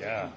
Yeah.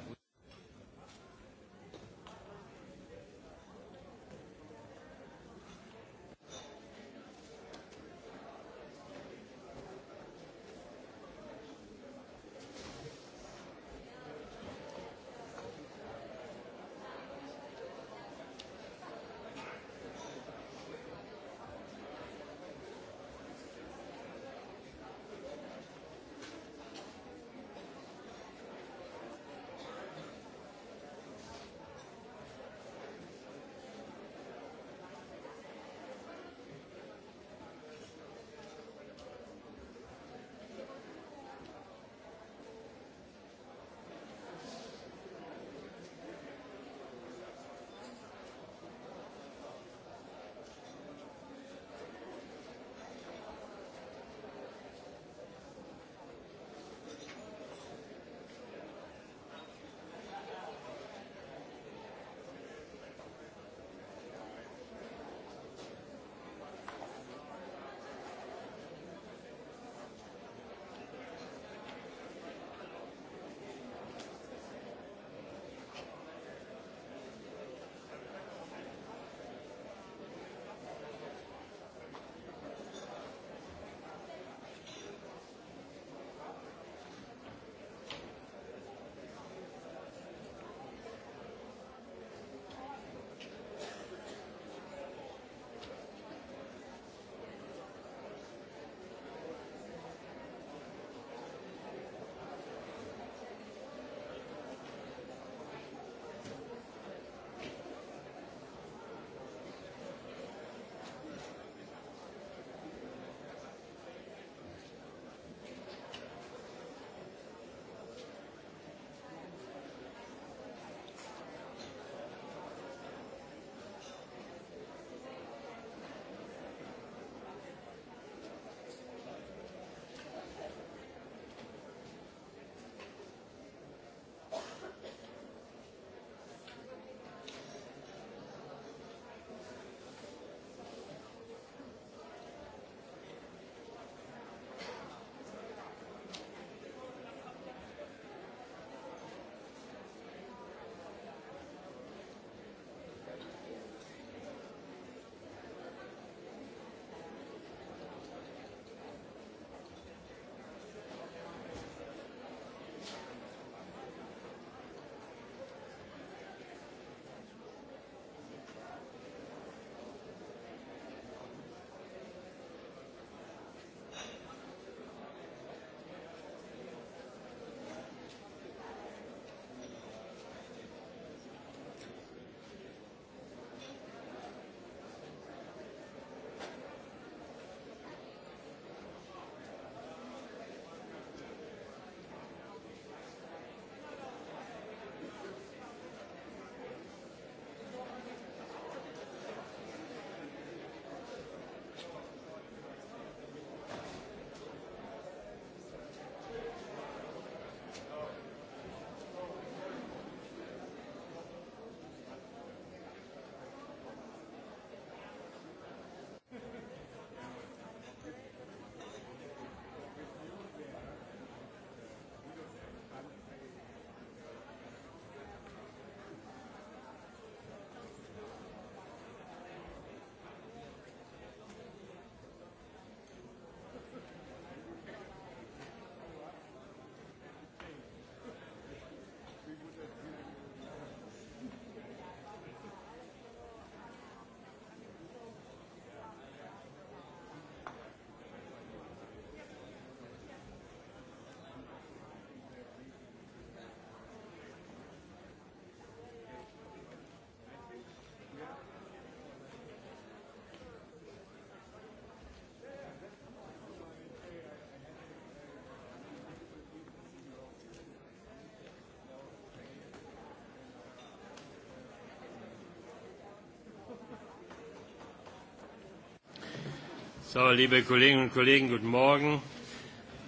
So, liebe Kolleginnen und Kollegen, guten Morgen.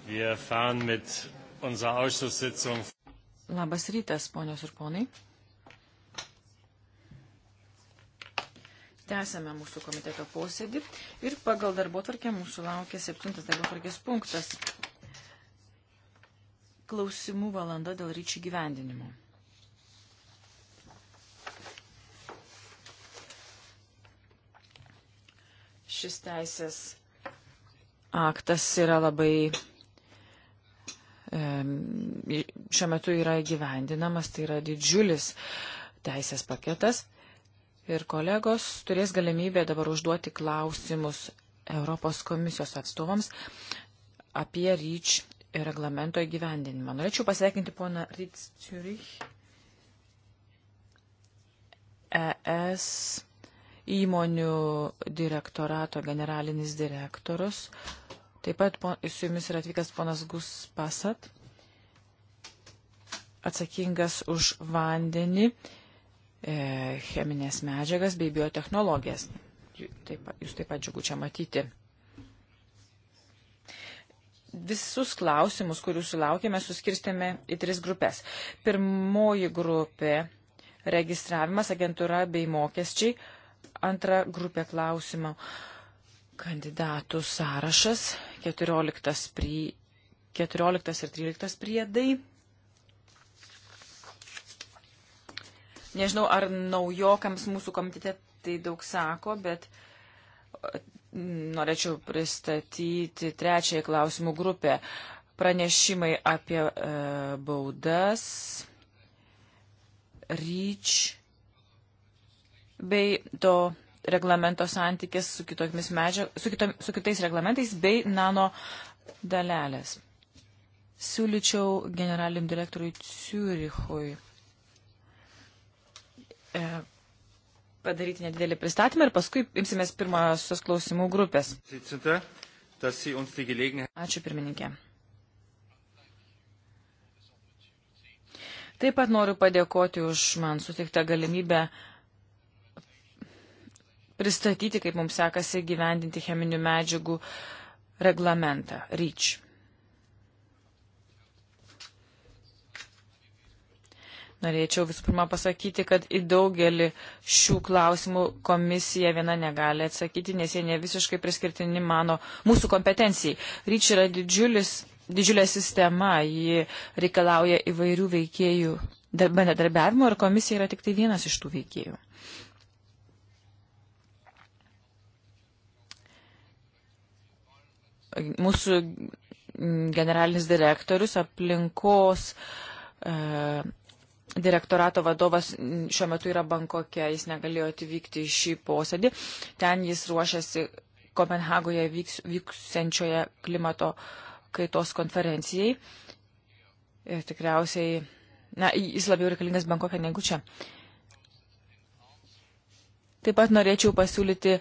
Wir fahren mit unserer Ausschusssitzung. Labas rytas, ponios ir ponai. Tęsame mūsų komiteto posėdį ir pagal darbo tvarkę mūsų laukia septintas darbo tvarkės punktas. Klausimų valanda dėl ryčių gyvendinimo. šis teisės aktas yra labai šiuo metu yra įgyvendinamas, tai yra didžiulis teisės paketas. Ir kolegos turės galimybę dabar užduoti klausimus Europos komisijos atstovams apie ryč reglamento įgyvendinimą. Norėčiau pasveikinti poną Ryts Ciurich. ES įmonių direktorato generalinis direktorius. Taip pat po, su jumis yra atvykęs ponas Gus Pasat, atsakingas už vandenį, e, cheminės medžiagas bei biotehnologijas. Taip, jūs taip pat džiugu čia matyti. Visus klausimus, kurių sulaukėme, suskirstėme į tris grupės. Pirmoji grupė - registravimas, agentūra bei mokesčiai Antra grupė klausimų. Kandidatų sąrašas 14, pri, 14 ir 13 priedai. Nežinau, ar naujokams mūsų komitete tai daug sako, bet norėčiau pristatyti trečiąją klausimų grupę. Pranešimai apie e, baudas, ryč bei to reglamento santykis su, medžio, su, kito, su kitais reglamentais bei nano dalelės. Siūlyčiau generaliniam direktoriui Ciurichui e, padaryti nedidelį pristatymą ir paskui imsimės pirmosios klausimų grupės. Ačiū pirmininkė. Taip pat noriu padėkoti už man sutiktą galimybę uh, pristatyti, kaip mums sekasi gyvendinti cheminių medžiagų reglamentą REACH. Norėčiau visų pirma pasakyti, kad į daugelį šių klausimų komisija viena negali atsakyti, nes jie ne visiškai priskirtini mano mūsų kompetencijai. Ryč yra didžiulis, didžiulė sistema, ji reikalauja įvairių veikėjų bendradarbiavimo ir komisija yra tik tai vienas iš tų veikėjų. mūsų generalinis direktorius, aplinkos e, direktorato vadovas šiuo metu yra Bankoke, jis negalėjo atvykti į šį posėdį. Ten jis ruošiasi Kopenhagoje vyks, vyksenčioje klimato kaitos konferencijai. Ir e, tikriausiai, na, jis labiau reikalingas Bankoke negu čia. Taip pat norėčiau pasiūlyti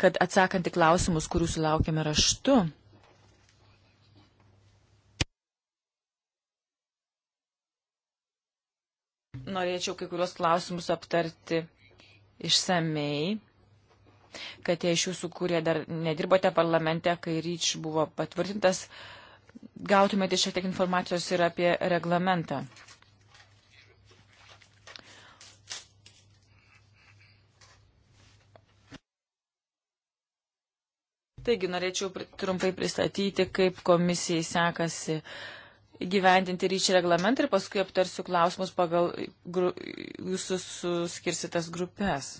kad atsakant į klausimus, kurių sulaukėme raštu, norėčiau kai kurios klausimus aptarti išsamei, kad jei iš jūsų, kurie dar nedirbote parlamente, kai ryč buvo patvirtintas, gautumėte šiek tiek informacijos ir apie reglamentą. Taigi norėčiau trumpai pristatyti, kaip komisijai sekasi gyvendinti ryšį reglamentą ir paskui aptarsiu klausimus pagal gru, jūsų suskirsitas grupės.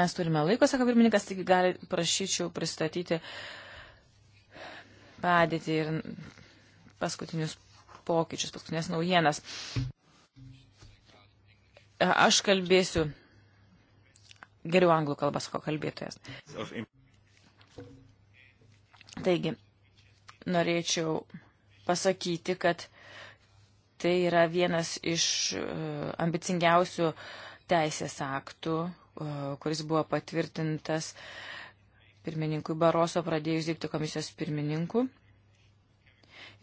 Mes turime laiko, sako pirmininkas, taigi gali prašyčiau pristatyti padėtį ir paskutinius pokyčius, paskutinės naujienas. Aš kalbėsiu. Geriau anglų kalbą sako kalbėtojas. Taigi, norėčiau pasakyti, kad tai yra vienas iš e, ambicingiausių teisės aktų, e, kuris buvo patvirtintas pirmininkui Baroso pradėjus dirbti komisijos pirmininku.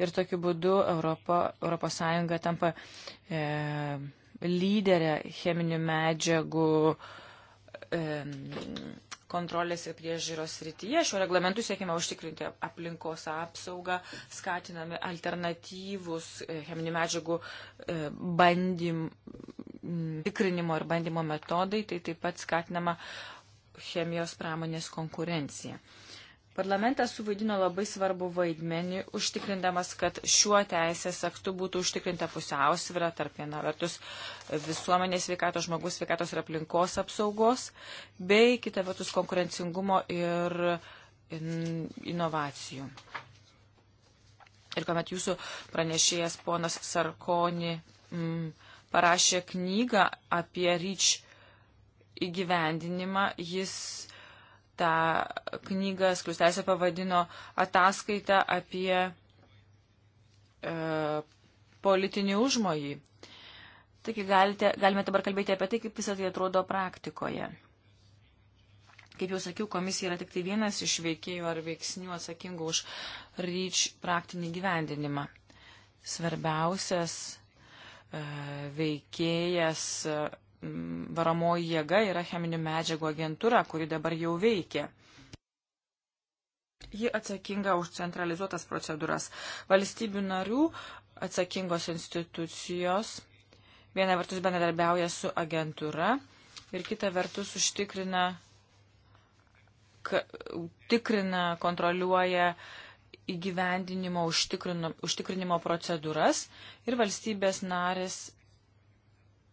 Ir tokiu būdu Europa, Europos Sąjunga tampa e, lyderę cheminių medžiagų kontrolės ir priežiūros srityje. Šiuo reglamentu siekime užtikrinti aplinkos apsaugą, skatinami alternatyvus e, cheminių medžiagų e, bandym, tikrinimo ir bandymo metodai, tai taip pat skatinama chemijos pramonės konkurencija. Parlamentas suvaidino labai svarbu vaidmenį, užtikrindamas, kad šiuo teisės aktu būtų užtikrinta pusiausvyrą tarp viena vertus visuomenės sveikatos, žmogus sveikatos ir aplinkos apsaugos, bei kita vertus konkurencingumo ir in, inovacijų. Ir kuomet jūsų pranešėjas ponas Sarkoni m, mm, parašė knygą apie ryč įgyvendinimą, jis tą knygą skliusteisė pavadino ataskaitą apie e, politinį užmojį. Taigi galite, galime dabar kalbėti apie tai, kaip visą tai atrodo praktikoje. Kaip jau sakiau, komisija yra tik tai vienas iš veikėjų ar veiksnių atsakingų už ryč praktinį gyvendinimą. Svarbiausias e, veikėjas. E, Mm, varomoji jėga yra cheminių medžiagų agentūra, kuri dabar jau veikia. Ji atsakinga už centralizuotas procedūras. Valstybių narių atsakingos institucijos viena vertus bendradarbiauja su agentūra ir kita vertus užtikrina, tikrina, kontroliuoja įgyvendinimo užtikrinimo procedūras ir valstybės narės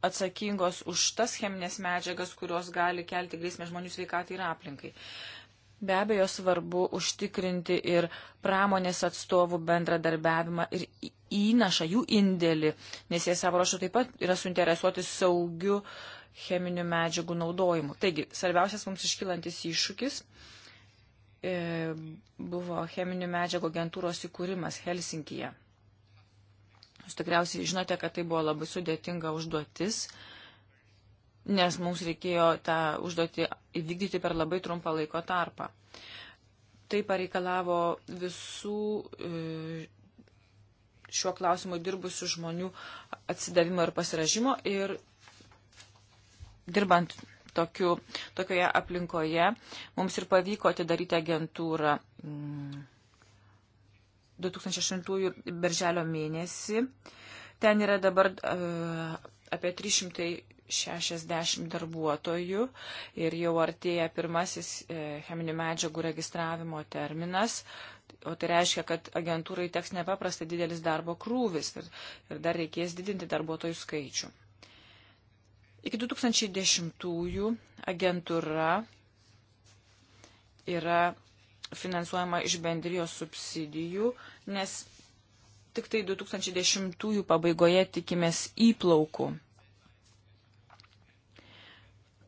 atsakingos už tas cheminės medžiagas, kurios gali kelti grėsmę žmonių sveikatai ir aplinkai. Be abejo, svarbu užtikrinti ir pramonės atstovų bendradarbiavimą ir įnašą, jų indėlį, nes jie savo rašo taip pat yra suinteresuoti saugiu cheminių medžiagų naudojimu. Taigi, svarbiausias mums iškilantis iššūkis e, buvo cheminių medžiagų agentūros įkūrimas Helsinkije. Jūs tikriausiai žinote, kad tai buvo labai sudėtinga užduotis, nes mums reikėjo tą užduotį įvykdyti per labai trumpą laiko tarpą. Tai pareikalavo visų e, šiuo klausimu dirbusių žmonių atsidavimo ir pasiražymo ir dirbant tokiu, tokioje aplinkoje mums ir pavyko atidaryti agentūrą. Mm 2008 birželio mėnesį. Ten yra dabar e, apie 360 darbuotojų ir jau artėja pirmasis e, cheminių medžiagų registravimo terminas. O tai reiškia, kad agentūrai teks nepaprastai didelis darbo krūvis ir, ir dar reikės didinti darbuotojų skaičių. Iki 2010 agentūra yra finansuojama iš bendrijos subsidijų, nes tik tai 2010 pabaigoje tikimės įplaukų.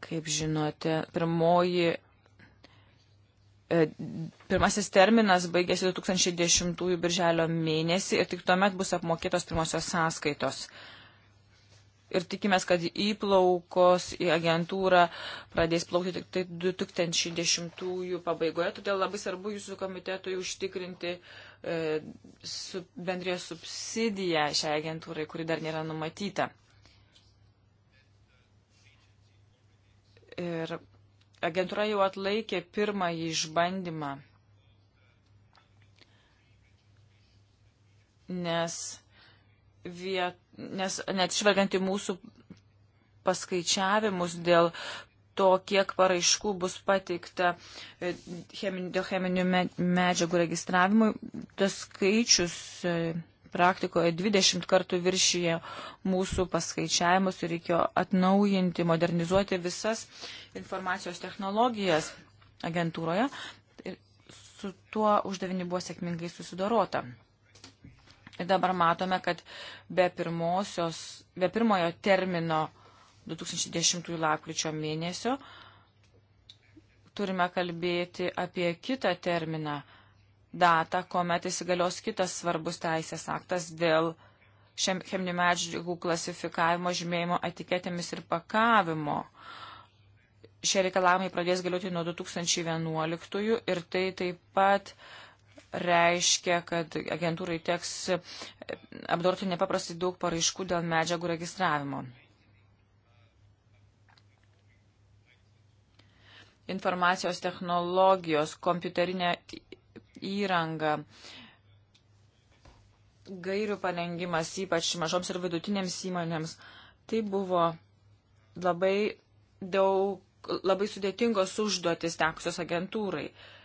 Kaip žinote, pirmoji, e, pirmasis terminas baigėsi 2010 birželio mėnesį ir tik tuomet bus apmokėtos pirmosios sąskaitos ir tikimės, kad įplaukos į agentūrą pradės plaukti tik tai 2010 pabaigoje, todėl labai svarbu jūsų komitetui užtikrinti e, su, bendrijos subsidiją šiai agentūrai, kuri dar nėra numatyta. Ir agentūra jau atlaikė pirmąjį išbandymą, nes viet nes net žvelgiant į mūsų paskaičiavimus dėl to, kiek paraiškų bus pateikta e, dėl cheminių medžiagų registravimui, tas skaičius e, praktikoje 20 kartų viršyje mūsų paskaičiavimus ir reikėjo atnaujinti, modernizuoti visas informacijos technologijas agentūroje. Ir su tuo uždaviniu buvo sėkmingai susidorota. Ir dabar matome, kad be, pirmosios, be pirmojo termino 2010 lapkričio mėnesio turime kalbėti apie kitą terminą, datą, kuomet įsigalios kitas svarbus teisės aktas dėl cheminių medžiagų klasifikavimo, žymėjimo etiketėmis ir pakavimo. Šie reikalavimai pradės galioti nuo 2011 ir tai taip pat uh, reiškia, kad agentūrai teks apdorti nepaprastai daug paraiškų dėl medžiagų registravimo. Informacijos technologijos, kompiuterinė įranga, gairių parengimas, ypač mažoms ir vidutinėms įmonėms, tai buvo labai daug, labai sudėtingos užduotis tekusios agentūrai. Uh,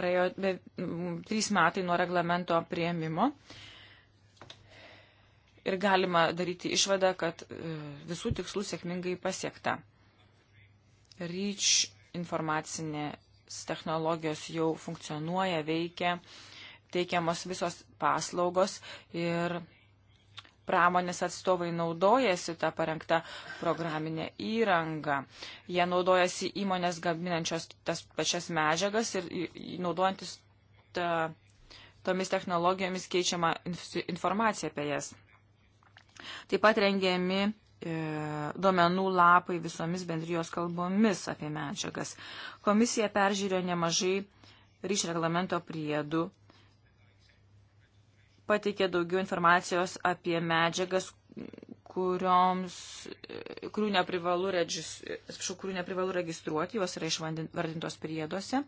praėjo be, m, trys metai nuo reglamento prieimimo. Ir galima daryti išvadą, kad e, visų tikslų sėkmingai pasiekta. REACH informacinės technologijos jau funkcionuoja, veikia, teikiamos visos paslaugos ir pramonės atstovai naudojasi tą parengtą programinę įrangą. Jie naudojasi įmonės gaminančios tas pačias medžiagas ir naudojantis ta, tomis technologijomis keičiama informacija apie jas. Taip pat rengiami e, duomenų lapai visomis bendrijos kalbomis apie medžiagas. Komisija peržiūrėjo nemažai ryšio reglamento priedų pateikė daugiau informacijos apie medžiagas, kurioms, kurių neprivalu, regis, atsiprašau, kurių neprivalu registruoti, jos yra išvardintos prieduose.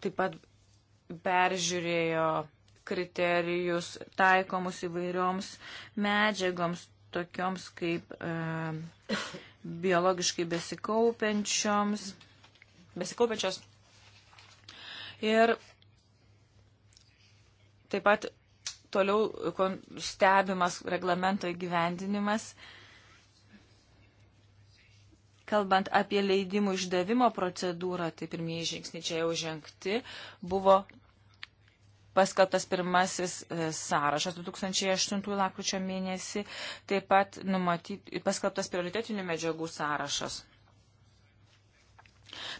Taip pat peržiūrėjo kriterijus taikomus įvairioms medžiagoms, tokioms kaip e, biologiškai besikaupiančioms, besikaupiančios. Ir Taip pat toliau stebimas reglamento įgyvendinimas. Kalbant apie leidimų išdavimo procedūrą, tai pirmieji žingsniai čia jau žengti, buvo paskaltas pirmasis e, sąrašas 2008 lakryčio mėnesį, taip pat numatyt, paskaltas prioritetinių medžiagų sąrašas.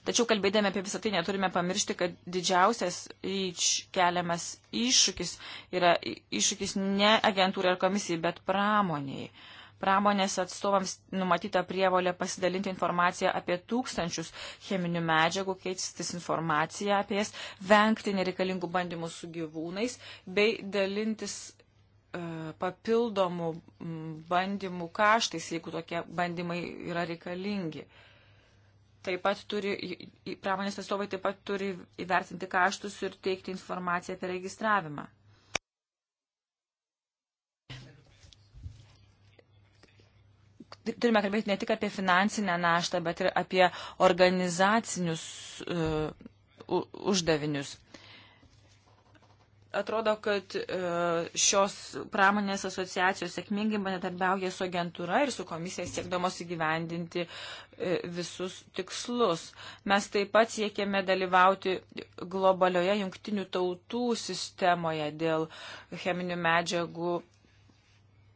Tačiau kalbėdami apie visą tai neturime pamiršti, kad didžiausias keliamas iššūkis yra iššūkis ne agentūrai ar komisijai, bet pramoniai. Pramonės atstovams numatyta prievolė pasidalinti informaciją apie tūkstančius cheminių medžiagų, keistis informaciją apie jas, vengti nereikalingų bandymų su gyvūnais bei dalintis e, papildomų bandymų kaštais, jeigu tokie bandymai yra reikalingi. Uh, taip pat turi, pramonės atstovai taip pat turi įvertinti kaštus ir teikti informaciją apie registravimą. Turime kalbėti ne tik apie finansinę naštą, bet ir apie organizacinius uh, uždavinius. Atrodo, kad e, šios pramonės asociacijos sėkmingai bendradarbiauja su agentūra ir su komisija siekdamos įgyvendinti e, visus tikslus. Mes taip pat siekėme dalyvauti globalioje jungtinių tautų sistemoje dėl cheminių medžiagų,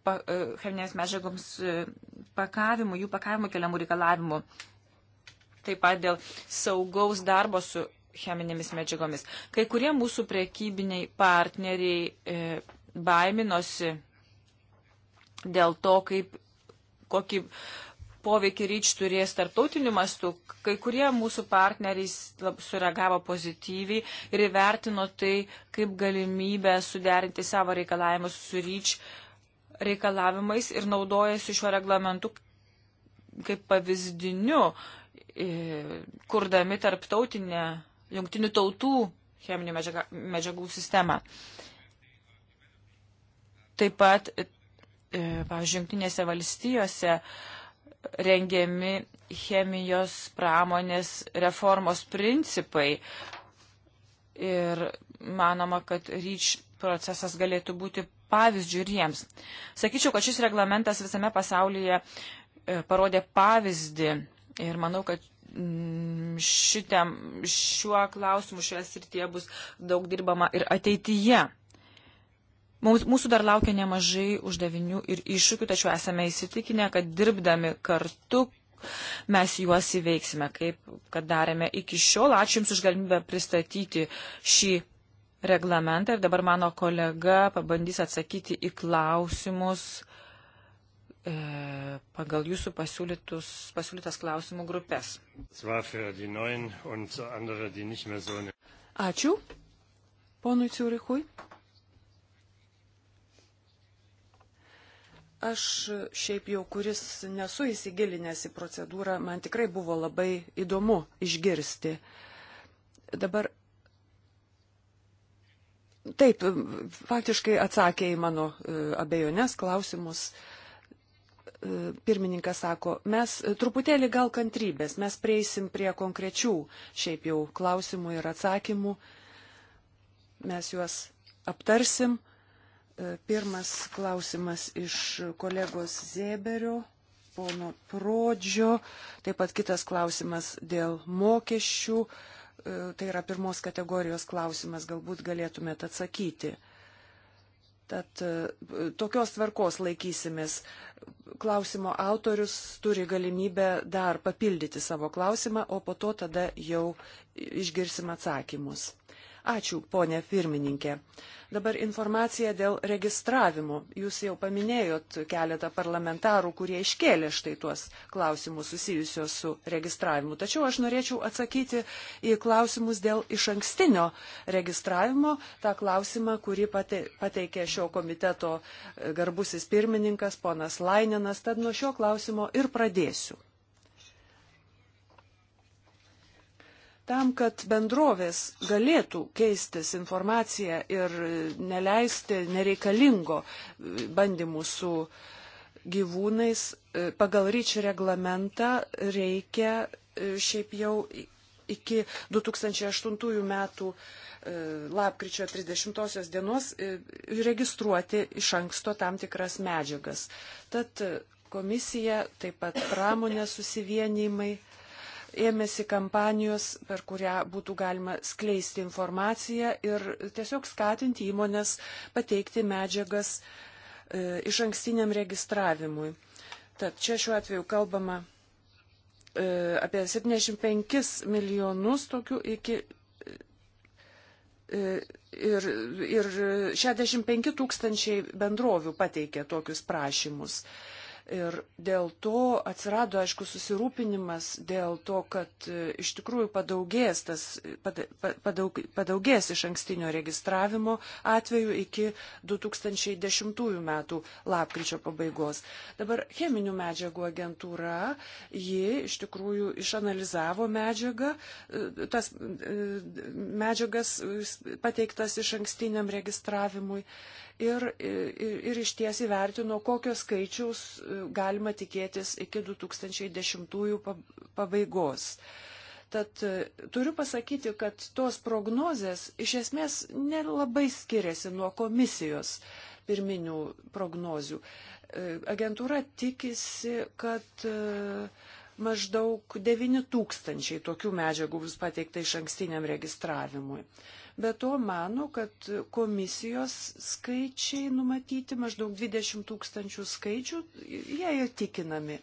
pa, e, cheminės medžiagoms pakavimų, jų pakavimų keliamų reikalavimų. Taip pat dėl saugaus darbo su cheminėmis medžiagomis. Kai kurie mūsų prekybiniai partneriai e, baiminosi dėl to, kaip, kokį poveikį ryč turės tarptautiniu mastu. Kai kurie mūsų partneriai sureagavo pozityviai ir įvertino tai kaip galimybę suderinti savo reikalavimus su ryč reikalavimais ir naudojasi šiuo reglamentu kaip pavyzdiniu, e, kurdami tarptautinę jungtinių tautų cheminių medžiaga, medžiagų sistemą. Taip pat, e, pavyzdžiui, jungtinėse valstijose rengiami chemijos pramonės reformos principai ir manoma, kad ryč procesas galėtų būti pavyzdžių ir jiems. Sakyčiau, kad šis reglamentas visame pasaulyje e, parodė pavyzdį ir manau, kad Mm, šitiem, šiuo klausimu šioje srityje bus daug dirbama ir ateityje. Mums, mūsų dar laukia nemažai uždavinių ir iššūkių, tačiau esame įsitikinę, kad dirbdami kartu mes juos įveiksime, kaip kad darėme iki šiol. Ačiū Jums už galimybę pristatyti šį reglamentą ir dabar mano kolega pabandys atsakyti į klausimus E, pagal jūsų pasiūlytas klausimų grupės. Ačiū ponui Ciurichui. Aš šiaip jau, kuris nesu įsigilinęs į procedūrą, man tikrai buvo labai įdomu išgirsti. Dabar taip, faktiškai atsakė į mano e, abejonės klausimus. Uh, E, pirmininkas sako, mes truputėlį gal kantrybės, mes prieisim prie konkrečių šiaip jau klausimų ir atsakymų, mes juos aptarsim. E, pirmas klausimas iš kolegos Zėberio, pono Prodžio, taip pat kitas klausimas dėl mokesčių, e, tai yra pirmos kategorijos klausimas, galbūt galėtumėt atsakyti. Tad e, tokios tvarkos laikysimės. Klausimo autorius turi galimybę dar papildyti savo klausimą, o po to tada jau išgirsim atsakymus. Ačiū, ponė pirmininkė. Dabar informacija dėl registravimo. Jūs jau paminėjot keletą parlamentarų, kurie iškėlė štai tuos klausimus susijusios su registravimu. Tačiau aš norėčiau atsakyti į klausimus dėl iš ankstinio registravimo, tą klausimą, kurį pateikė šio komiteto garbusis pirmininkas, ponas Laininas. Tad nuo šio klausimo ir pradėsiu. tam, kad bendrovės galėtų keistis informaciją ir neleisti nereikalingo bandymų su gyvūnais, e, pagal ryčių reglamentą reikia e, šiaip jau iki 2008 metų e, lapkričio 30 dienos registruoti iš anksto tam tikras medžiagas. Tad komisija, taip pat pramonės susivienimai, ėmėsi kampanijos, per kurią būtų galima skleisti informaciją ir tiesiog skatinti įmonės pateikti medžiagas e, iš ankstiniam registravimui. Tad čia šiuo atveju kalbama e, apie 75 milijonus tokių iki. E, ir, ir 65 tūkstančiai bendrovių pateikė tokius prašymus. E, Ir dėl to atsirado, aišku, susirūpinimas dėl to, kad e, iš tikrųjų padaugės, tas, padaug, padaugės iš ankstinio registravimo atveju iki 2010 metų lapkričio pabaigos. Dabar cheminių medžiagų agentūra, ji iš tikrųjų išanalizavo medžiagą, e, tas e, medžiagas pateiktas iš ankstiniam registravimui ir, ir, ir iš ties įvertino, kokios skaičiaus e, galima tikėtis iki 2010 pabaigos. Tad e, turiu pasakyti, kad tos prognozės iš esmės nelabai skiriasi nuo komisijos pirminių prognozių. E, agentūra tikisi, kad maždaug 9 tūkstančiai tokių medžiagų bus pateikta iš ankstiniam registravimui. Be to mano, kad komisijos skaičiai numatyti maždaug 20 tūkstančių skaičių, jie įtikinami.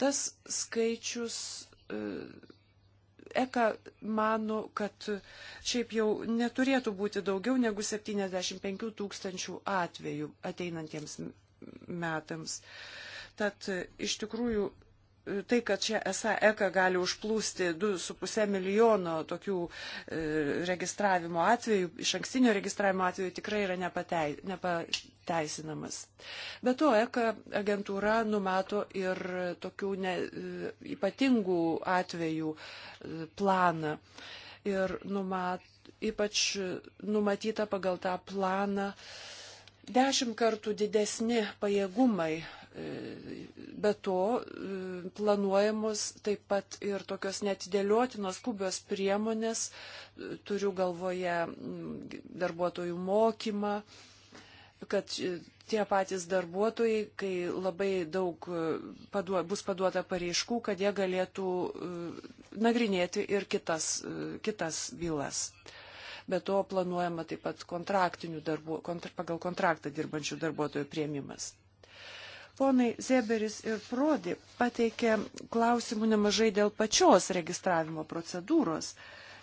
Tas skaičius e, Eka mano, kad šiaip jau neturėtų būti daugiau negu 75 tūkstančių atvejų ateinantiems metams. Tad iš tikrųjų tai, kad čia esą eka gali užplūsti 2,5 milijono tokių e, registravimo atvejų, iš ankstinio registravimo atvejų tikrai yra nepatei, nepateisinamas. Be to, eka agentūra numato ir tokių ne, e, ypatingų atvejų e, planą. Ir numat, ypač numatyta pagal tą planą dešimt kartų didesni pajėgumai Be to e, planuojamos taip pat ir tokios netidėliotinos skubios priemonės, e, turiu galvoje mm, darbuotojų mokymą, kad e, tie patys darbuotojai, kai labai daug paduo, bus paduota pareiškų, kad jie galėtų nagrinėti ir kitas, kitas bylas. Be to planuojama taip pat darbu, kontra, pagal kontraktą dirbančių darbuotojų prieimimas. Ponai Zeberis ir Prodi pateikė klausimų nemažai dėl pačios registravimo procedūros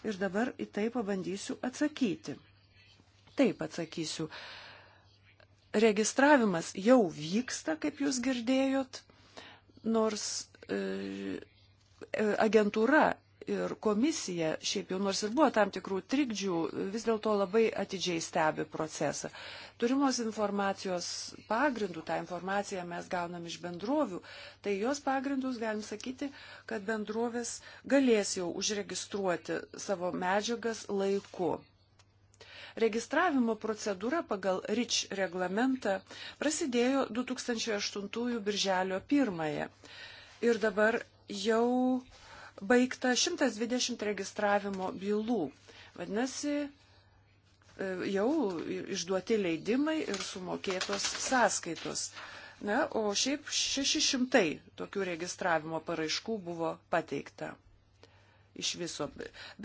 ir dabar į tai pabandysiu atsakyti. Taip atsakysiu. Registravimas jau vyksta, kaip jūs girdėjot, nors e, e agentūra ir komisija, šiaip jau nors ir buvo tam tikrų trikdžių, vis dėlto labai atidžiai stebi procesą. Turimos informacijos pagrindų, tą informaciją mes gaunam iš bendrovių, tai jos pagrindus galim sakyti, kad bendrovės galės jau užregistruoti savo medžiagas laiku. Registravimo procedūra pagal RIČ reglamentą prasidėjo 2008 birželio 1. Ir dabar jau baigta 120 registravimo bylų. Vadinasi, e, jau išduoti leidimai ir sumokėtos sąskaitos. Na, o šiaip 600 tokių registravimo paraiškų buvo pateikta iš viso.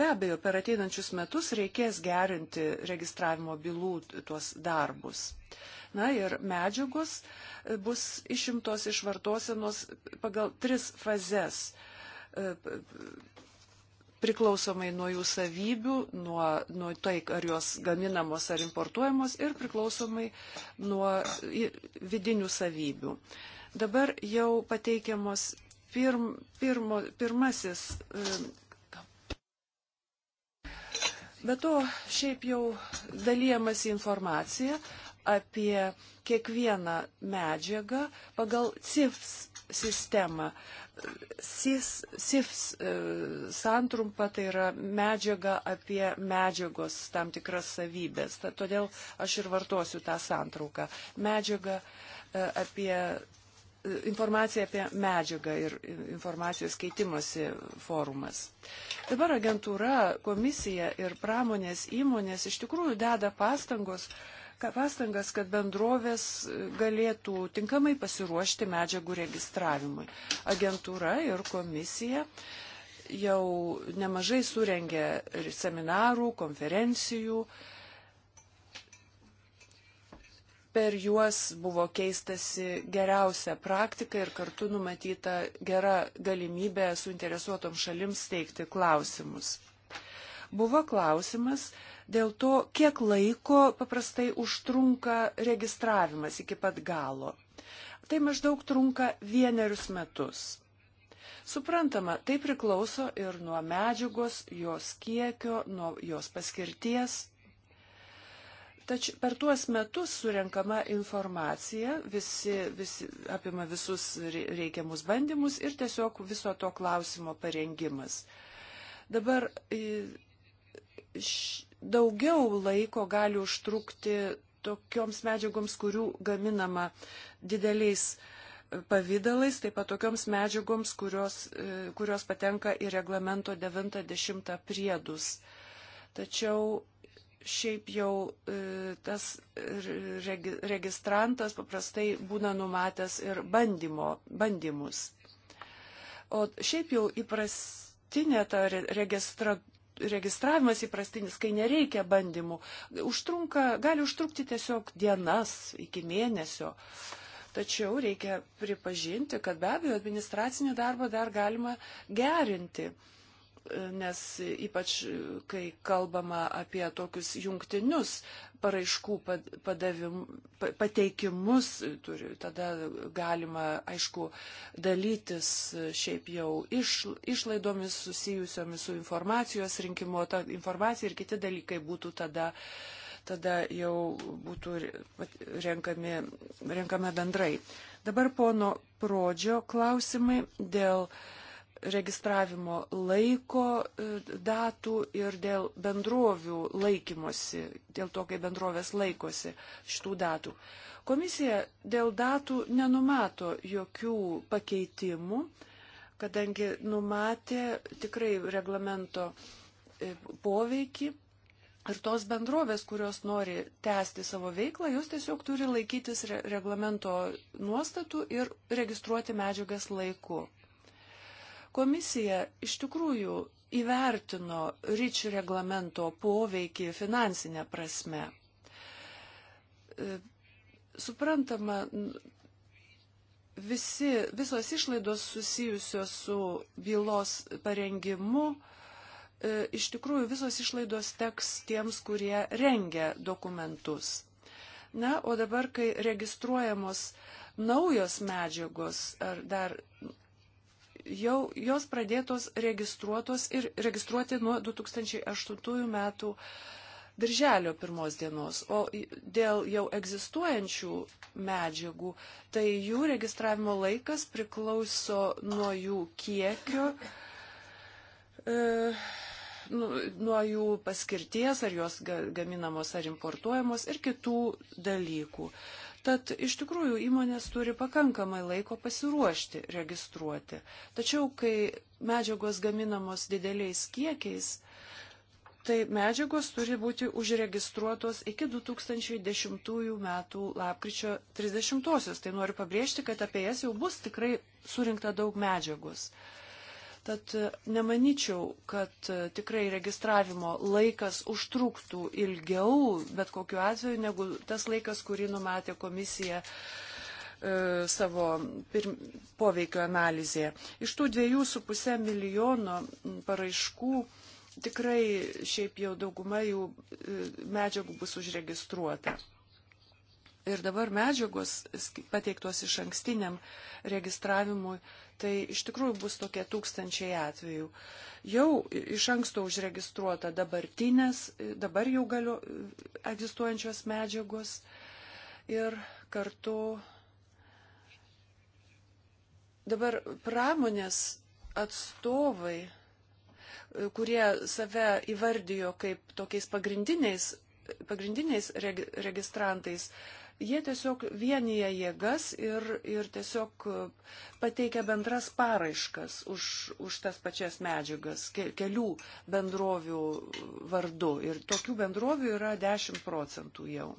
Be abejo, per ateinančius metus reikės gerinti registravimo bylų tuos darbus. Na ir medžiagos e, bus išimtos iš vartosenos pagal tris fazes. E, priklausomai nuo jų savybių, nuo, nuo tai, ar jos gaminamos ar importuojamos ir priklausomai nuo vidinių savybių. Dabar jau pateikiamos pirm, pirmo, pirmasis. E, be to, šiaip jau dalyjamas informacija apie kiekvieną medžiagą pagal CIFS sistemą. SIS, SIFS e, santrumpa tai yra medžiaga apie medžiagos tam tikras savybės. Ta, todėl aš ir vartosiu tą santrauką. Medžiaga e, apie e, informacija apie medžiagą ir informacijos keitimosi forumas. Dabar agentūra, komisija ir pramonės įmonės iš tikrųjų deda pastangos, uh, pastangas, kad bendrovės galėtų tinkamai pasiruošti medžiagų registravimui. Agentūra ir komisija jau nemažai surengė seminarų, konferencijų. Per juos buvo keistasi geriausia praktika ir kartu numatyta gera galimybė suinteresuotom šalims teikti klausimus. Buvo klausimas, dėl to, kiek laiko paprastai užtrunka registravimas iki pat galo. Tai maždaug trunka vienerius metus. Suprantama, tai priklauso ir nuo medžiagos, jos kiekio, nuo jos paskirties. Tačiau per tuos metus surenkama informacija, visi, visi, apima visus reikiamus bandymus ir tiesiog viso to klausimo parengimas. Dabar š, daugiau laiko gali užtrukti tokioms medžiagoms, kurių gaminama dideliais e, pavydalais, taip pat tokioms medžiagoms, kurios, e, kurios patenka į reglamento 90 priedus. Tačiau šiaip jau e, tas registrantas paprastai būna numatęs ir bandymo, bandymus. O šiaip jau įprastinė ta registra, registravimas įprastinis, kai nereikia bandymų, užtrunka, gali užtrukti tiesiog dienas iki mėnesio. Tačiau reikia pripažinti, kad be abejo administracinį darbą dar galima gerinti nes ypač kai kalbama apie tokius jungtinius paraiškų padavim, pateikimus, turiu, tada galima, aišku, dalytis šiaip jau iš, išlaidomis susijusiomis su informacijos rinkimo, ta informacija ir kiti dalykai būtų tada tada jau būtų renkami, renkame bendrai. Dabar pono Prodžio klausimai dėl uh, registravimo laiko e, datų ir dėl bendrovių laikymosi, dėl to, kai bendrovės laikosi šitų datų. Komisija dėl datų nenumato jokių pakeitimų, kadangi numatė tikrai reglamento e, poveikį. Ir tos bendrovės, kurios nori tęsti savo veiklą, jos tiesiog turi laikytis reglamento nuostatų ir registruoti medžiagas laiku. Komisija iš tikrųjų įvertino ryč reglamento poveikį finansinę prasme. E, suprantama, visi, visos išlaidos susijusios su bylos parengimu, e, iš tikrųjų visos išlaidos teks tiems, kurie rengia dokumentus. Na, o dabar, kai registruojamos naujos medžiagos ar dar jau jos pradėtos registruotos ir registruoti nuo 2008 metų birželio pirmos dienos, o dėl jau egzistuojančių medžiagų, tai jų registravimo laikas priklauso nuo jų kiekio, e, nu, nuo jų paskirties, ar jos gaminamos ar importuojamos ir kitų dalykų. E, Tad iš tikrųjų įmonės turi pakankamai laiko pasiruošti registruoti. Tačiau, kai medžiagos gaminamos dideliais kiekiais, tai medžiagos turi būti užregistruotos iki 2010 metų lapkričio 30-osios. Tai noriu pabrėžti, kad apie jas jau bus tikrai surinkta daug medžiagos. Uh, Tad e, nemanyčiau, kad e, tikrai registravimo laikas užtruktų ilgiau, bet kokiu atveju, negu tas laikas, kurį numatė komisija e, savo pirm, poveikio analizėje. Iš tų dviejų su pusė milijono paraiškų tikrai šiaip jau dauguma jų medžiagų bus užregistruota ir dabar medžiagos pateiktos iš ankstiniam registravimui, tai iš tikrųjų bus tokie tūkstančiai atvejų. Jau iš anksto užregistruota dabartinės, dabar jau galiu egzistuojančios medžiagos ir kartu dabar pramonės atstovai kurie save įvardijo kaip tokiais pagrindiniais pagrindiniais registrantais Jie tiesiog vienyje jėgas ir, ir tiesiog e, pateikia bendras paraiškas už, už tas pačias medžiagas ke, kelių bendrovių vardu. Ir tokių bendrovių yra 10 procentų jau.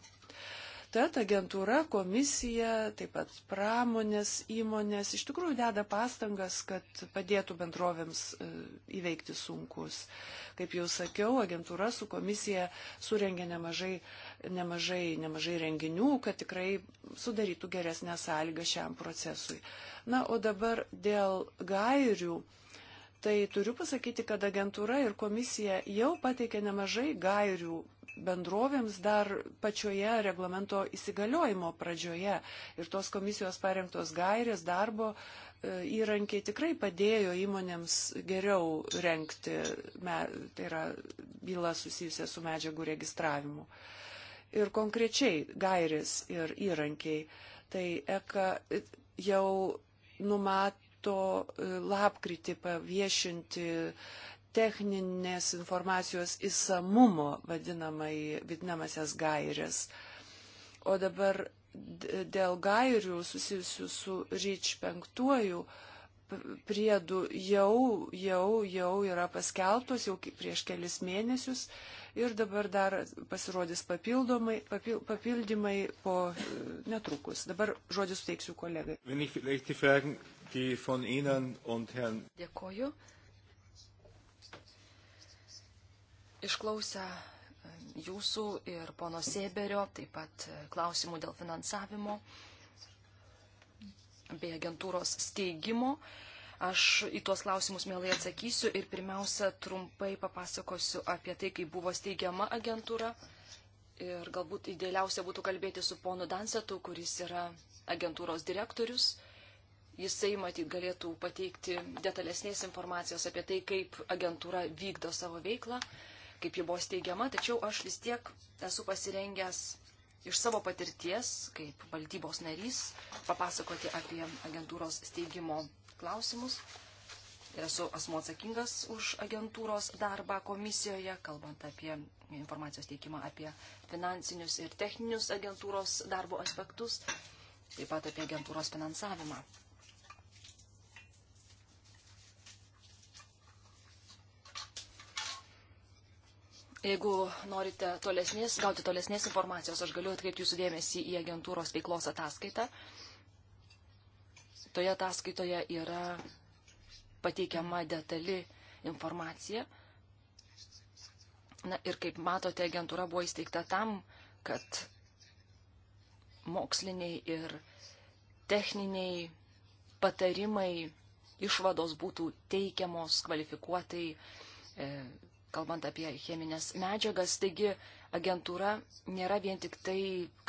Tad agentūra, komisija, taip pat pramonės įmonės iš tikrųjų deda pastangas, kad padėtų bendrovėms e, įveikti sunkus. Kaip jau sakiau, agentūra su komisija surengė nemažai uh, nemažai, nemažai renginių, kad tikrai sudarytų geresnę sąlygą šiam procesui. Na, o dabar dėl gairių. Tai turiu pasakyti, kad agentūra ir komisija jau pateikė nemažai gairių bendrovėms dar pačioje reglamento įsigaliojimo pradžioje. Ir tos komisijos parengtos gairės darbo e, įrankiai tikrai padėjo įmonėms geriau renkti, tai yra byla susijusia su medžiagų registravimu. Uh, ir konkrečiai gairis ir įrankiai. Tai ECA jau numato e, lapkritį paviešinti techninės informacijos įsamumo vadinamasias gairės. O dabar dėl gairių susijusių su REACH penktuoju priedų jau, jau, jau yra paskeltos, jau prieš kelis mėnesius ir dabar dar pasirodys papildomai, papil, papildymai po e, netrukus. Dabar žodį suteiksiu kolegai. Dėkoju. Išklausę e, jūsų ir pono Sėberio, taip pat e, klausimų dėl finansavimo. Uh, bei agentūros steigimo. Aš į tuos klausimus mielai atsakysiu ir pirmiausia trumpai papasakosiu apie tai, kaip buvo steigiama agentūra. Ir galbūt idealiausia būtų kalbėti su ponu Dansetu, kuris yra agentūros direktorius. Jisai matyt galėtų pateikti detalesnės informacijos apie tai, kaip agentūra vykdo savo veiklą, kaip ji buvo steigiama, tačiau aš vis tiek esu pasirengęs iš savo patirties kaip valdybos narys papasakoti apie agentūros steigimo klausimus. Ir esu asmo atsakingas už agentūros darbą komisijoje, kalbant apie informacijos teikimą apie finansinius ir techninius agentūros darbo aspektus, taip pat apie agentūros finansavimą. Jeigu norite tolesnės, gauti tolesnės informacijos, aš galiu atkreipti jūsų dėmesį į agentūros veiklos ataskaitą. Toje ataskaitoje yra pateikiama detali informacija. Na ir kaip matote, agentūra buvo įsteigta tam, kad moksliniai ir techniniai patarimai, išvados būtų teikiamos kvalifikuotai e, kalbant apie cheminės medžiagas. Taigi agentūra nėra vien tik tai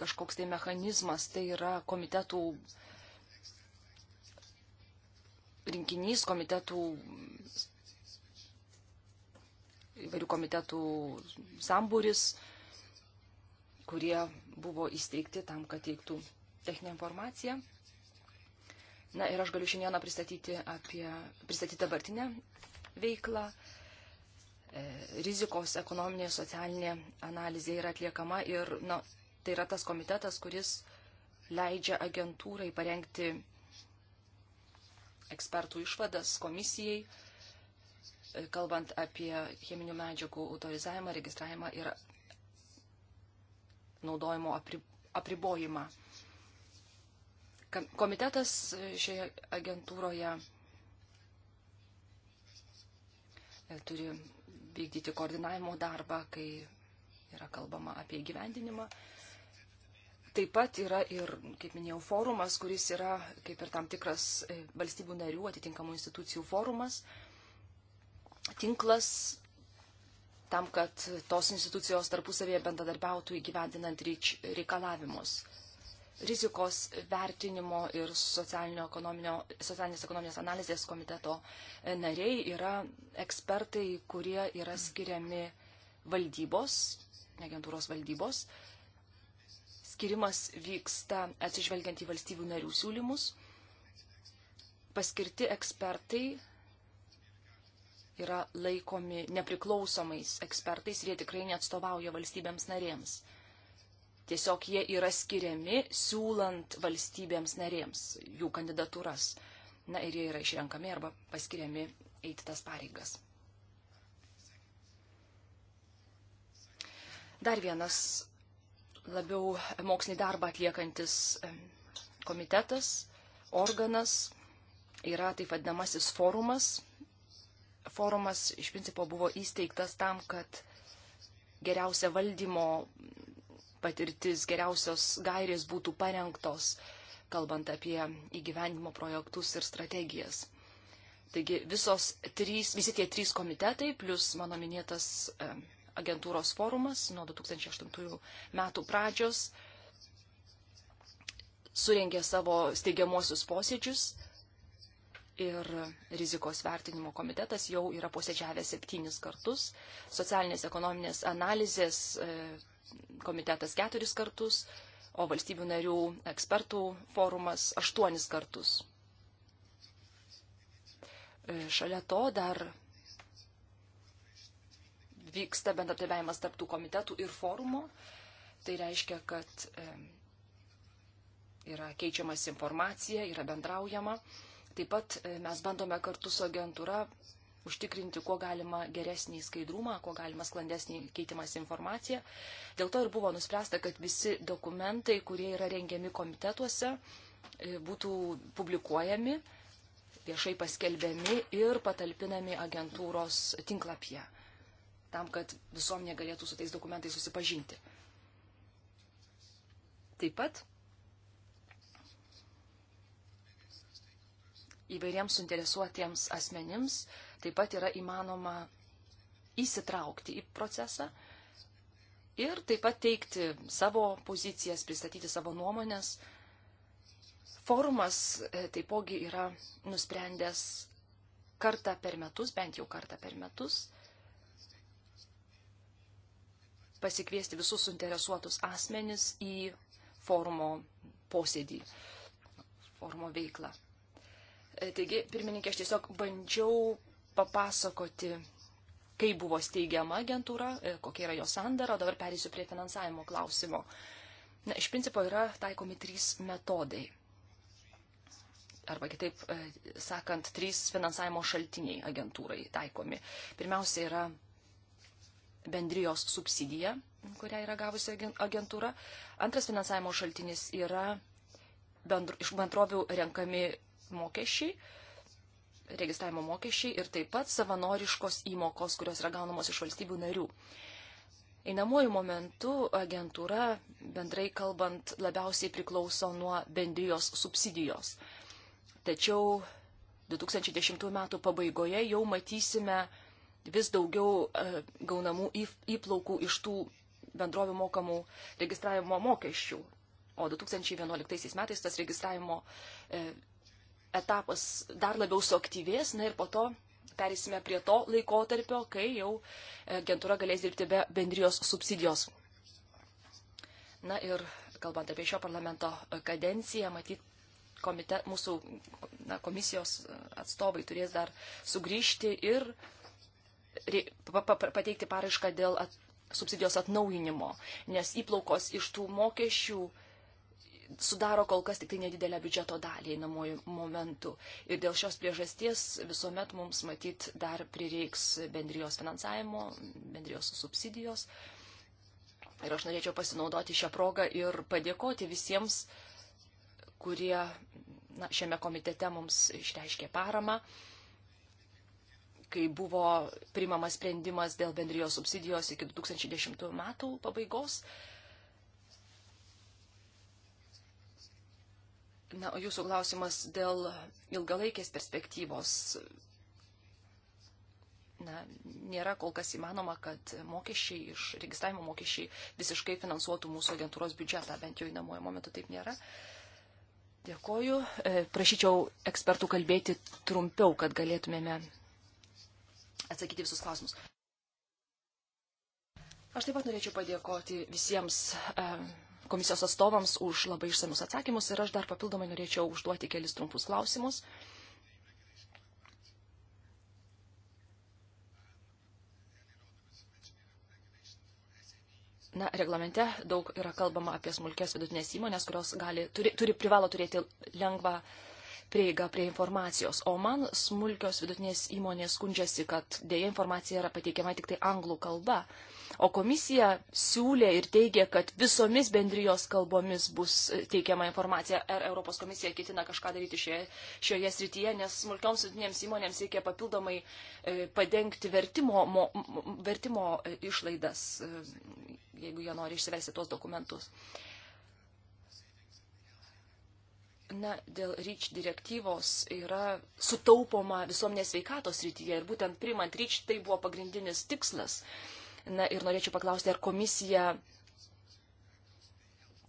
kažkoks tai mechanizmas, tai yra komitetų rinkinys, komitetų įvairių komitetų sambūris, kurie buvo įsteigti tam, kad teiktų techninę informaciją. Na ir aš galiu šiandieną pristatyti, apie, pristatyti dabartinę veiklą, E, rizikos ekonominė socialinė analizė yra atliekama ir na, tai yra tas komitetas, kuris leidžia agentūrai parengti ekspertų išvadas komisijai, e, kalbant apie cheminių medžiagų autorizavimą, registravimą ir naudojimo apribojimą. Komitetas e, šioje agentūroje turi vykdyti koordinavimo darbą, kai yra kalbama apie gyvendinimą. Taip pat yra ir, kaip minėjau, forumas, kuris yra kaip ir tam tikras e, valstybių narių atitinkamų institucijų forumas, tinklas tam, kad tos institucijos tarpusavėje bendradarbiautų įgyvendinant reikalavimus rizikos vertinimo ir socialinės ekonominės analizės komiteto e, nariai yra ekspertai, kurie yra skiriami valdybos, agentūros valdybos. Skirimas vyksta atsižvelgiant į valstybių narių siūlymus. Paskirti ekspertai yra laikomi nepriklausomais ekspertais ir jie tikrai neatstovauja valstybėms narėms. Tiesiog jie yra skiriami siūlant valstybėms narėms jų kandidatūras. Na ir jie yra išrenkami arba paskiriami eiti tas pareigas. Dar vienas labiau mokslinį darbą atliekantis komitetas, organas yra taip vadinamasis forumas. Forumas iš principo buvo įsteigtas tam, kad geriausia valdymo patirtis, geriausios gairės būtų parengtos, kalbant apie įgyvendimo projektus ir strategijas. Taigi visos trys, visi tie trys komitetai, plus mano minėtas e, agentūros forumas nuo 2008 metų pradžios, surengė savo steigiamuosius posėdžius ir rizikos vertinimo komitetas jau yra posėdžiavęs septynis kartus. Socialinės ekonominės analizės e, komitetas keturis kartus, o valstybių narių ekspertų forumas aštuonis kartus. E, šalia to dar vyksta bendradarbiavimas tarptų komitetų ir forumo. Tai reiškia, kad e, yra keičiamas informacija, yra bendraujama. Taip pat e, mes bandome kartu su agentūra užtikrinti kuo galima geresnį skaidrumą, kuo galima sklandesnį keitimas informaciją. Dėl to ir buvo nuspręsta, kad visi dokumentai, kurie yra rengiami komitetuose, e, būtų publikuojami, viešai paskelbiami ir patalpinami agentūros tinklapyje, tam, kad visuomenė galėtų su tais dokumentais susipažinti. Taip pat įvairiems suinteresuotiems asmenims taip pat yra įmanoma įsitraukti į procesą ir taip pat teikti savo pozicijas, pristatyti savo nuomonės. Forumas e, taipogi yra nusprendęs kartą per metus, bent jau kartą per metus, pasikviesti visus suinteresuotus asmenis į forumo posėdį, forumo veiklą. E, taigi, pirmininkė, aš tiesiog bandžiau papasakoti, kaip buvo steigiama agentūra, e, kokia yra jos sandara, o dabar perėsiu prie finansavimo klausimo. Na, iš principo yra taikomi trys metodai. Arba kitaip e, sakant, trys finansavimo šaltiniai agentūrai taikomi. Pirmiausia yra bendrijos subsidija, kurią yra gavusi agentūra. Antras finansavimo šaltinis yra bendru, iš bendrovių renkami mokesčiai registravimo mokesčiai ir taip pat savanoriškos įmokos, kurios yra gaunamos iš valstybių narių. Einamuoju momentu agentūra, bendrai kalbant, labiausiai priklauso nuo bendrijos subsidijos. Tačiau 2010 m. pabaigoje jau matysime vis daugiau e, gaunamų įplaukų iš tų bendrovių mokamų registravimo mokesčių. O 2011 metais tas registravimo e, etapas dar labiau suaktyvės, na ir po to perėsime prie to laikotarpio, kai jau e, agentūra galės dirbti be bendrijos subsidijos. Na ir kalbant apie šio parlamento e, kadenciją, matyt, komite, mūsų na, komisijos e, atstovai turės dar sugrįžti ir pateikti paraišką dėl at, subsidijos atnaujinimo, nes įplaukos iš tų mokesčių sudaro kol kas tik tai nedidelę biudžeto dalį einamojų momentų. Ir dėl šios priežasties visuomet mums matyt dar prireiks bendrijos finansavimo, bendrijos subsidijos. Ir aš norėčiau pasinaudoti šią progą ir padėkoti visiems, kurie na, šiame komitete mums išreiškė paramą kai buvo primamas sprendimas dėl bendrijos subsidijos iki 2010 metų pabaigos, Na, o jūsų klausimas dėl ilgalaikės perspektyvos. Na, nėra kol kas įmanoma, kad mokesčiai iš registravimo mokesčiai visiškai finansuotų mūsų agentūros biudžetą, bent jau įnamuoju momentu taip nėra. Dėkoju. E, prašyčiau ekspertų kalbėti trumpiau, kad galėtumėme atsakyti visus klausimus. Aš taip pat norėčiau padėkoti visiems. Uh, komisijos atstovams už labai išsamius atsakymus ir aš dar papildomai norėčiau užduoti kelis trumpus klausimus. Na, reglamente daug yra kalbama apie smulkės vidutinės įmonės, kurios gali, turi, turi, privalo turėti lengvą prieigą prie informacijos. O man smulkios vidutinės įmonės skundžiasi, kad dėja informacija yra pateikiama tik tai anglų kalba. Uh, o komisija siūlė ir teigė, kad visomis bendrijos kalbomis bus e, teikiama informacija. Ar Europos komisija ketina kažką daryti šioje, šioje srityje, nes smulkioms sudinėms įmonėms reikia papildomai e, padengti vertimo, mo, vertimo e, išlaidas, jeigu jie nori išsiversti tuos dokumentus. na, dėl ryč direktyvos yra sutaupoma visuomenės veikatos rytyje ir būtent primant ryč tai buvo pagrindinis tikslas. Na ir norėčiau paklausti, ar komisija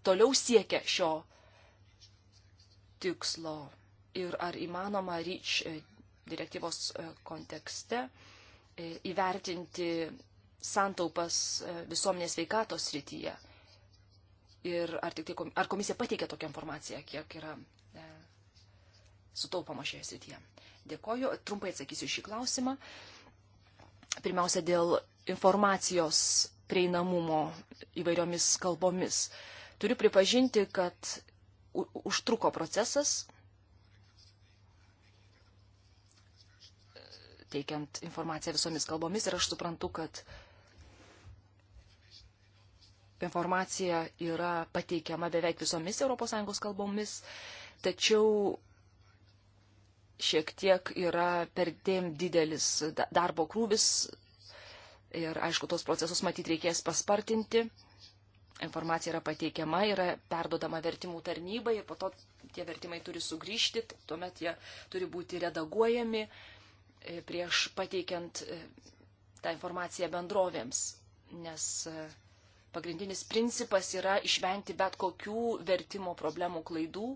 toliau siekia šio tikslo ir ar įmanoma ryč e, direktyvos e, kontekste e, įvertinti santaupas visuomenės veikatos srityje. Ir ar, tik tai, ar komisija pateikė tokią informaciją, kiek yra e, sutaupama šioje srityje. Dėkoju, trumpai atsakysiu šį klausimą. Pirmiausia, dėl informacijos prieinamumo įvairiomis kalbomis. Turiu pripažinti, kad užtruko procesas, teikiant informaciją visomis kalbomis ir aš suprantu, kad informacija yra pateikiama beveik visomis ES kalbomis, tačiau šiek tiek yra perdėm didelis darbo krūvis Ir aišku, tos procesus matyti reikės paspartinti. Informacija yra pateikiama, yra perdodama vertimų tarnybai ir po to tie vertimai turi sugrįžti, tuomet jie turi būti redaguojami e, prieš pateikiant e, tą informaciją bendrovėms. Nes e, pagrindinis principas yra išvengti bet kokių vertimo problemų klaidų,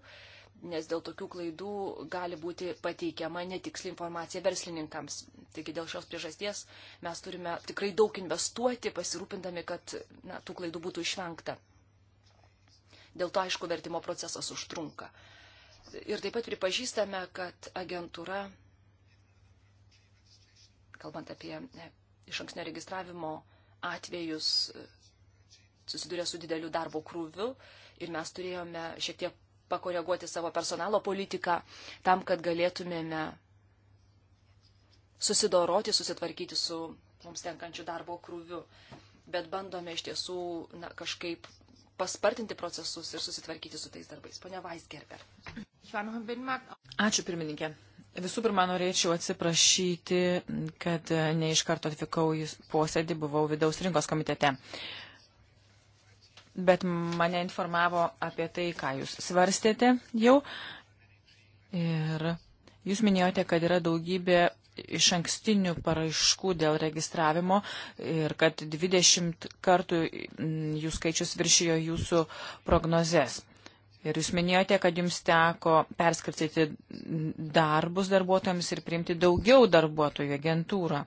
nes dėl tokių klaidų gali būti pateikiama netiksli informacija verslininkams. Taigi dėl šios priežasties mes turime tikrai daug investuoti, pasirūpindami, kad na, tų klaidų būtų išvengta. Dėl to, aišku, vertimo procesas užtrunka. Ir taip pat pripažįstame, kad agentūra, kalbant apie ne, iš anksnio registravimo atvejus, susidūrė su dideliu darbo krūviu ir mes turėjome šiek tiek pakoreguoti savo personalo politiką tam, kad galėtumėme susidoroti, susitvarkyti su mums tenkančiu darbo krūviu. Bet bandome iš tiesų na, kažkaip paspartinti procesus ir susitvarkyti su tais darbais. Pone Weisgerber. Ačiū pirmininkė. Visų pirma, norėčiau atsiprašyti, kad neiš karto atvykau į posėdį, buvau vidaus rinkos komitete. Uh, bet mane informavo apie tai, ką jūs svarstėte jau. Ir jūs minėjote, kad yra daugybė iš ankstinių paraiškų dėl registravimo ir kad 20 kartų mm, jų skaičius viršijo jūsų prognozes. Ir jūs minėjote, kad jums teko perskirstyti darbus darbuotojams ir priimti daugiau darbuotojų agentūrą.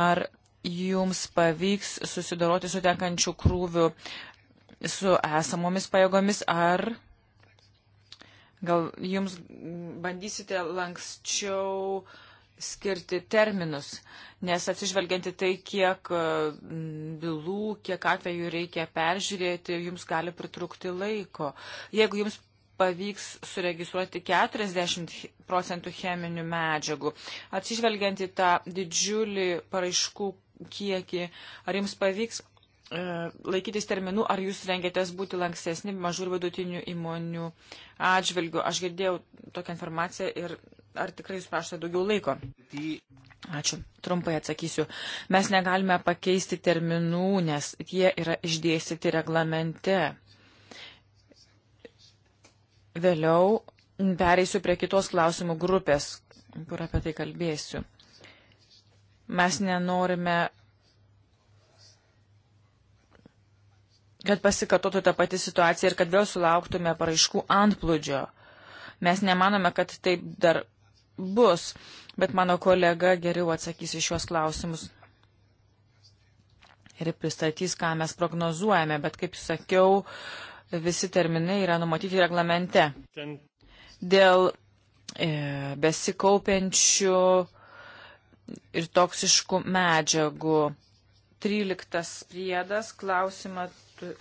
Ar jums pavyks susidoroti su tekančiu krūviu su esamomis pajėgomis, ar gal jums bandysite lankščiau skirti terminus, nes atsižvelgianti tai, kiek bylų, kiek atvejų reikia peržiūrėti, jums gali pritrūkti laiko. Jeigu jums pavyks suregistruoti 40 procentų cheminių medžiagų, atsižvelgianti tą didžiulį paraiškų kiekį, ar jums pavyks E, laikytis terminų, ar jūs rengėtės būti lankstesni mažų ir vidutinių įmonių atžvilgių. Aš girdėjau tokią informaciją ir ar tikrai jūs prašote daugiau laiko? Ačiū. Trumpai atsakysiu. Mes negalime pakeisti terminų, nes jie yra išdėstyti reglamente. Vėliau pereisiu prie kitos klausimų grupės, kur apie tai kalbėsiu. Mes nenorime kad pasikartotų tą patį situaciją ir kad vėl sulauktume paraiškų antplūdžio. Mes nemanome, kad taip dar bus, bet mano kolega geriau atsakys į šios klausimus ir pristatys, ką mes prognozuojame, bet kaip sakiau, visi terminai yra numatyti reglamente. Dėl e, besikaupiančių ir toksiškų medžiagų 13 priedas. Klausimą,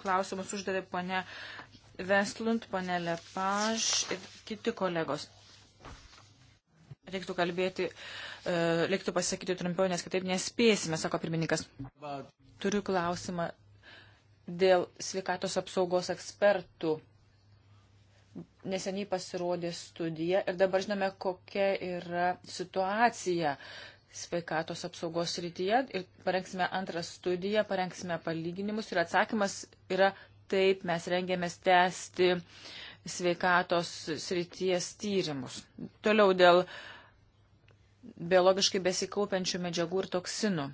klausimus uždavė ponė Vestlund, ponė Lepaž ir kiti kolegos. Reiktų kalbėti, e, reiktų pasakyti trumpiau, nes kitaip nespėsime, sako pirmininkas. Turiu klausimą dėl sveikatos apsaugos ekspertų. Neseniai pasirodė studija ir dabar žinome, kokia yra situacija sveikatos apsaugos rytyje ir parengsime antrą studiją, parengsime palyginimus ir atsakymas yra taip, mes rengiamės tęsti sveikatos srities tyrimus. Toliau dėl biologiškai besikaupiančių medžiagų ir toksinų.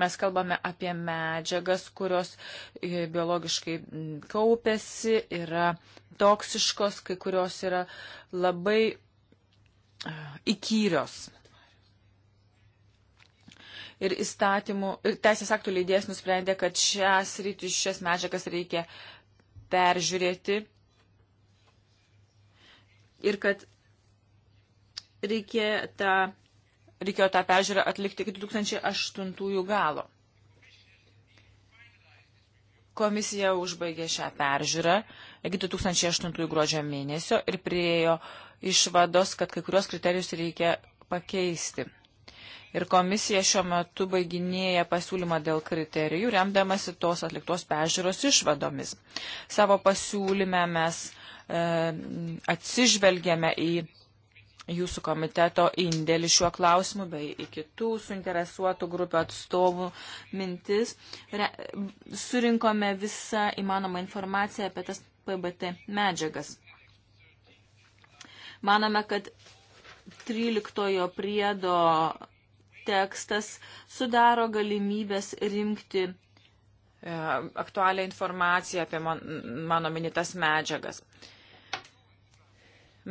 Mes kalbame apie medžiagas, kurios e, biologiškai kaupėsi, yra toksiškos, kai kurios yra labai e, įkyrios ir įstatymų, ir teisės aktų leidėjas nusprendė, kad šias rytis, šias medžiagas reikia peržiūrėti ir kad reikėjo tą, reikėjo tą peržiūrą atlikti iki 2008 galo. Komisija užbaigė šią peržiūrą iki 2008 gruodžio mėnesio ir priejo išvados, kad kai kurios kriterijus reikia pakeisti ir komisija šiuo metu baiginėja pasiūlymą dėl kriterijų, remdamasi tos atliktos pežiūros išvadomis. Savo pasiūlyme mes e, atsižvelgiame į jūsų komiteto indėlį šiuo klausimu bei į kitų suinteresuotų grupių atstovų mintis. Re, surinkome visą įmanomą informaciją apie tas PBT medžiagas. Manome, kad 13 priedo tekstas sudaro galimybės rinkti e, aktualią informaciją apie mano minėtas medžiagas.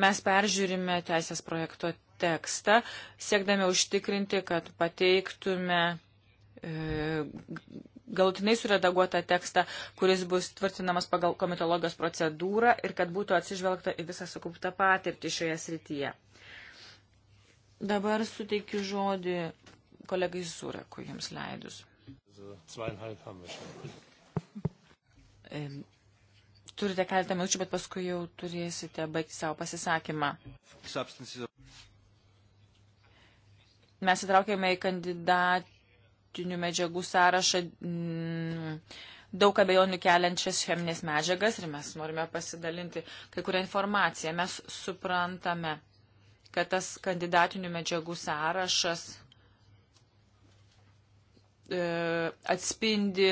Mes peržiūrime teisės projekto tekstą, siekdami užtikrinti, kad pateiktume e, galutinai suredaguotą tekstą, kuris bus tvirtinamas pagal komitologijos procedūrą ir kad būtų atsižvelgta į visą sukauptą patirtį šioje srityje. Dabar suteikiu žodį kolegai Zurekui, jums leidus. Turite keletą minučių, bet paskui jau turėsite baigti savo pasisakymą. Mes įtraukėme į kandidatinių medžiagų sąrašą mm, daug abejonių keliančias cheminės medžiagas ir mes norime pasidalinti kai kurią informaciją. Mes suprantame kad tas kandidatinių medžiagų sąrašas e, atspindi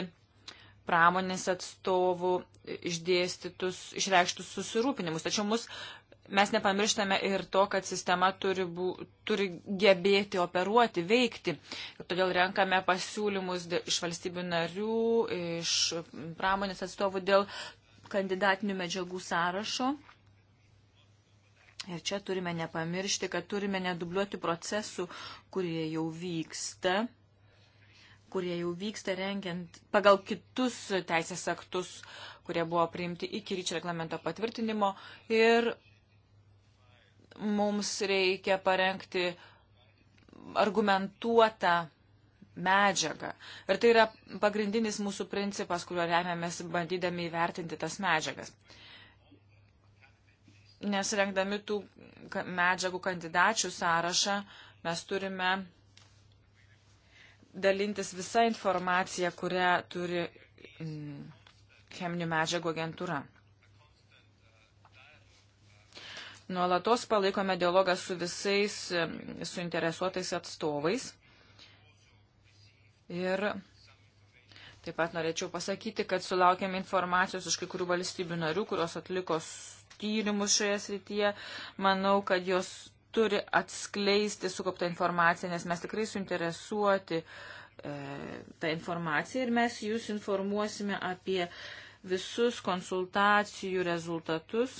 pramonės atstovų išdėstytus, išreikštus susirūpinimus. Tačiau mus, mes nepamirštame ir to, kad sistema turi, bu, turi gebėti operuoti, veikti. Ir todėl renkame pasiūlymus iš valstybių narių, iš pramonės atstovų dėl kandidatinių medžiagų sąrašo. Ir čia turime nepamiršti, kad turime nedubliuoti procesų, kurie jau vyksta, kurie jau vyksta rengiant pagal kitus teisės aktus, kurie buvo priimti iki ryčio reglamento patvirtinimo. Ir mums reikia parengti argumentuotą medžiagą. Ir tai yra pagrindinis mūsų principas, kuriuo remiamės bandydami įvertinti tas medžiagas nes rengdami tų medžiagų kandidačių sąrašą mes turime dalintis visą informaciją, kurią turi mm, cheminių medžiagų agentūra. Nuolatos palaikome dialogą su visais mm, suinteresuotais atstovais. Ir taip pat norėčiau pasakyti, kad sulaukėme informacijos iš kai kurių valstybių narių, kurios atlikos tyrimus šioje srityje. Manau, kad jos turi atskleisti sukauptą informaciją, nes mes tikrai suinteresuoti e, tą informaciją ir mes jūs informuosime apie visus konsultacijų rezultatus,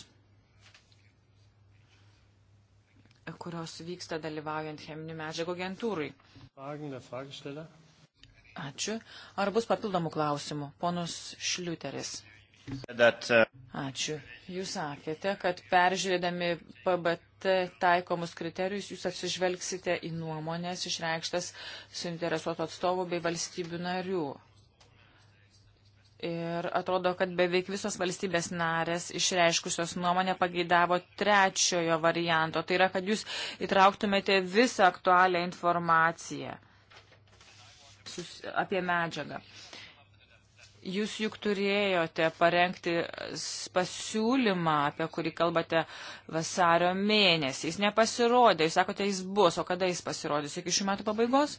kurios vyksta dalyvaujant cheminių medžiagų agentūrai. Ačiū. Ar bus papildomų klausimų? Ponus Šliuteris. Uh, Ačiū. Jūs sakėte, kad peržiūrėdami PBT taikomus kriterijus, jūs atsižvelgsite į nuomonės išreikštas suinteresuotų atstovų bei valstybių narių. Ir atrodo, kad beveik visos valstybės narės išreiškusios nuomonę pageidavo trečiojo varianto. Tai yra, kad jūs įtrauktumėte visą aktualią informaciją apie medžiagą. Jūs juk turėjote parengti pasiūlymą, apie kurį kalbate vasario mėnesį. Jis nepasirodė, jūs sakote, jis bus, o kada jis pasirodys? Iki šių metų pabaigos?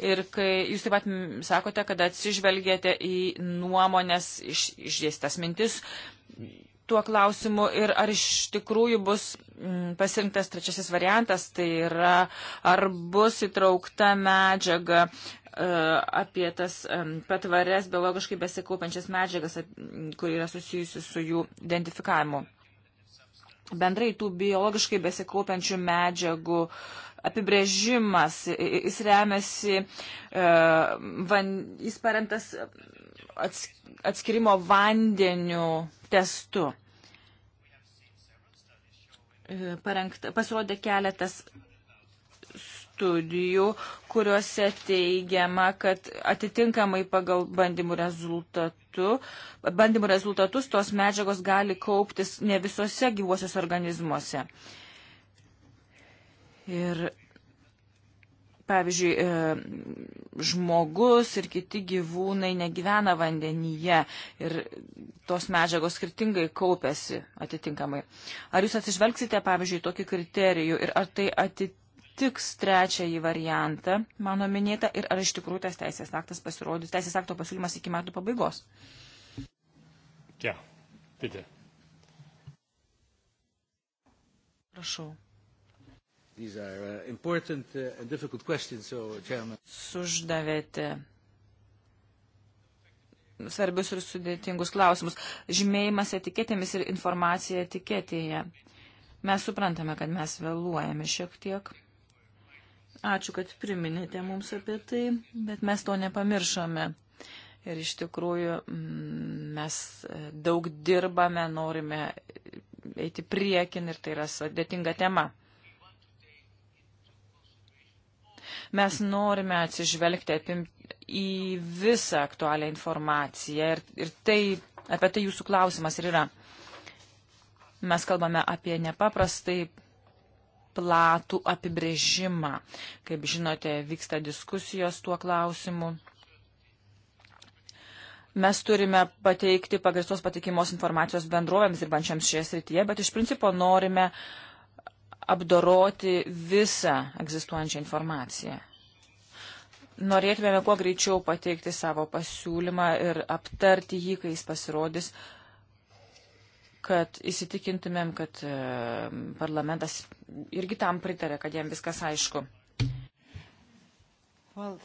Ir kai jūs taip pat sakote, kad atsižvelgėte į nuomonės iš, išdėstas mintis tuo klausimu ir ar iš tikrųjų bus pasirinktas trečiasis variantas, tai yra ar bus įtraukta medžiaga E, apie tas e, patvarias biologiškai besikaupančias medžiagas, kur yra susijusi su jų identifikavimu. Bendrai tų biologiškai besikaupančių medžiagų apibrėžimas, jis remiasi, e, jis paremtas atskirimo vandeniu testu. Parengta, pasirodė keletas studijų, kuriuose teigiama, kad atitinkamai pagal bandymų, rezultatu, bandymų rezultatus tos medžiagos gali kauptis ne visose gyvuosios organizmuose. Ir pavyzdžiui, e, žmogus ir kiti gyvūnai negyvena vandenyje ir tos medžiagos skirtingai kaupiasi atitinkamai. Ar jūs atsižvelgsite, pavyzdžiui, tokį kriterijų ir ar tai atitinka? atitiks trečiąjį variantą, mano minėtą, ir ar iš tikrųjų tas teisės aktas pasirodys, teisės akto pasiūlymas iki metų pabaigos. Ja, bitte. Prašau. These are uh, important uh, and difficult questions, so, Chairman. Suždavėte svarbius ir sudėtingus klausimus. Žymėjimas etiketėmis ir informacija etiketėje. Mes suprantame, kad mes vėluojame šiek tiek. Ačiū, kad priminėte mums apie tai, bet mes to nepamiršome. Ir iš tikrųjų mm, mes e, daug dirbame, norime eiti priekin ir tai yra sudėtinga tema. Mes norime atsižvelgti apim, į visą aktualią informaciją ir, ir tai, apie tai jūsų klausimas ir yra. Mes kalbame apie nepaprastai platų apibrėžimą. Kaip žinote, vyksta diskusijos tuo klausimu. Mes turime pateikti pagristos patikimos informacijos bendrovėms dirbančiams šioje srityje, bet iš principo norime apdoroti visą egzistuojančią informaciją. Norėtumėme kuo greičiau pateikti savo pasiūlymą ir aptarti jį, kai jis pasirodys, kad įsitikintumėm, kad e, parlamentas irgi tam pritarė, kad jam viskas aišku. Well,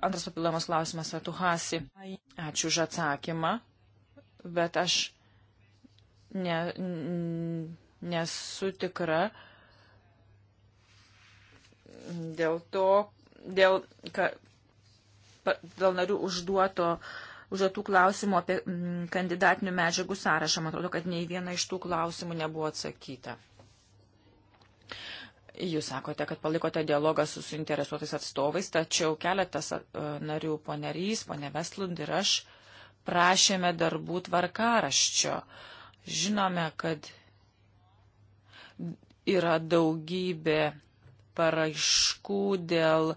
Antras papildomas klausimas, Atuhasi. Ačiū už atsakymą, bet aš ne, nesu tikra dėl to, dėl, ka, dėl narių užduoto uh, užduotų klausimų apie mm, kandidatinių medžiagų sąrašą. Man atrodo, kad nei viena iš tų klausimų nebuvo atsakyta. Jūs sakote, kad palikote dialogą su suinteresuotais atstovais, tačiau keletas narių, ponė Rys, ponė Veslund ir aš, prašėme darbų tvarkaraščio. Žinome, kad yra daugybė paraiškų dėl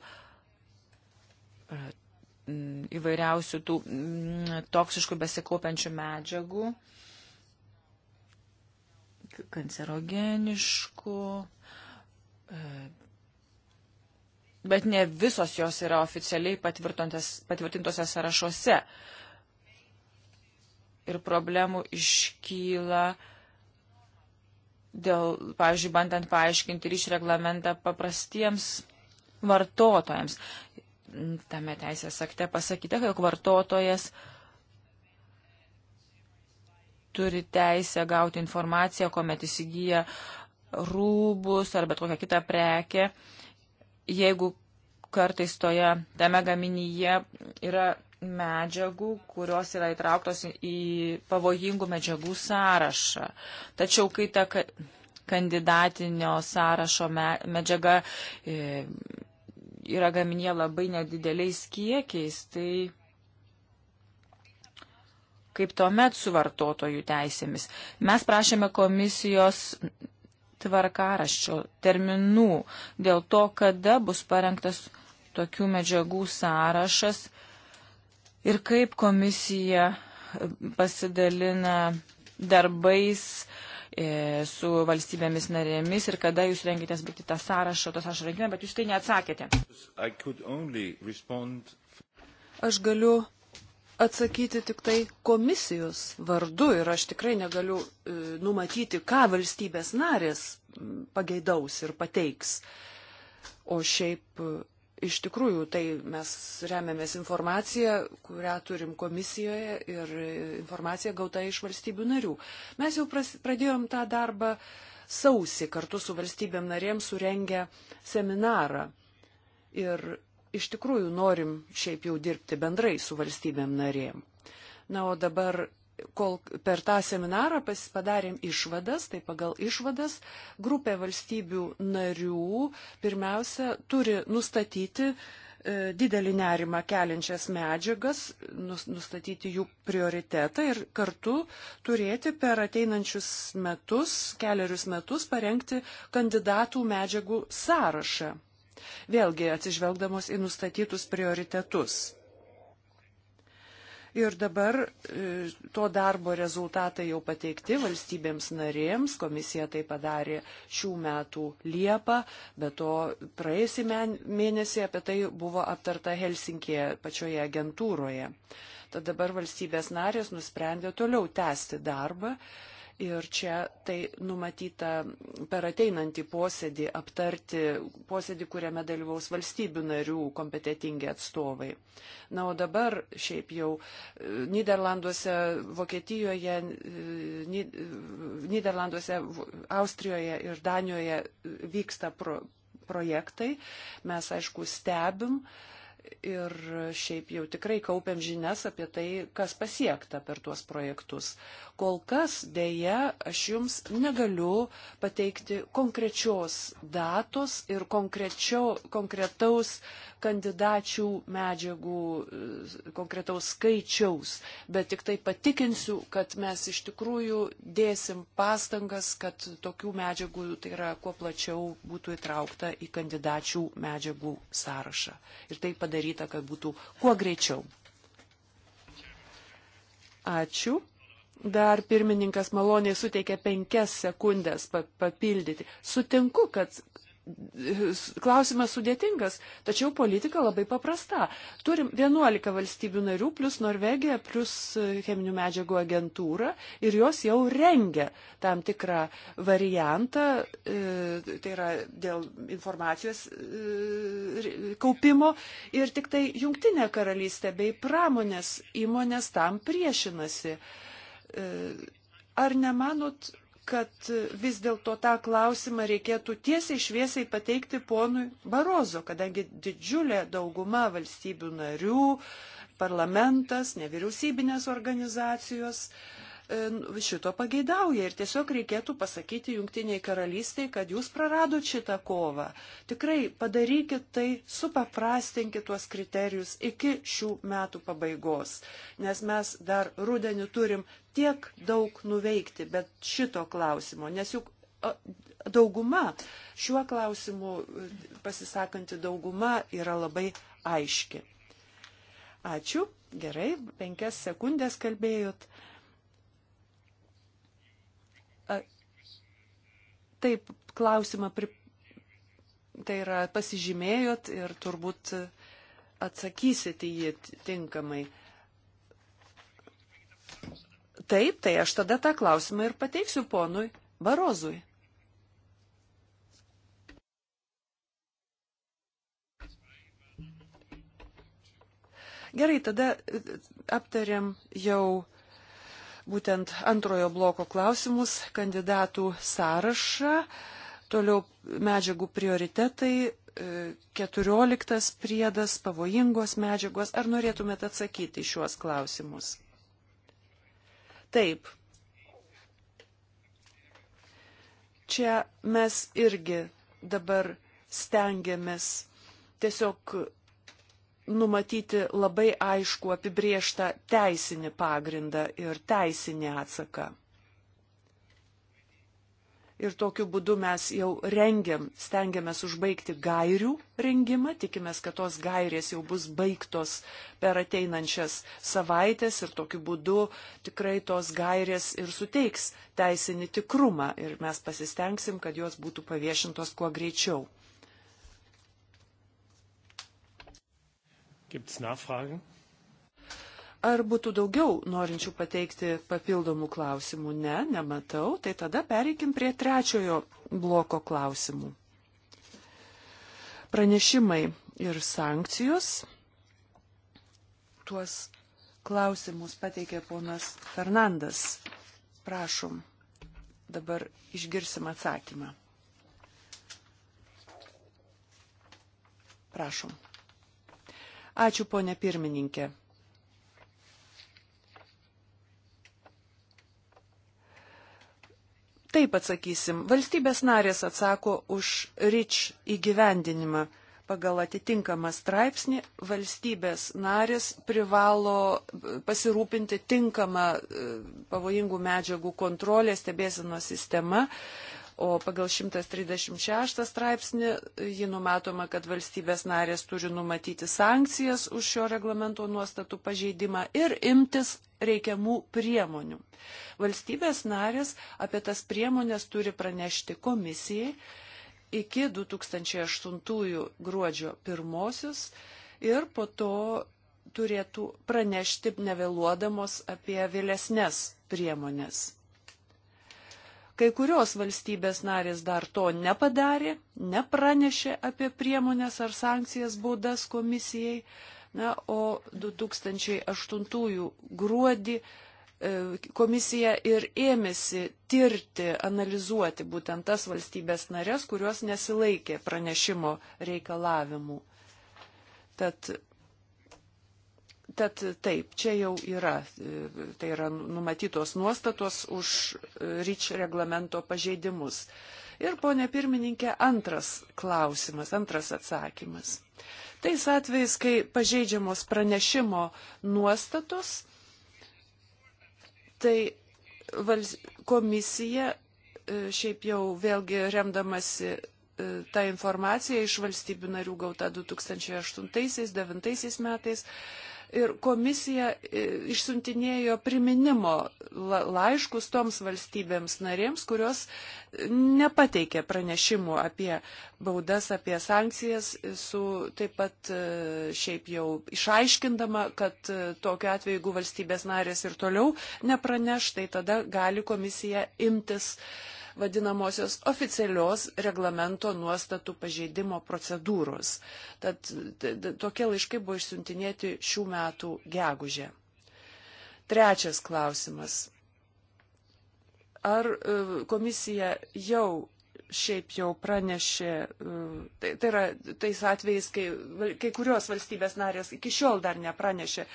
Mm, įvairiausių tų mm, toksiškų besikaupiančių medžiagų, kancerogeniškų, e, bet ne visos jos yra oficialiai patvirtintose sąrašuose. Ir problemų iškyla dėl, pavyzdžiui, bandant paaiškinti ryšį reglamentą paprastiems vartotojams tame teisės akte pasakyta, jog vartotojas turi teisę gauti informaciją, kuomet įsigyja rūbus ar bet kokią kitą prekę, jeigu kartais toje tame gaminyje yra medžiagų, kurios yra įtrauktos į pavojingų medžiagų sąrašą. Tačiau kai ta kandidatinio sąrašo medžiaga e, yra gaminė labai nedideliais kiekiais, tai kaip tuomet su vartotojų teisėmis. Mes prašėme komisijos tvarkaraščio terminų dėl to, kada bus parengtas tokių medžiagų sąrašas ir kaip komisija pasidalina darbais, uh, E, su valstybėmis narėmis ir kada jūs rengitės baigti tą sąrašą, tą sąrašą rinkimą, bet jūs tai neatsakėte. Aš galiu atsakyti tik tai komisijos vardu ir aš tikrai negaliu e, numatyti, ką valstybės narės pageidaus ir pateiks. O šiaip iš tikrųjų tai mes remiamės informaciją, kurią turim komisijoje ir informacija gauta iš valstybių narių. Mes jau pras, pradėjom tą darbą sausį kartu su valstybėm narėm surengę seminarą. Ir iš tikrųjų norim šiaip jau dirbti bendrai su valstybėm narėm. Na, o dabar kol per tą seminarą padarėm išvadas, tai pagal išvadas grupė valstybių narių pirmiausia turi nustatyti e, didelį nerimą keliančias medžiagas, nustatyti jų prioritetą ir kartu turėti per ateinančius metus, keliarius metus parengti kandidatų medžiagų sąrašą. Vėlgi atsižvelgdamos į nustatytus prioritetus. Ir dabar e, to darbo rezultatai jau pateikti valstybėms narėms, komisija tai padarė šių metų Liepą, bet to praėjusį mėnesį apie tai buvo aptarta Helsinkėje pačioje agentūroje. Tad dabar valstybės narės nusprendė toliau tęsti darbą Ir čia tai numatyta per ateinantį posėdį aptarti, posėdį, kuriame dalyvaus valstybių narių kompetitingi atstovai. Na, o dabar šiaip jau e, Niderlanduose, Vokietijoje, e, e, Niderlanduose, Austrijoje ir Danijoje vyksta pro, projektai. Mes, aišku, stebim. Uh, ir šiaip jau tikrai kaupiam žinias apie tai, kas pasiekta per tuos projektus. Kol kas dėja aš jums negaliu pateikti konkrečios datos ir konkretaus kandidačių medžiagų, konkretaus skaičiaus, bet tik tai patikinsiu, kad mes iš tikrųjų dėsim pastangas, kad tokių medžiagų, tai yra kuo plačiau būtų įtraukta į kandidačių medžiagų sąrašą. Ir tai padarysime padaryta, kad būtų kuo greičiau. Ačiū. Dar pirmininkas maloniai suteikė penkias sekundės papildyti. Sutinku, kad klausimas sudėtingas, tačiau politika labai paprasta. Turim 11 valstybių narių, plus Norvegija, plus e, cheminių medžiagų agentūra ir jos jau rengia tam tikrą variantą, e, tai yra dėl informacijos e, kaupimo ir tik tai jungtinė karalystė bei pramonės įmonės tam priešinasi. Ar nemanot, kad vis dėlto tą klausimą reikėtų tiesiai šviesiai pateikti ponui Barozo, kadangi didžiulė dauguma valstybių narių, parlamentas, nevyriausybinės organizacijos uh, E, šito pageidauja ir tiesiog reikėtų pasakyti jungtiniai karalystiai, kad jūs praradot šitą kovą. Tikrai padarykit tai, supaprastinkit tuos kriterijus iki šių metų pabaigos, nes mes dar rudenį turim tiek daug nuveikti, bet šito klausimo, nes juk dauguma, šiuo klausimu e, pasisakanti dauguma yra labai aiški. Ačiū, gerai, penkias sekundės kalbėjot. Taip, klausimą pri... tai yra pasižymėjot ir turbūt atsakysit į jį tinkamai. Taip, tai aš tada tą klausimą ir pateiksiu ponui Barozui. Gerai, tada e, aptariam jau būtent antrojo bloko klausimus, kandidatų sąrašą, toliau medžiagų prioritetai, 14 e, priedas, pavojingos medžiagos. Ar norėtumėte atsakyti šiuos klausimus? Taip. Čia mes irgi dabar stengiamės tiesiog numatyti labai aišku apibriežtą teisinį pagrindą ir teisinį atsaką. Ir tokiu būdu mes jau rengiam, stengiamės užbaigti gairių rengimą, tikimės, kad tos gairės jau bus baigtos per ateinančias savaitės ir tokiu būdu tikrai tos gairės ir suteiks teisinį tikrumą ir mes pasistengsim, kad jos būtų paviešintos kuo greičiau. Ar būtų daugiau norinčių pateikti papildomų klausimų? Ne, nematau. Tai tada pereikim prie trečiojo bloko klausimų. Pranešimai ir sankcijos. Tuos klausimus pateikė ponas Fernandas. Prašom, dabar išgirsim atsakymą. Prašom. Ačiū, ponė pirmininkė. Taip atsakysim, valstybės narės atsako už RIČ įgyvendinimą pagal atitinkamą straipsnį valstybės narės privalo pasirūpinti tinkamą e, pavojingų medžiagų kontrolę stebėsino sistema, o pagal 136 straipsnį ji numatoma, kad valstybės narės turi numatyti sankcijas už šio reglamento nuostatų pažeidimą ir imtis reikiamų priemonių. Valstybės narės apie tas priemonės turi pranešti komisijai iki 2008 gruodžio 1 ir po to turėtų pranešti nevėluodamos apie vėlesnes priemonės. Kai kurios valstybės narės dar to nepadarė, nepranešė apie priemonės ar sankcijas baudas komisijai, na, o 2008 gruodį e, komisija ir ėmėsi tirti, analizuoti būtent tas valstybės narės, kurios nesilaikė pranešimo reikalavimų. Tad Tad taip, čia jau yra, tai yra numatytos nuostatos už ryč reglamento pažeidimus. Ir, ponė pirmininkė, antras klausimas, antras atsakymas. Tais atvejais, kai pažeidžiamos pranešimo nuostatos, tai komisija e, šiaip jau vėlgi remdamasi e, tą informaciją iš valstybių narių gauta 2008-2009 metais ir komisija e, išsiuntinėjo priminimo laiškus toms valstybėms narėms, kurios nepateikė pranešimų apie baudas, apie sankcijas, su taip pat e, šiaip jau išaiškindama, kad e, tokiu atveju, jeigu valstybės narės ir toliau nepraneš, tai tada gali komisija imtis uh, vadinamosios oficialios reglamento nuostatų pažeidimo procedūros. Tad tokie laiškai buvo išsiuntinėti šių metų gegužė. Trečias klausimas. Ar e, komisija jau šiaip jau pranešė, e, tai, tai yra tais atvejais, kai kai kurios valstybės narės iki šiol dar nepranešė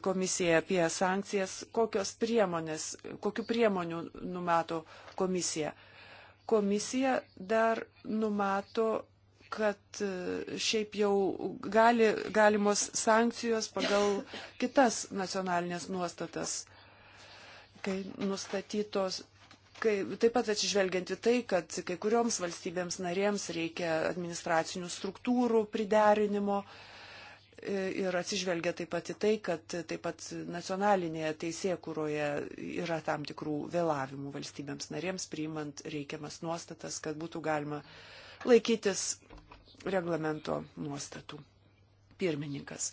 komisijai apie sankcijas, kokios priemonės, kokiu priemonių numato komisija. Komisija dar numato, kad e, šiaip jau gali, galimos sankcijos pagal kitas nacionalinės nuostatas, kai nustatytos Kai, taip pat atsižvelgiant į tai, kad kai kurioms valstybėms narėms reikia administracinių struktūrų priderinimo, uh, E, ir atsižvelgia taip pat į tai, kad taip pat nacionalinėje teisėkuroje yra tam tikrų vėlavimų valstybėms narėms, priimant reikiamas nuostatas, kad būtų galima laikytis reglamento nuostatų. Pirmininkas.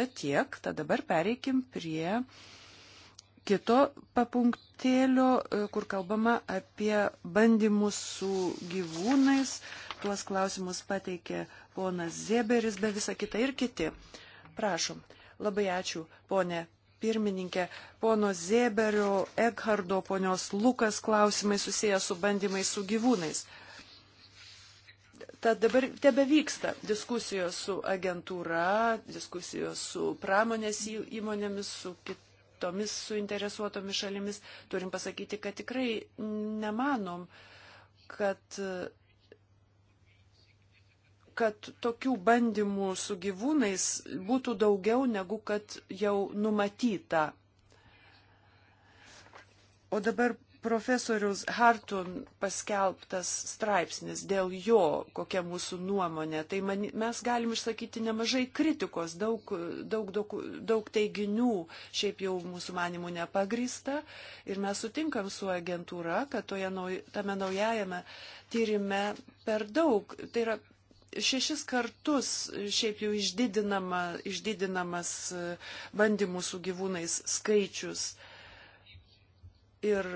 Tad tiek, tad dabar pereikim prie uh, kito papunktėlio, e, kur kalbama apie bandymus su gyvūnais. Tuos klausimus pateikė ponas Zieberis, be visa kita ir kiti. Prašom. Labai ačiū, ponė pirmininkė, pono Zėberio, Eghardo, ponios Lukas klausimai susijęs su bandymais su gyvūnais. Tad dabar tebe vyksta diskusijos su agentūra, diskusijos su pramonės įmonėmis, su kit, kitomis suinteresuotomis šalimis, turim pasakyti, kad tikrai nemanom, kad kad tokių bandymų su gyvūnais būtų daugiau negu kad jau numatyta. O dabar profesorius Hartun paskelbtas straipsnis dėl jo, kokia mūsų nuomonė, tai man, mes galim išsakyti nemažai kritikos, daug, daug, daug, daug teiginių šiaip jau mūsų manimų nepagrįsta ir mes sutinkam su agentūra, kad toje, nauj, tame naujajame tyrime per daug, tai yra šešis kartus šiaip jau išdidinama, išdidinamas e, bandymų su gyvūnais skaičius. Ir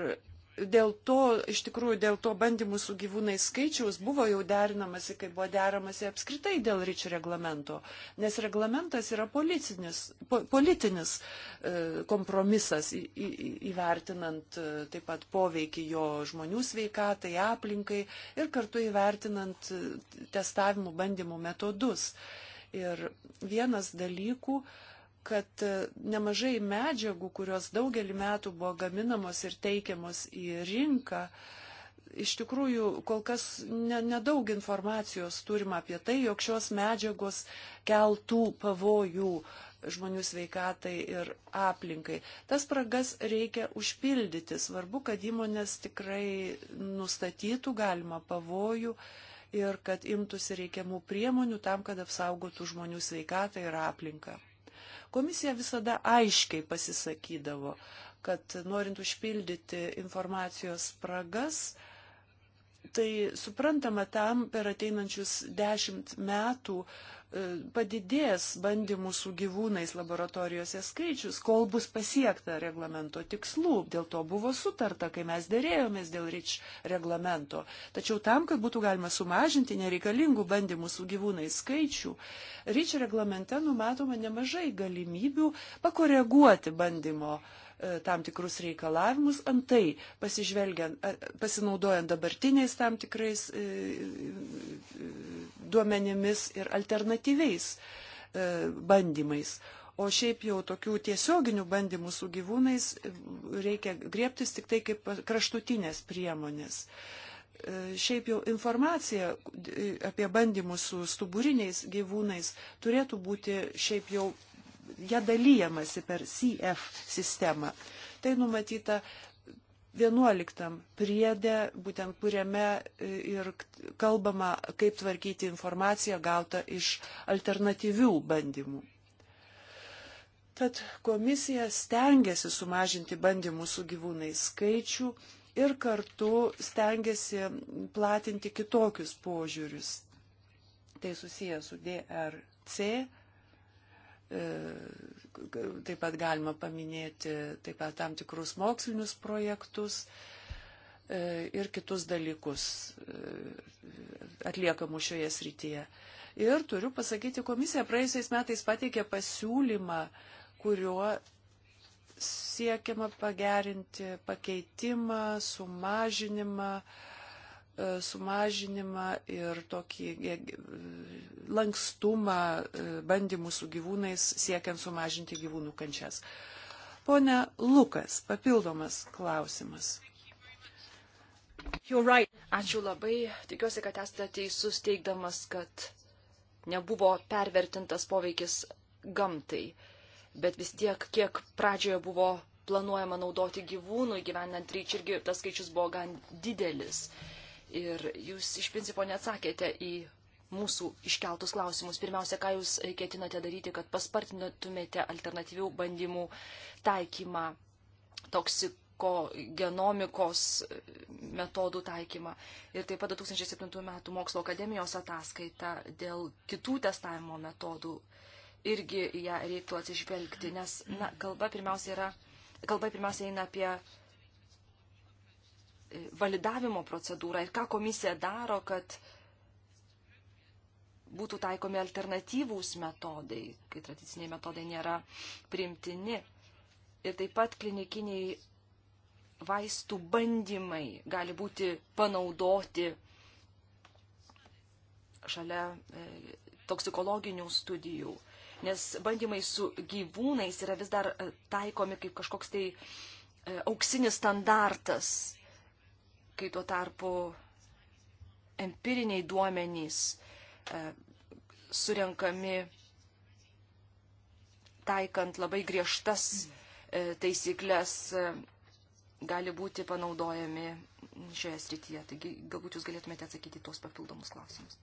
dėl to, iš tikrųjų, dėl to bandymų su gyvūnais skaičiaus buvo jau derinamasi, kai buvo deramasi apskritai dėl ryčių reglamento, nes reglamentas yra politinis, po, politinis e, kompromisas į, į, įvertinant e, taip pat poveikį jo žmonių sveikatai, aplinkai ir kartu įvertinant e, testavimų bandymų metodus. Ir vienas dalykų, e, kad e, nemažai medžiagų, kurios daugelį metų buvo gaminamos ir teikiamos į rinką, iš tikrųjų kol kas ne, nedaug informacijos turima apie tai, jog šios medžiagos keltų pavojų žmonių sveikatai ir aplinkai. Tas spragas reikia užpildyti. Svarbu, kad įmonės tikrai nustatytų galima pavojų ir kad imtųsi reikiamų priemonių tam, kad apsaugotų žmonių sveikatą ir aplinką. Komisija visada aiškiai pasisakydavo, kad norint užpildyti informacijos spragas, tai suprantama tam per ateinančius dešimt metų uh, E, padidės bandymų su gyvūnais laboratorijose skaičius, kol bus pasiekta reglamento tikslų. Dėl to buvo sutarta, kai mes dėrėjomės dėl ryč reglamento. Tačiau tam, kad būtų galima sumažinti nereikalingų bandymų su gyvūnais skaičių, ryč reglamente numatoma nemažai galimybių pakoreguoti bandymo E, tam tikrus reikalavimus, antai pasinaudojant dabartiniais tam tikrais e, e, duomenimis ir alternatyviais bandymais. O šiaip jau tokių tiesioginių bandymų su gyvūnais reikia griebtis tik tai kaip kraštutinės priemonės. Šiaip jau informacija apie bandymus su stuburiniais gyvūnais turėtų būti šiaip jau ją dalyjamasi per CF sistemą. Tai numatyta 11 priedė, būtent kuriame e, ir kalbama, kaip tvarkyti informaciją gautą iš alternatyvių bandymų. Tad komisija stengiasi sumažinti bandymų su gyvūnais skaičių ir kartu stengiasi platinti kitokius požiūrius. Tai susijęs su DRC E, taip pat galima paminėti taip pat tam tikrus mokslinius projektus e, ir kitus dalykus e, atliekamų šioje srityje. Ir turiu pasakyti, komisija praėjusiais metais pateikė pasiūlymą, kuriuo siekiama pagerinti pakeitimą, sumažinimą, uh, E, sumažinimą ir tokį lankstumą e, bandymų su gyvūnais siekiant sumažinti gyvūnų kančias. Pone Lukas, papildomas klausimas. You're right. Ačiū labai. Tikiuosi, kad esate teisus teikdamas, kad nebuvo pervertintas poveikis gamtai. Bet vis tiek, kiek pradžioje buvo planuojama naudoti gyvūnų įgyvenant ryčių, irgi tas skaičius buvo gan didelis. Uh, Ir jūs iš principo neatsakėte į mūsų iškeltus klausimus. Pirmiausia, ką jūs ketinate daryti, kad paspartinotumėte alternatyvių bandymų taikymą, toksikogenomikos metodų taikymą. Ir taip pat 2007 m. mokslo akademijos ataskaita dėl kitų testavimo metodų. Irgi ją reiktų atsižvelgti, nes na, kalba pirmiausia yra. Kalba pirmiausia eina apie validavimo procedūrą ir ką komisija daro, kad būtų taikomi alternatyvūs metodai, kai tradiciniai metodai nėra primtini. Ir taip pat klinikiniai vaistų bandymai gali būti panaudoti šalia e, toksikologinių studijų, nes bandymai su gyvūnais yra vis dar e, taikomi kaip kažkoks tai e, auksinis standartas kai tuo tarpu empiriniai duomenys e, surenkami taikant labai griežtas e, taisyklės e, gali būti panaudojami šioje srityje. Taigi galbūt jūs galėtumėte atsakyti tuos papildomus klausimus.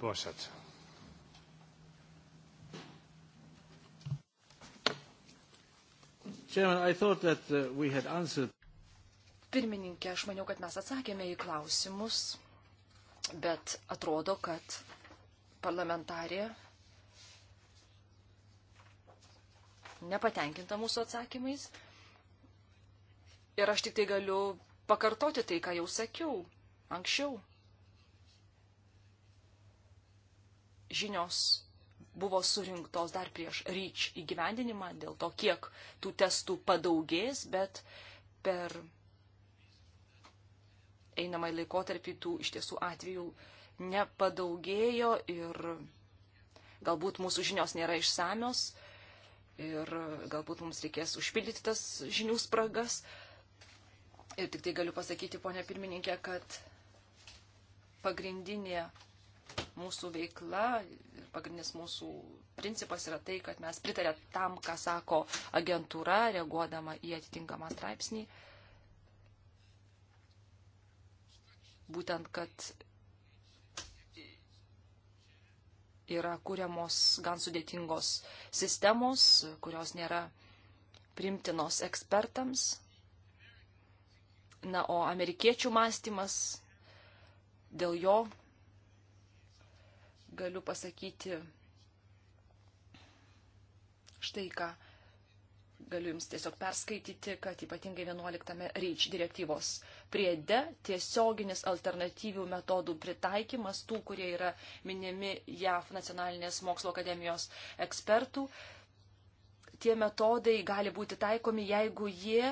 Posėdžiu. Uh, Pirmininkė, aš maniau, kad mes atsakėme į klausimus, bet atrodo, kad parlamentarė nepatenkinta mūsų atsakymais. Ir aš tik tai galiu pakartoti tai, ką jau sakiau anksčiau. Žinios buvo surinktos dar prieš ryč įgyvendinimą, dėl to, kiek tų testų padaugės, bet per einamai laikotarpį tų iš tiesų atvejų nepadaugėjo ir galbūt mūsų žinios nėra išsamios ir galbūt mums reikės užpildyti tas žinių spragas. Ir tik tai galiu pasakyti, ponia pirmininkė, kad pagrindinė mūsų veikla ir pagrindinis mūsų principas yra tai, kad mes pritarė tam, ką sako agentūra, reaguodama į atitinkamą straipsnį. Būtent, kad yra kūriamos gan sudėtingos sistemos, kurios nėra primtinos ekspertams. Na, o amerikiečių mąstymas dėl jo galiu pasakyti štai ką. Galiu Jums tiesiog perskaityti, kad ypatingai 11 REACH direktyvos priede tiesioginis alternatyvių metodų pritaikymas tų, kurie yra minimi JAF nacionalinės mokslo akademijos ekspertų. Tie metodai gali būti taikomi, jeigu jie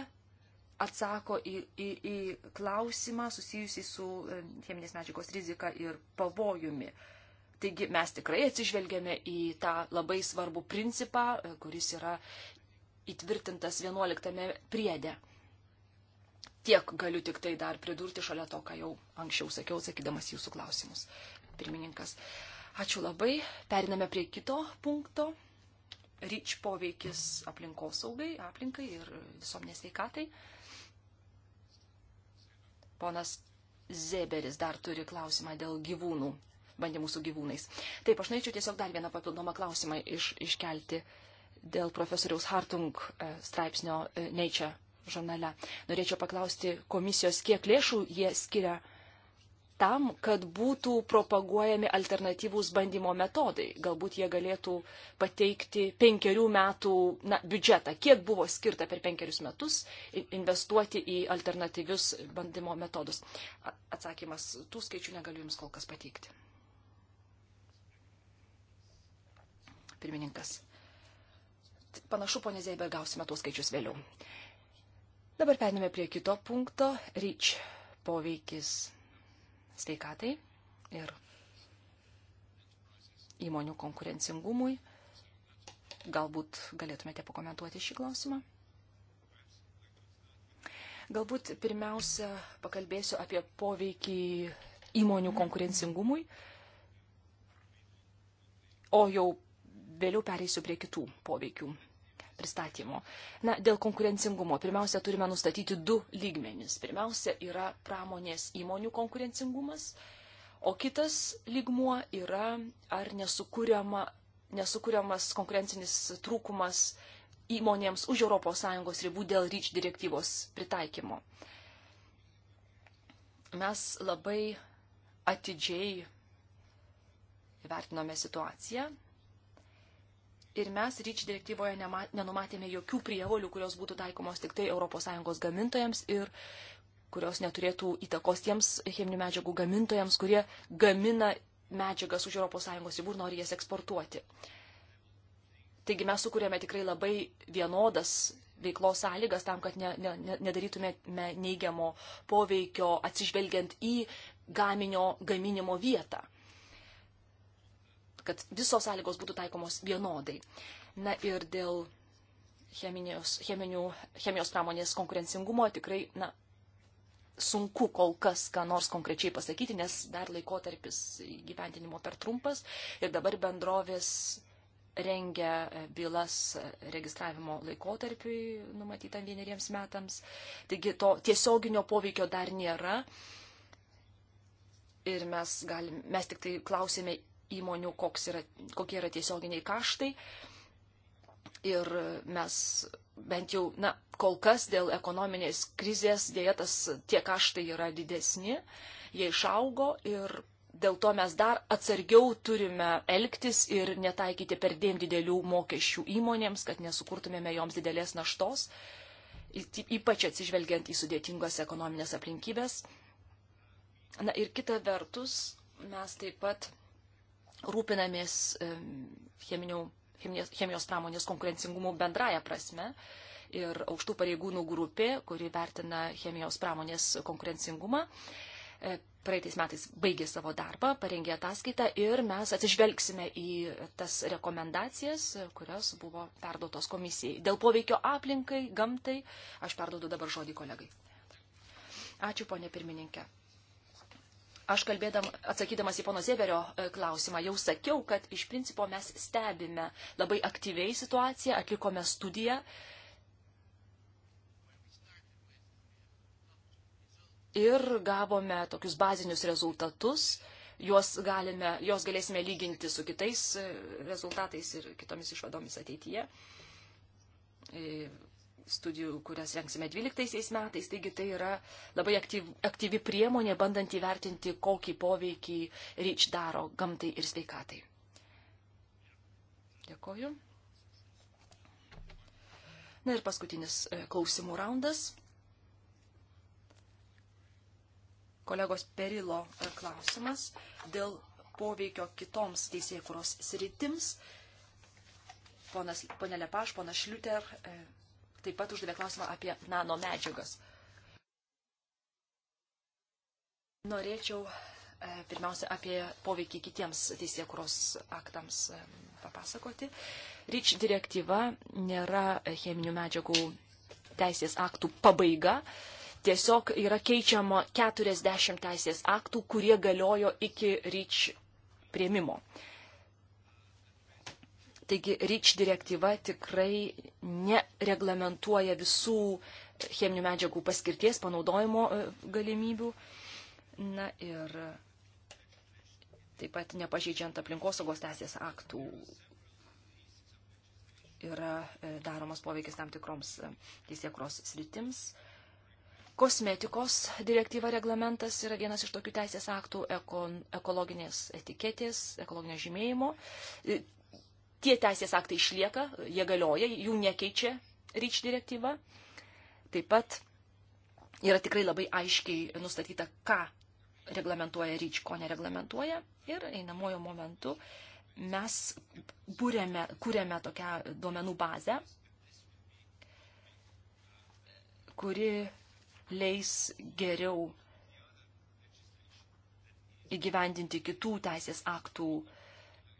atsako į, į, į klausimą susijusį su e, cheminės medžiagos rizika ir pavojumi. Uh, Taigi mes tikrai atsižvelgėme į tą labai svarbų principą, e, kuris yra įtvirtintas 11 priedė. Tiek galiu tik tai dar pridurti šalia to, ką jau anksčiau sakiau, sakydamas jūsų klausimus. Pirmininkas. Ačiū labai. Periname prie kito punkto. Ryč poveikis aplinkosaugai, aplinkai ir visuomenės veikatai. Ponas Zeberis dar turi klausimą dėl gyvūnų bandymų su gyvūnais. Taip, aš norėčiau tiesiog dar vieną papildomą klausimą iš, iškelti dėl profesoriaus Hartung e, straipsnio e, Nature žurnale. Norėčiau paklausti komisijos, kiek lėšų jie skiria tam, kad būtų propaguojami alternatyvūs bandymo metodai. Galbūt jie galėtų pateikti penkerių metų na, biudžetą, kiek buvo skirta per penkerius metus investuoti į alternatyvius bandymo metodus. Atsakymas, tų skaičių negaliu Jums kol kas pateikti. Pirmininkas. Panašu, ponė Zeiber, gausime tuos skaičius vėliau. Dabar perėmėme prie kito punkto. Ryč poveikis sveikatai ir įmonių konkurencingumui. Galbūt galėtumėte pakomentuoti šį klausimą. Galbūt pirmiausia pakalbėsiu apie poveikį įmonių konkurencingumui, o jau Vėliau pereisiu prie kitų poveikių pristatymo. Na, dėl konkurencingumo. Pirmiausia, turime nustatyti du lygmenis. Pirmiausia yra pramonės įmonių konkurencingumas, o kitas lygmuo yra ar nesukūriama, nesukūriamas konkurencinis trūkumas įmonėms už ES ribų dėl ryč direktyvos pritaikymo. Mes labai atidžiai vertinome situaciją Ir mes ryč direktyvoje nenumatėme jokių prievolių, kurios būtų taikomos tik tai ES gamintojams ir kurios neturėtų įtakos tiems cheminių medžiagų gamintojams, kurie gamina medžiagas už ES ribų ir nori jas eksportuoti. Taigi mes sukūrėme tikrai labai vienodas veiklos sąlygas tam, kad ne, ne, nedarytumėme neigiamo poveikio atsižvelgiant į gaminio gaminimo vietą kad visos sąlygos būtų taikomos vienodai. Na ir dėl cheminės, cheminių, chemijos pramonės konkurencingumo tikrai, na, sunku kol kas ką nors konkrečiai pasakyti, nes dar laikotarpis gyventinimo per trumpas ir dabar bendrovės rengia bylas registravimo laikotarpiui numatytam vieneriems metams. Taigi to tiesioginio poveikio dar nėra. Ir mes, galim, mes tik tai klausėme įmonių, yra, kokie yra tiesioginiai kaštai. Ir mes bent jau, na, kol kas dėl ekonominės krizės dėja tas tie kaštai yra didesni, jie išaugo ir dėl to mes dar atsargiau turime elgtis ir netaikyti perdėm didelių mokesčių įmonėms, kad nesukurtumėme joms didelės naštos, ypač atsižvelgiant į sudėtingas ekonominės aplinkybės. Na ir kita vertus, mes taip pat rūpinamės cheminių, cheminės, chemijos pramonės konkurencingumu bendraja prasme. Ir aukštų pareigūnų grupė, kuri vertina chemijos pramonės konkurencingumą, e, praeitais metais baigė savo darbą, parengė ataskaitą ir mes atsižvelgsime į tas rekomendacijas, kurios buvo perduotos komisijai. Dėl poveikio aplinkai, gamtai, aš perduodu dabar žodį kolegai. Ačiū, ponė pirmininkė. Aš kalbėdam, atsakydamas į pono Zėberio e, klausimą, jau sakiau, kad iš principo mes stebime labai aktyviai situaciją, atlikome studiją. Ir gavome tokius bazinius rezultatus, juos, galime, juos galėsime lyginti su kitais e, rezultatais ir kitomis išvadomis ateityje e, studijų, kurias rengsime 12 metais. Taigi tai yra labai aktyv, aktyvi priemonė, bandant įvertinti, kokį poveikį ryč daro gamtai ir sveikatai. Dėkoju. Na ir paskutinis e, klausimų raundas. Kolegos Perilo e, klausimas dėl poveikio kitoms teisėkuros sritims. Ponas, ponė Lepaš, ponas Šliuter, e, taip pat uždavė klausimą apie nano medžiagas. Norėčiau e, pirmiausia apie poveikį kitiems teisėkuros aktams e, papasakoti. REACH direktyva nėra cheminių medžiagų teisės aktų pabaiga. Tiesiog yra keičiama 40 teisės aktų, kurie galiojo iki REACH prieimimo. Taigi REACH direktyva tikrai nereglamentuoja visų cheminių medžiagų paskirties, panaudojimo e, galimybių. Na ir taip pat nepažeidžiant aplinkosaugos teisės aktų yra e, daromas poveikis tam tikroms e, teisėkros sritims. Kosmetikos direktyva reglamentas yra vienas iš tokių teisės aktų ekon, ekologinės etiketės, ekologinio žymėjimo tie teisės aktai išlieka, jie galioja, jų nekeičia ryč direktyva. Taip pat yra tikrai labai aiškiai nustatyta, ką reglamentuoja ryč, ko nereglamentuoja. Ir einamojo momentu mes būrėme, kūrėme tokią duomenų bazę, kuri leis geriau įgyvendinti kitų teisės aktų uh,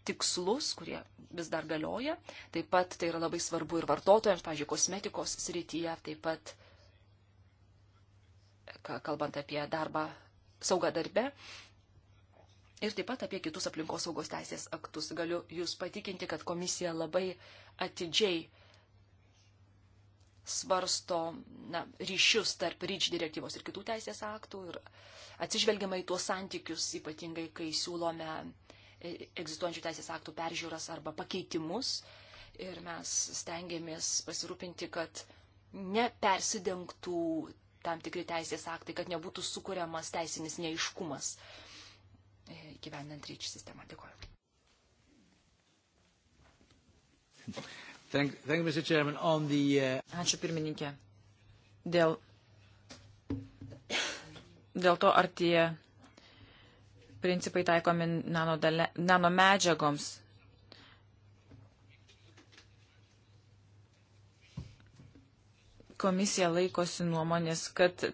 tikslus, kurie vis dar galioja. Taip pat tai yra labai svarbu ir vartotojams, pažiūrėjau, kosmetikos srityje, taip pat kalbant apie darbą saugą darbę. Ir taip pat apie kitus aplinkos saugos teisės aktus. Galiu Jūs patikinti, kad komisija labai atidžiai svarsto na, ryšius tarp ryč direktyvos ir kitų teisės aktų ir atsižvelgiama į tuos santykius, ypatingai kai siūlome egzistuojančių teisės aktų peržiūras arba pakeitimus. Ir mes stengiamės pasirūpinti, kad nepersidengtų tam tikri teisės aktai, kad nebūtų sukūriamas teisinis neiškumas e, įgyvendant ryčių sistemą. Dėkuoju. Thank, thank Mr. Chairman, on the, uh... Ačiū pirmininkė. Dėl, dėl to, ar tie principai taikomi nanomedžiagoms. Komisija laikosi nuomonės, kad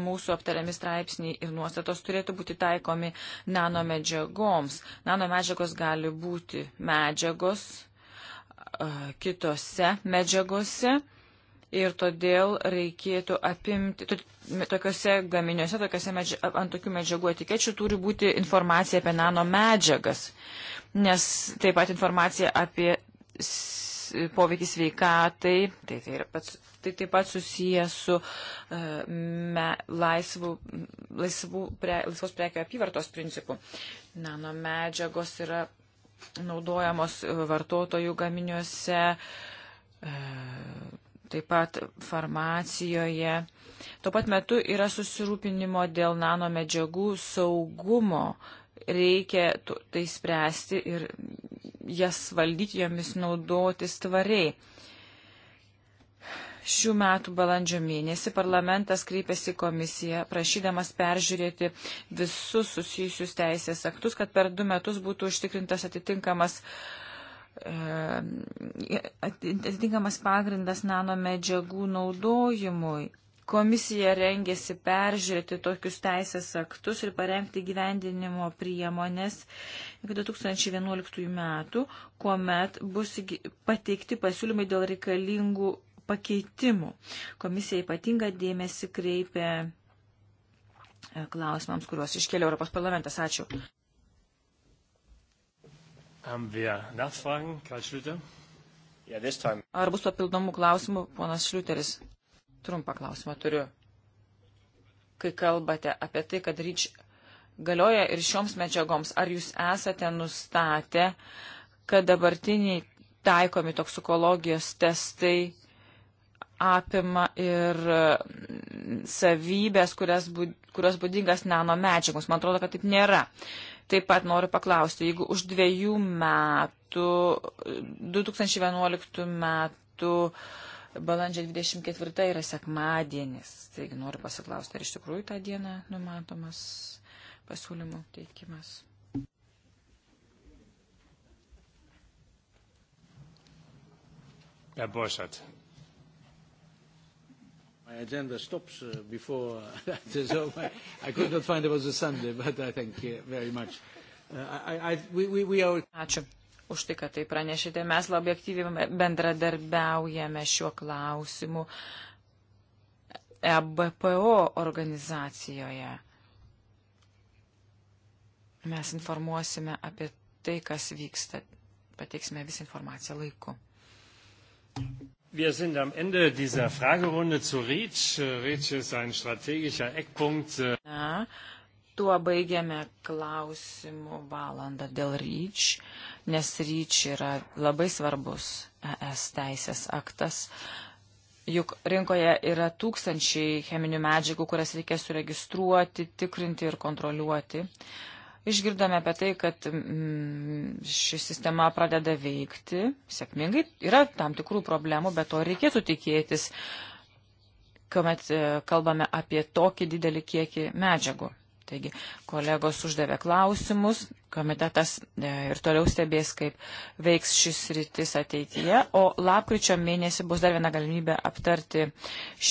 mūsų aptariami straipsniai ir nuostatos turėtų būti taikomi nanomedžiagoms. Nanomedžiagos gali būti medžiagos kitose medžiagose ir todėl reikėtų apimti, tokiuose gaminiuose, tokiuose medž... ant tokių medžiagų etikečių turi būti informacija apie nano medžiagas, nes taip pat informacija apie poveikį sveikatai, tai, tai, pats, tai taip pat susiję su uh, me, laisvų, laisvų pre, laisvos prekio apyvartos principu. Nano medžiagos yra naudojamos vartotojų gaminiuose. Uh, taip pat farmacijoje. Tuo pat metu yra susirūpinimo dėl nanomedžiagų saugumo. Reikia tai spręsti ir jas valdyti, jomis naudotis tvariai. Šių metų balandžio mėnesį parlamentas kreipėsi komisiją, prašydamas peržiūrėti visus susijusius teisės aktus, kad per du metus būtų užtikrintas atitinkamas uh, Ehm, atitinkamas pagrindas nano medžiagų naudojimui. Komisija rengėsi peržiūrėti tokius teisės aktus ir parengti gyvendinimo priemonės iki 2011 metų, kuomet bus pateikti pasiūlymai dėl reikalingų pakeitimų. Komisija ypatinga dėmesį kreipia e, klausimams, kuriuos iškėlė Europos parlamentas. Ačiū. Ar bus papildomų klausimų, ponas Šliuteris? Trumpą klausimą turiu. Kai kalbate apie tai, kad ryč galioja ir šioms medžiagoms, ar jūs esate nustatę, kad dabartiniai taikomi toksikologijos testai apima ir mm, savybės, kurios būdingas nano medžiagos. Man atrodo, kad taip nėra. Taip pat noriu paklausti, jeigu už dviejų metų, 2011 metų, balandžio 24 yra sekmadienis, taigi noriu pasiklausti, ar iš tikrųjų tą dieną numatomas pasiūlymų teikimas. Herr Borchert, My agenda stops uh, before uh, that is over. I could not find it was a Sunday, but I thank you very much. Uh, I, I, we, we, we are... Ačiū už tai, kad tai pranešėte. Mes labai aktyviai bendradarbiaujame šiuo klausimu EBPO organizacijoje. Mes informuosime apie tai, kas vyksta. Pateiksime visą informaciją laiku. Wir sind am Ende dieser Fragerunde zu REACH. Äh, REACH ist ein strategischer Eckpunkt. Äh, Na, tuo baigiame klausimų valandą dėl REACH, nes REACH yra labai svarbus ES teisės aktas. Juk rinkoje yra tūkstančiai cheminių medžiagų, kurias reikia suregistruoti, tikrinti ir kontroliuoti. Uh, Išgirdome apie tai, kad mm, ši sistema pradeda veikti sėkmingai. Yra tam tikrų problemų, bet to reikėtų tikėtis, kuomet e, kalbame apie tokį didelį kiekį medžiagų. Taigi, kolegos uždavė klausimus, komitetas e, ir toliau stebės, kaip veiks šis rytis ateityje, o lapkričio mėnesį bus dar viena galimybė aptarti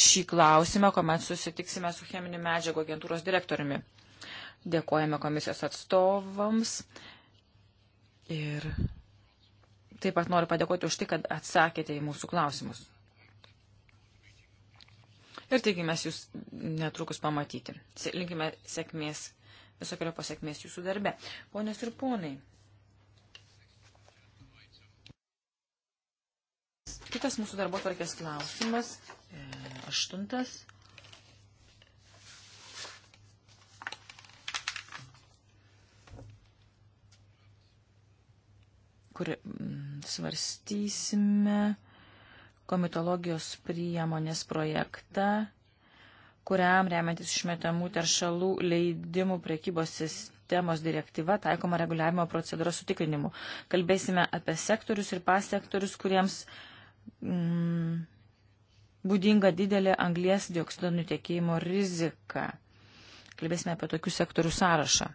šį klausimą, kuomet susitiksime su cheminių medžiagų agentūros direktoriumi. Dėkojame komisijos atstovams ir taip pat noriu padėkoti už tai, kad atsakėte į mūsų klausimus. Ir tikimės jūs netrukus pamatyti. Linkime sėkmės, visokio pasiekmės jūsų darbe. Ponios ir ponai. Kitas mūsų darbo tvarkės klausimas, e, aštuntas. E, kur mm, svarstysime komitologijos priemonės projektą, kuriam remiantis išmetamų teršalų leidimų prekybos sistemos direktyva taikoma reguliavimo procedūros sutikrinimu. Kalbėsime apie sektorius ir pasektorius, kuriems mm, būdinga didelė anglies dioksido nutekėjimo rizika. Kalbėsime apie tokių sektorių sąrašą.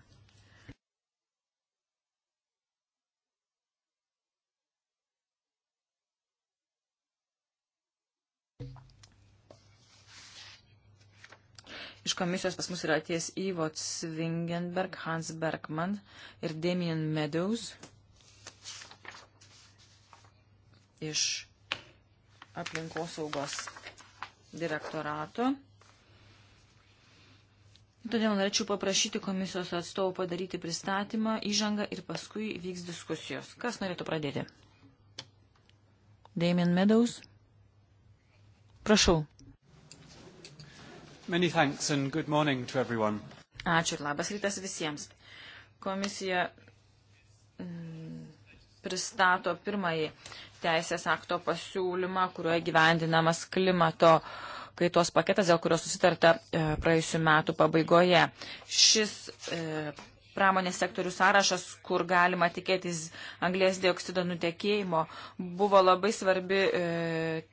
Iš komisijos pas mus yra ties Ivo Svingenberg, Hans Bergman ir Damien Meadows. Iš aplinkosaugos direktorato. Todėl norėčiau paprašyti komisijos atstovų padaryti pristatymą, įžangą ir paskui vyks diskusijos. Kas norėtų pradėti? Damien Meadows. Prašau. Many thanks and good morning to everyone. Ačiū ir labas rytas visiems. Komisija mm, pristato pirmąjį teisės akto pasiūlymą, kurioje gyvendinamas klimato kaitos paketas, dėl kurio susitarta e, praėjusiu metu pabaigoje. Šis e, pramonės sektorių sąrašas, kur galima tikėtis anglės dioksido nutekėjimo, buvo labai svarbi e,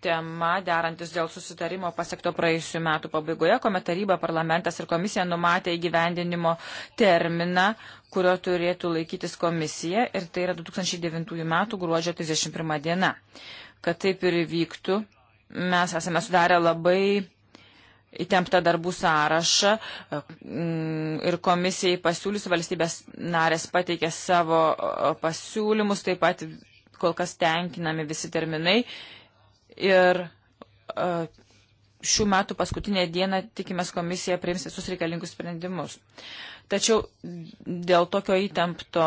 tema, derantis dėl susitarimo pasiekto praėjusiu metu pabaigoje, kuomet taryba, parlamentas ir komisija numatė įgyvendinimo terminą, kurio turėtų laikytis komisija ir tai yra 2009 metų gruodžio 31 diena. Kad taip ir vyktų, mes esame sudarę labai įtemptą darbų sąrašą mm, ir komisijai pasiūlys valstybės narės pateikė savo pasiūlymus, taip pat kol kas tenkinami visi terminai. Ir šių metų paskutinę dieną tikimės komisija priims visus reikalingus sprendimus. Tačiau dėl tokio įtempto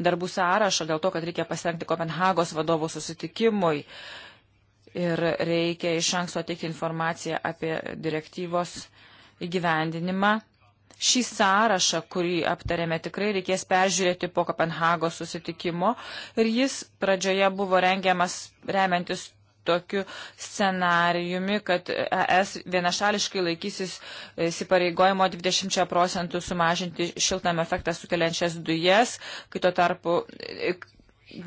darbų sąrašo, dėl to, kad reikia pasirengti Kopenhagos vadovų susitikimui, uh, ir reikia iš anksto teikti informaciją apie direktyvos įgyvendinimą. Šį sąrašą, kurį aptarėme, tikrai reikės peržiūrėti po Kopenhagos susitikimo ir jis pradžioje buvo rengiamas remiantis tokiu scenarijumi, kad ES vienašališkai laikysis įsipareigojimo 20 procentų sumažinti šiltnam efektą sukeliančias dujas, kai tuo tarpu e,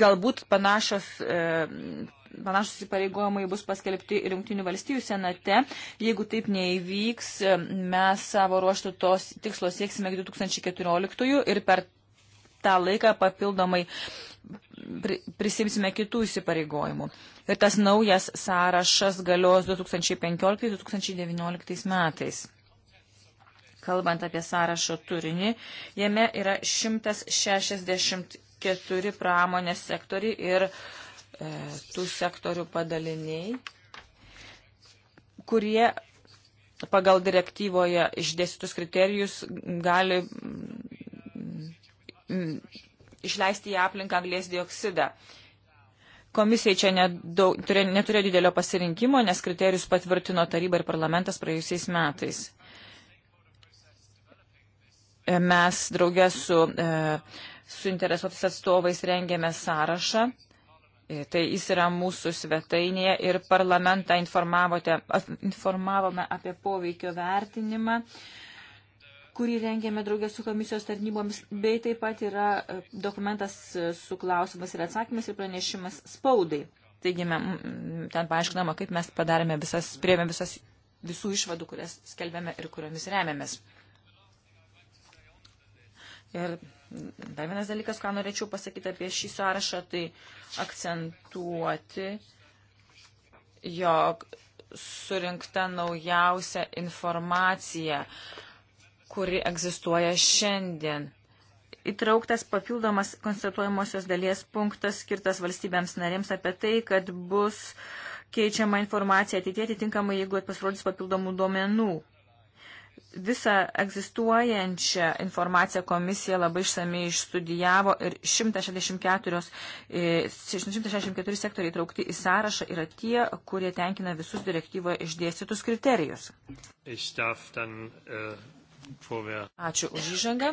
galbūt panašios. E, panašus įpareigojimai bus paskelbti ir Junktinių valstybių senate. Jeigu taip neįvyks, mes savo ruoštų tos tikslo sieksime 2014 ir per tą laiką papildomai prisimsime kitų įsipareigojimų. Ir tas naujas sąrašas galios 2015-2019 metais. Kalbant apie sąrašo turinį, jame yra 164 pramonės sektoriai ir uh, E, tų sektorių padaliniai, kurie pagal direktyvoje išdėstytus kriterijus gali mm, mm, išleisti į aplinką anglės dioksidą. Komisijai čia nedaug, turė, neturėjo didelio pasirinkimo, nes kriterijus patvirtino taryba ir parlamentas praėjusiais metais. E, mes draugės su e, suinteresuotis atstovais rengėme sąrašą E, tai jis yra mūsų svetainėje ir parlamentą informavome apie poveikio vertinimą, kurį rengėme draugę su komisijos tarnybomis, bei taip pat yra e, dokumentas e, su klausimas ir atsakymas ir pranešimas spaudai. Taigi ten paaiškinama, kaip mes padarėme visas, priėmėme visas visų išvadų, kurias skelbėme ir kuriomis remiamės. Ir dar vienas dalykas, ką norėčiau pasakyti apie šį sąrašą, tai akcentuoti, jog surinkta naujausia informacija, kuri egzistuoja šiandien. Įtrauktas papildomas konstatuojamosios dalies punktas skirtas valstybėms narėms apie tai, kad bus keičiama informacija ateitie atitinkamai, jeigu pasirodys papildomų duomenų visą egzistuojančią informaciją komisija labai išsamei išstudijavo ir 164, 164 e, sektoriai traukti į sąrašą yra tie, kurie tenkina visus direktyvoje išdėstytus kriterijus. Dann, uh, Ačiū už įžangą,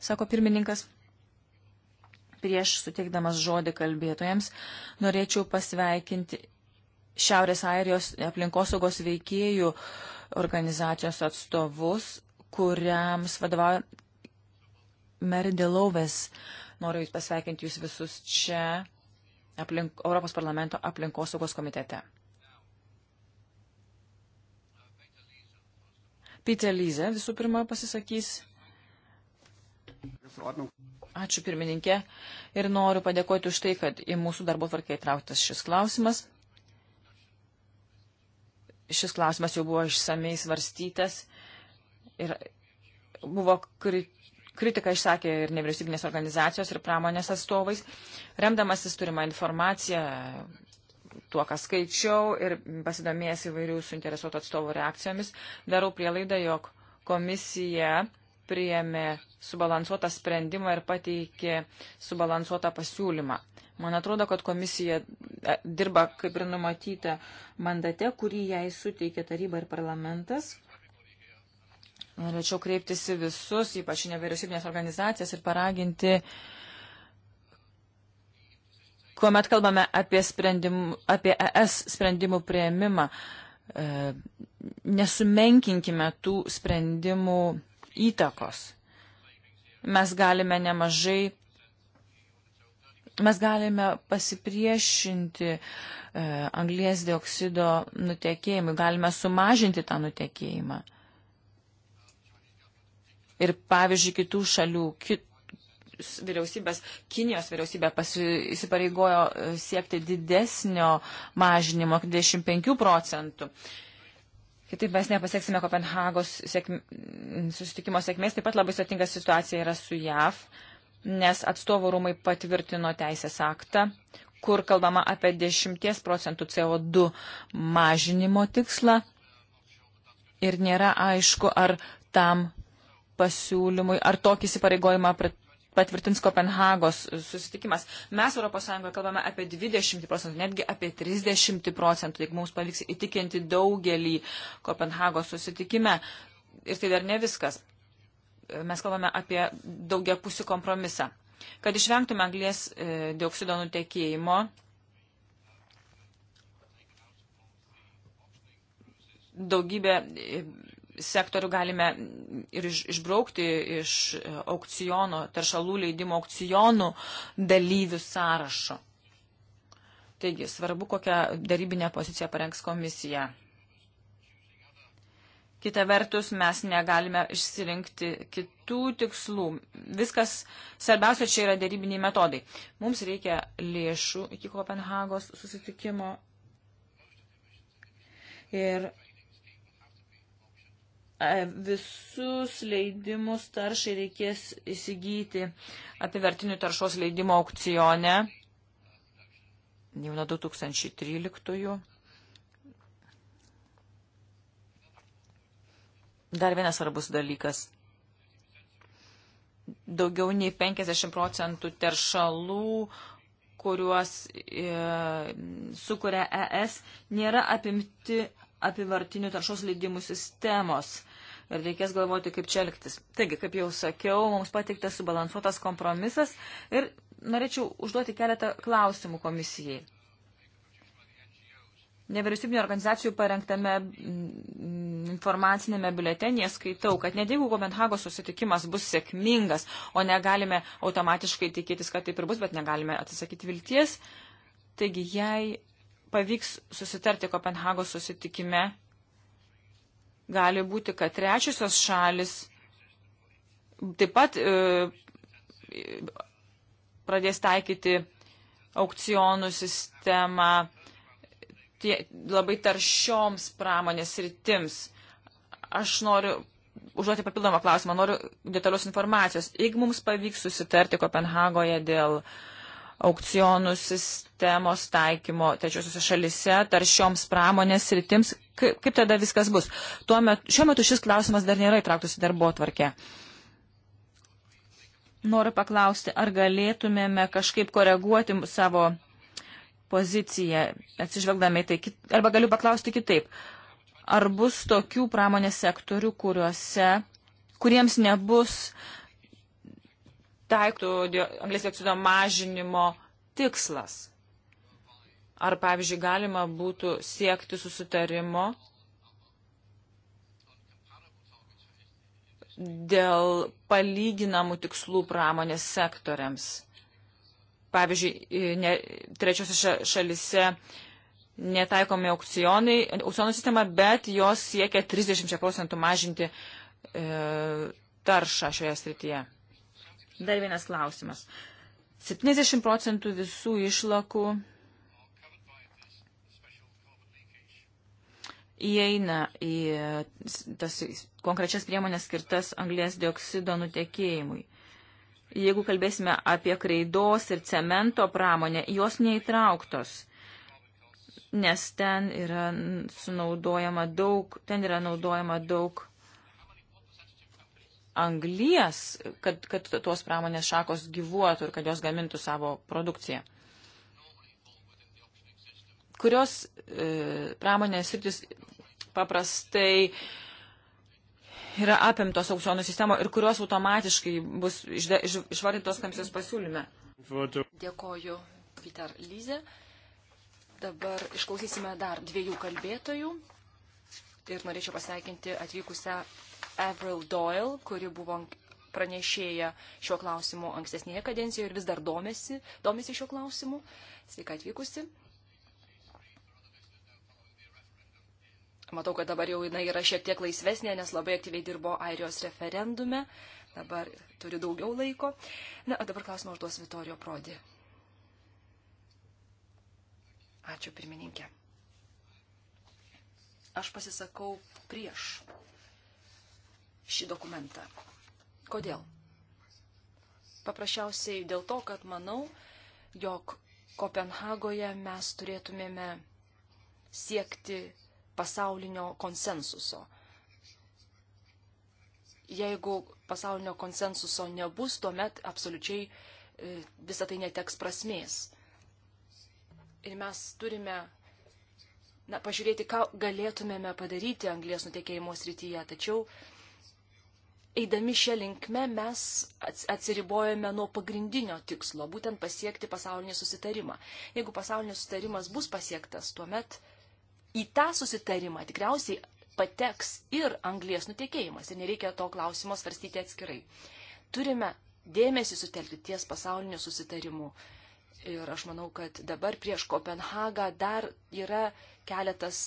sako pirmininkas. Prieš suteikdamas žodį kalbėtojams, norėčiau pasveikinti Šiaurės Airijos aplinkosaugos veikėjų uh, organizacijos atstovus, kuriams vadovauja Mary Delovės. Noriu Jūs pasveikinti Jūs visus čia aplink, Europos parlamento aplinkosaugos komitete. Peter Lyze visų pirma pasisakys. Ačiū pirmininkė ir noriu padėkoti už tai, kad į mūsų darbo tvarkai įtrauktas šis klausimas šis klausimas jau buvo išsamei svarstytas ir buvo kritika išsakė ir nevyriausybinės organizacijos ir pramonės atstovais. Remdamasis turimą informaciją, tuo, ką skaičiau ir pasidomėjęs įvairių suinteresuotų atstovų reakcijomis, darau prielaidą, jog komisija priėmė subalansuotą sprendimą ir pateikė subalansuotą pasiūlymą. Man atrodo, kad komisija e, dirba kaip ir numatyta mandate, kurį jai suteikė taryba ir parlamentas. Norėčiau kreiptis į visus, ypač nevyriausybinės organizacijas ir paraginti, kuomet kalbame apie, apie ES sprendimų prieimimą, e, nesumenkinkime tų sprendimų įtakos. Mes galime nemažai, mes galime pasipriešinti e, anglies dioksido nutekėjimui, galime sumažinti tą nutekėjimą. Ir pavyzdžiui, kitų šalių, kit, vyriausybės, Kinijos vyriausybė įsipareigojo e, siekti didesnio mažinimo 25 procentų. E, Kitaip mes nepasieksime Kopenhagos sėkm... susitikimo sėkmės. Taip pat labai sėtinga situacija yra su JAV, nes atstovų rūmai patvirtino teisės aktą, kur kalbama apie 10 procentų CO2 mažinimo tikslą. Ir nėra aišku, ar tam pasiūlymui, ar tokį įsipareigojimą patvirtins Kopenhagos susitikimas. Mes ES kalbame apie 20 procentų, netgi apie 30 procentų, jeigu mums pavyks įtikinti daugelį Kopenhagos susitikime. Ir tai dar ne viskas. Mes kalbame apie daugiapusį kompromisą. Kad išvengtume anglės e, dioksido nutekėjimo, daugybė e, sektorių galime ir iš, išbraukti iš e, aukciono, taršalų leidimo aukcionų dalyvių sąrašo. Taigi, svarbu, kokią darybinę poziciją parengs komisija. Kita vertus, mes negalime išsirinkti kitų tikslų. Viskas, svarbiausia čia yra dėrybiniai metodai. Mums reikia lėšų iki Kopenhagos susitikimo. Ir E, visus leidimus taršai reikės įsigyti apivertinių taršos leidimo aukcione jau nuo 2013. Dar vienas svarbus dalykas. Daugiau nei 50 procentų teršalų, kuriuos e, sukuria ES, nėra apimti apivartinių taršos leidimų sistemos ir reikės galvoti, kaip čia elgtis. Taigi, kaip jau sakiau, mums pateiktas subalansuotas kompromisas ir norėčiau užduoti keletą klausimų komisijai. Nevyriausybinio organizacijų parengtame mm, informacinėme biuletenėje skaitau, kad net jeigu Kopenhagos susitikimas bus sėkmingas, o negalime automatiškai tikėtis, kad taip ir bus, bet negalime atsisakyti vilties, taigi jei pavyks susitarti Kopenhagos susitikime gali būti, kad trečiosios šalis taip pat e, pradės taikyti aukcionų sistemą tie, labai taršioms pramonės rytims. Aš noriu užduoti papildomą klausimą, noriu detalios informacijos. Jeigu mums pavyks susitarti Kopenhagoje dėl aukcionų sistemos taikymo trečiosiuose šalise taršioms pramonės rytims, kaip, kaip tada viskas bus. Tuo metu, šiuo metu šis klausimas dar nėra įtrauktas į darbo tvarkę. Noriu paklausti, ar galėtumėme kažkaip koreguoti savo poziciją, atsižvelgdami tai, arba galiu paklausti kitaip, ar bus tokių pramonės sektorių, kuriuose, kuriems nebus taiktų anglės dioksido mažinimo tikslas? Ar, pavyzdžiui, galima būtų siekti susitarimo dėl palyginamų tikslų pramonės sektoriams? Pavyzdžiui, ne, trečiose šalise netaikomi aukcionai, aukcionų sistema, bet jos siekia 30 procentų mažinti e, taršą šioje srityje. Dar vienas klausimas. 70 procentų visų išlakų įeina į e, tas konkrečias priemonės skirtas anglės dioksido nutekėjimui. Jeigu kalbėsime apie kreidos ir cemento pramonę, jos neįtrauktos, nes ten yra sunaudojama daug, ten yra naudojama daug anglies, kad, kad tuos pramonės šakos gyvuotų ir kad jos gamintų savo produkciją kurios e, pramonės sritis paprastai yra apimtos aukcionų sistemo ir kurios automatiškai bus išde, iš, išvardintos komisijos pasiūlyme. Dėkoju, Peter Lyze. Dabar išklausysime dar dviejų kalbėtojų ir norėčiau pasveikinti atvykusią Avril Doyle, kuri buvo pranešėja šiuo klausimu ankstesnėje kadencijoje ir vis dar domėsi, domėsi šiuo klausimu. Sveika atvykusi. Matau, kad dabar jau jinai yra šiek tiek laisvesnė, nes labai aktyviai dirbo Airijos referendume. Dabar turi daugiau laiko. Na, o dabar klausimą užduos Vitorijo Prodi. Ačiū pirmininkė. Aš pasisakau prieš šį dokumentą. Kodėl? Paprasčiausiai dėl to, kad manau, jog Kopenhagoje mes turėtumėme siekti pasaulinio konsensuso. Jeigu pasaulinio konsensuso nebus, tuomet absoliučiai e, visą tai neteks prasmės. Ir mes turime na, pažiūrėti, ką galėtumėme padaryti anglės nutekėjimo srityje. Tačiau eidami šią linkmę mes atsiribojame nuo pagrindinio tikslo, būtent pasiekti pasaulinį susitarimą. Jeigu pasaulinis susitarimas bus pasiektas, tuomet į tą susitarimą tikriausiai pateks ir anglies nutiekėjimas ir nereikia to klausimo svarstyti atskirai. Turime dėmesį sutelkti ties pasauliniu susitarimu. Ir aš manau, kad dabar prieš Kopenhagą dar yra keletas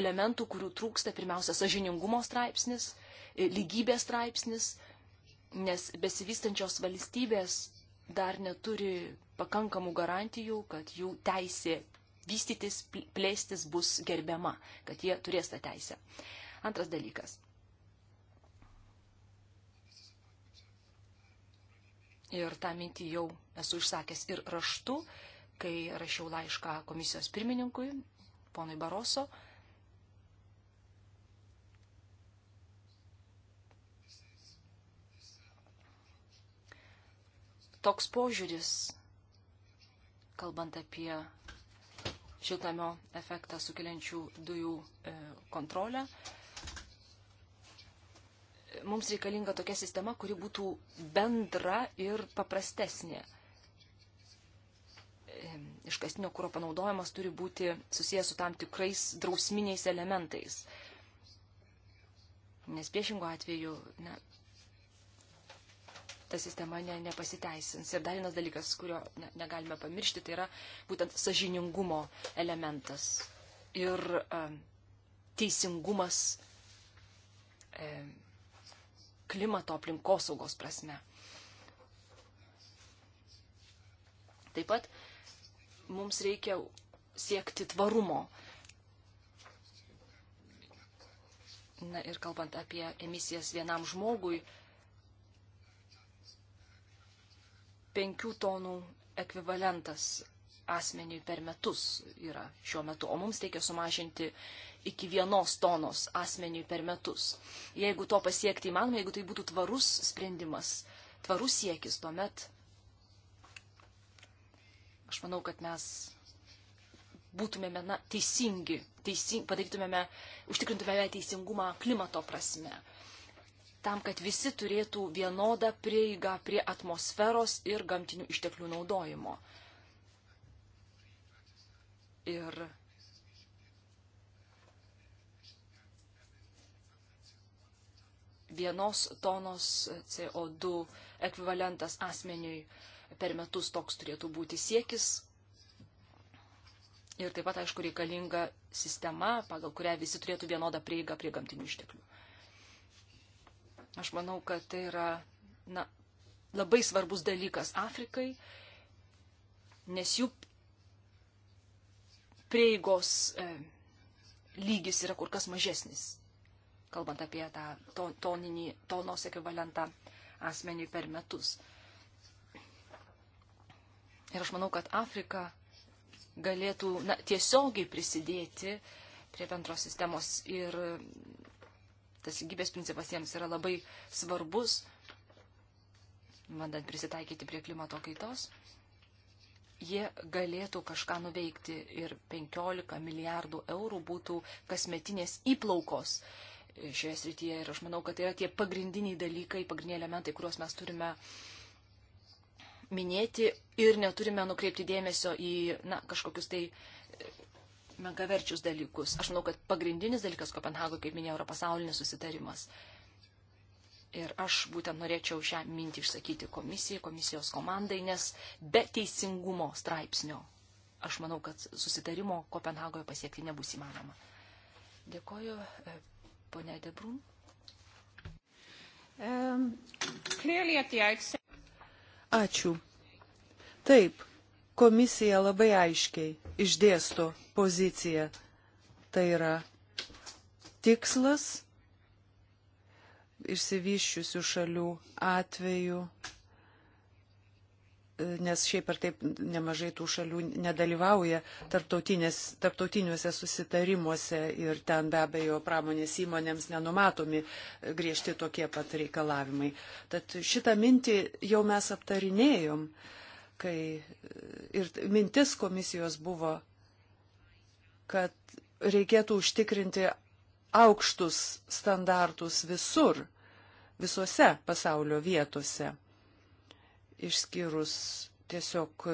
elementų, kurių trūksta. Pirmiausia, sažiningumo straipsnis, lygybės straipsnis, nes besivystančios valstybės dar neturi pakankamų garantijų, kad jų teisė vystytis, plėstis bus gerbiama, kad jie turės tą teisę. Antras dalykas. Ir tą mintį jau esu išsakęs ir raštu, kai rašiau laišką komisijos pirmininkui, ponui Baroso. Toks požiūris, kalbant apie šiltame efektą sukeliančių dujų e, kontrolę. Mums reikalinga tokia sistema, kuri būtų bendra ir paprastesnė. E, iškastinio kūro panaudojimas turi būti susijęs su tam tikrais drausminiais elementais. Nes priešingų atveju ne, ta sistema ne, nepasiteisins. Ir dar vienas dalykas, kurio ne, negalime pamiršti, tai yra būtent sažiningumo elementas ir e, teisingumas e, klimato aplinkosaugos prasme. Taip pat mums reikia siekti tvarumo. Na ir kalbant apie emisijas vienam žmogui, 5 tonų ekvivalentas asmeniui per metus yra šiuo metu, o mums reikia sumažinti iki vienos tonos asmeniui per metus. Jeigu to pasiekti įmanoma, jeigu tai būtų tvarus sprendimas, tvarus siekis, tuomet aš manau, kad mes būtumėme na, teisingi, teising, padarytumėme, užtikrintumėme teisingumą klimato prasme tam, kad visi turėtų vienodą prieigą prie atmosferos ir gamtinių išteklių naudojimo. Ir vienos tonos CO2 ekvivalentas asmeniui per metus toks turėtų būti siekis. Ir taip pat, aišku, reikalinga sistema, pagal kurią visi turėtų vienodą prieigą prie gamtinių išteklių. Aš manau, kad tai yra na, labai svarbus dalykas Afrikai, nes jų prieigos e, lygis yra kur kas mažesnis, kalbant apie tą to, toninį, tonos ekvivalentą asmenį per metus. Ir aš manau, kad Afrika galėtų na, tiesiogiai prisidėti prie bendros sistemos ir tas lygybės principas jiems yra labai svarbus, bandant prisitaikyti prie klimato kaitos, jie galėtų kažką nuveikti ir 15 milijardų eurų būtų kasmetinės įplaukos šioje srityje. Ir aš manau, kad tai yra tie pagrindiniai dalykai, pagrindiniai elementai, kuriuos mes turime minėti ir neturime nukreipti dėmesio į na, kažkokius tai uh, menkaverčius dalykus. Aš manau, kad pagrindinis dalykas Kopenhagoje, kaip minėjau, yra pasaulinis susitarimas. Ir aš būtent norėčiau šią mintį išsakyti komisijai, komisijos komandai, nes be teisingumo straipsnio aš manau, kad susitarimo Kopenhagoje pasiekti nebus įmanoma. Dėkoju, e, ponė Debrun. Ačiū. Taip, komisija labai aiškiai išdėsto poziciją. Tai yra tikslas išsivyščiusių šalių atveju, e, nes šiaip ar taip nemažai tų šalių nedalyvauja tarptautiniuose susitarimuose ir ten be abejo pramonės įmonėms nenumatomi griežti tokie pat reikalavimai. Tad šitą mintį jau mes aptarinėjom. Uh, kai ir mintis komisijos buvo, kad reikėtų užtikrinti aukštus standartus visur, visose pasaulio vietose, išskyrus tiesiog,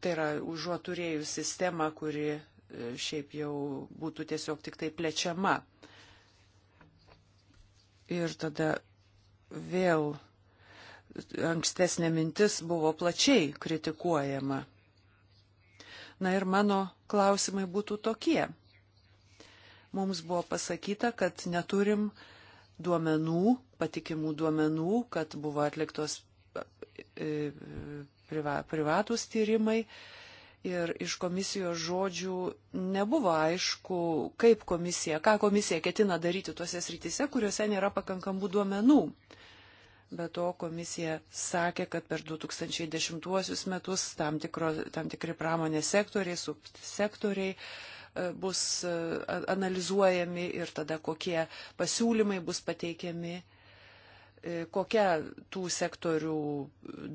tai yra užuot turėjus sistemą, kuri e, šiaip jau būtų tiesiog tik tai plečiama. Ir tada vėl ankstesnė mintis buvo plačiai kritikuojama. Na ir mano klausimai būtų tokie. Mums buvo pasakyta, kad neturim duomenų, patikimų duomenų, kad buvo atliktos e, priva, privatus tyrimai. Ir iš komisijos žodžių nebuvo aišku, kaip komisija, ką komisija ketina daryti tuose srityse, kuriuose nėra pakankamų duomenų. Uh, Be to komisija sakė, kad per 2010 metus tam, tikro, tam tikri pramonės sektoriai, subsektoriai e, bus e, analizuojami ir tada kokie pasiūlymai bus pateikiami, e, kokia tų sektorių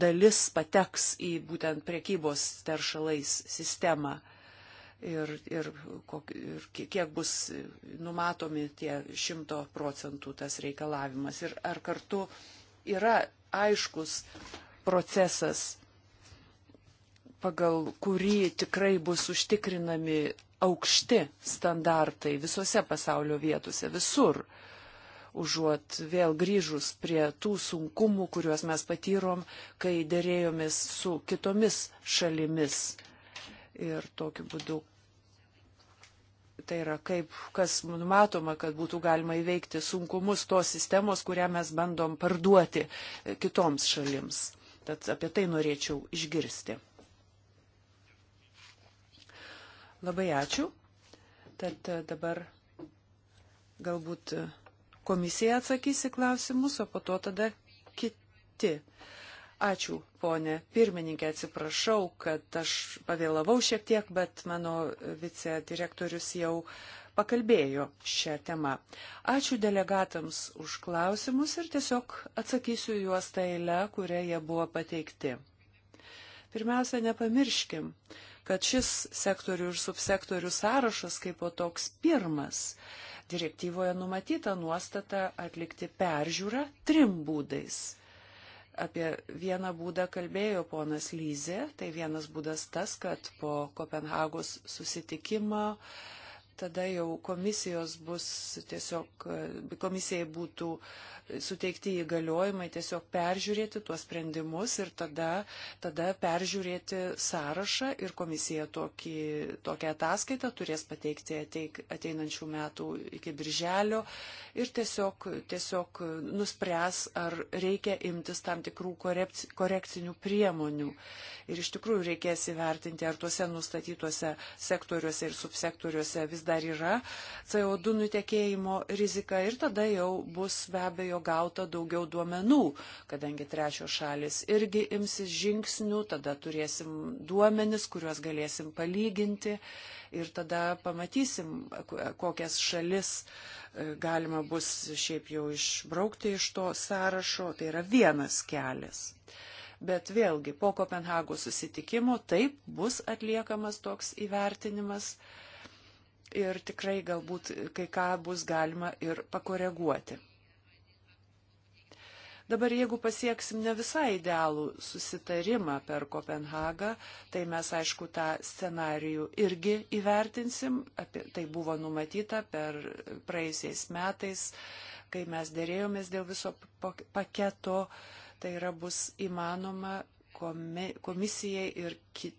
dalis pateks į būtent priekybos teršalais sistemą ir, ir, kok, ir kiek bus numatomi tie šimto procentų tas reikalavimas ir ar kartu yra aiškus procesas, pagal kurį tikrai bus užtikrinami aukšti standartai visose pasaulio vietose, visur, užuot vėl grįžus prie tų sunkumų, kuriuos mes patyrom, kai dėrėjomės su kitomis šalimis. Ir tokiu būdu tai yra kaip, kas numatoma, kad būtų galima įveikti sunkumus tos sistemos, kurią mes bandom parduoti kitoms šalims. Tad apie tai norėčiau išgirsti. Labai ačiū. Tad e, dabar galbūt komisija atsakys į klausimus, o po to tada kiti. Ačiū, ponė pirmininkė, atsiprašau, kad aš pavėlavau šiek tiek, bet mano vicedirektorius jau pakalbėjo šią temą. Ačiū delegatams už klausimus ir tiesiog atsakysiu juos tą eilę, kurią jie buvo pateikti. Pirmiausia, nepamirškim, kad šis sektorių ir subsektorių sąrašas kaip po toks pirmas. Direktyvoje numatyta nuostata atlikti peržiūrą trim būdais Apie vieną būdą kalbėjo ponas Lyzė, tai vienas būdas tas, kad po Kopenhagos susitikimo uh, tada jau komisijos bus tiesiog, komisijai būtų suteikti įgaliojimai tiesiog peržiūrėti tuos sprendimus ir tada, tada peržiūrėti sąrašą ir komisija tokį, tokią ataskaitą turės pateikti ateik, ateinančių metų iki birželio ir tiesiog, tiesiog nuspręs, ar reikia imtis tam tikrų korekcinių priemonių. Ir iš tikrųjų reikės įvertinti, ar tuose nustatytuose sektoriuose ir subsektoriuose vis dar yra CO2 nutekėjimo rizika ir tada jau bus be abejo gauta daugiau duomenų, kadangi trečios šalis irgi imsis žingsnių, tada turėsim duomenis, kuriuos galėsim palyginti ir tada pamatysim, kokias šalis e, galima bus šiaip jau išbraukti iš to sąrašo. Tai yra vienas kelias. Bet vėlgi, po Kopenhagos susitikimo taip bus atliekamas toks įvertinimas ir tikrai galbūt kai ką bus galima ir pakoreguoti. Dabar jeigu pasieksim ne visai idealų susitarimą per Kopenhagą, tai mes aišku tą scenarijų irgi įvertinsim. Apie, tai buvo numatyta per praeisiais metais, kai mes dėrėjomės dėl viso paketo. Tai yra bus įmanoma komisijai ir kit,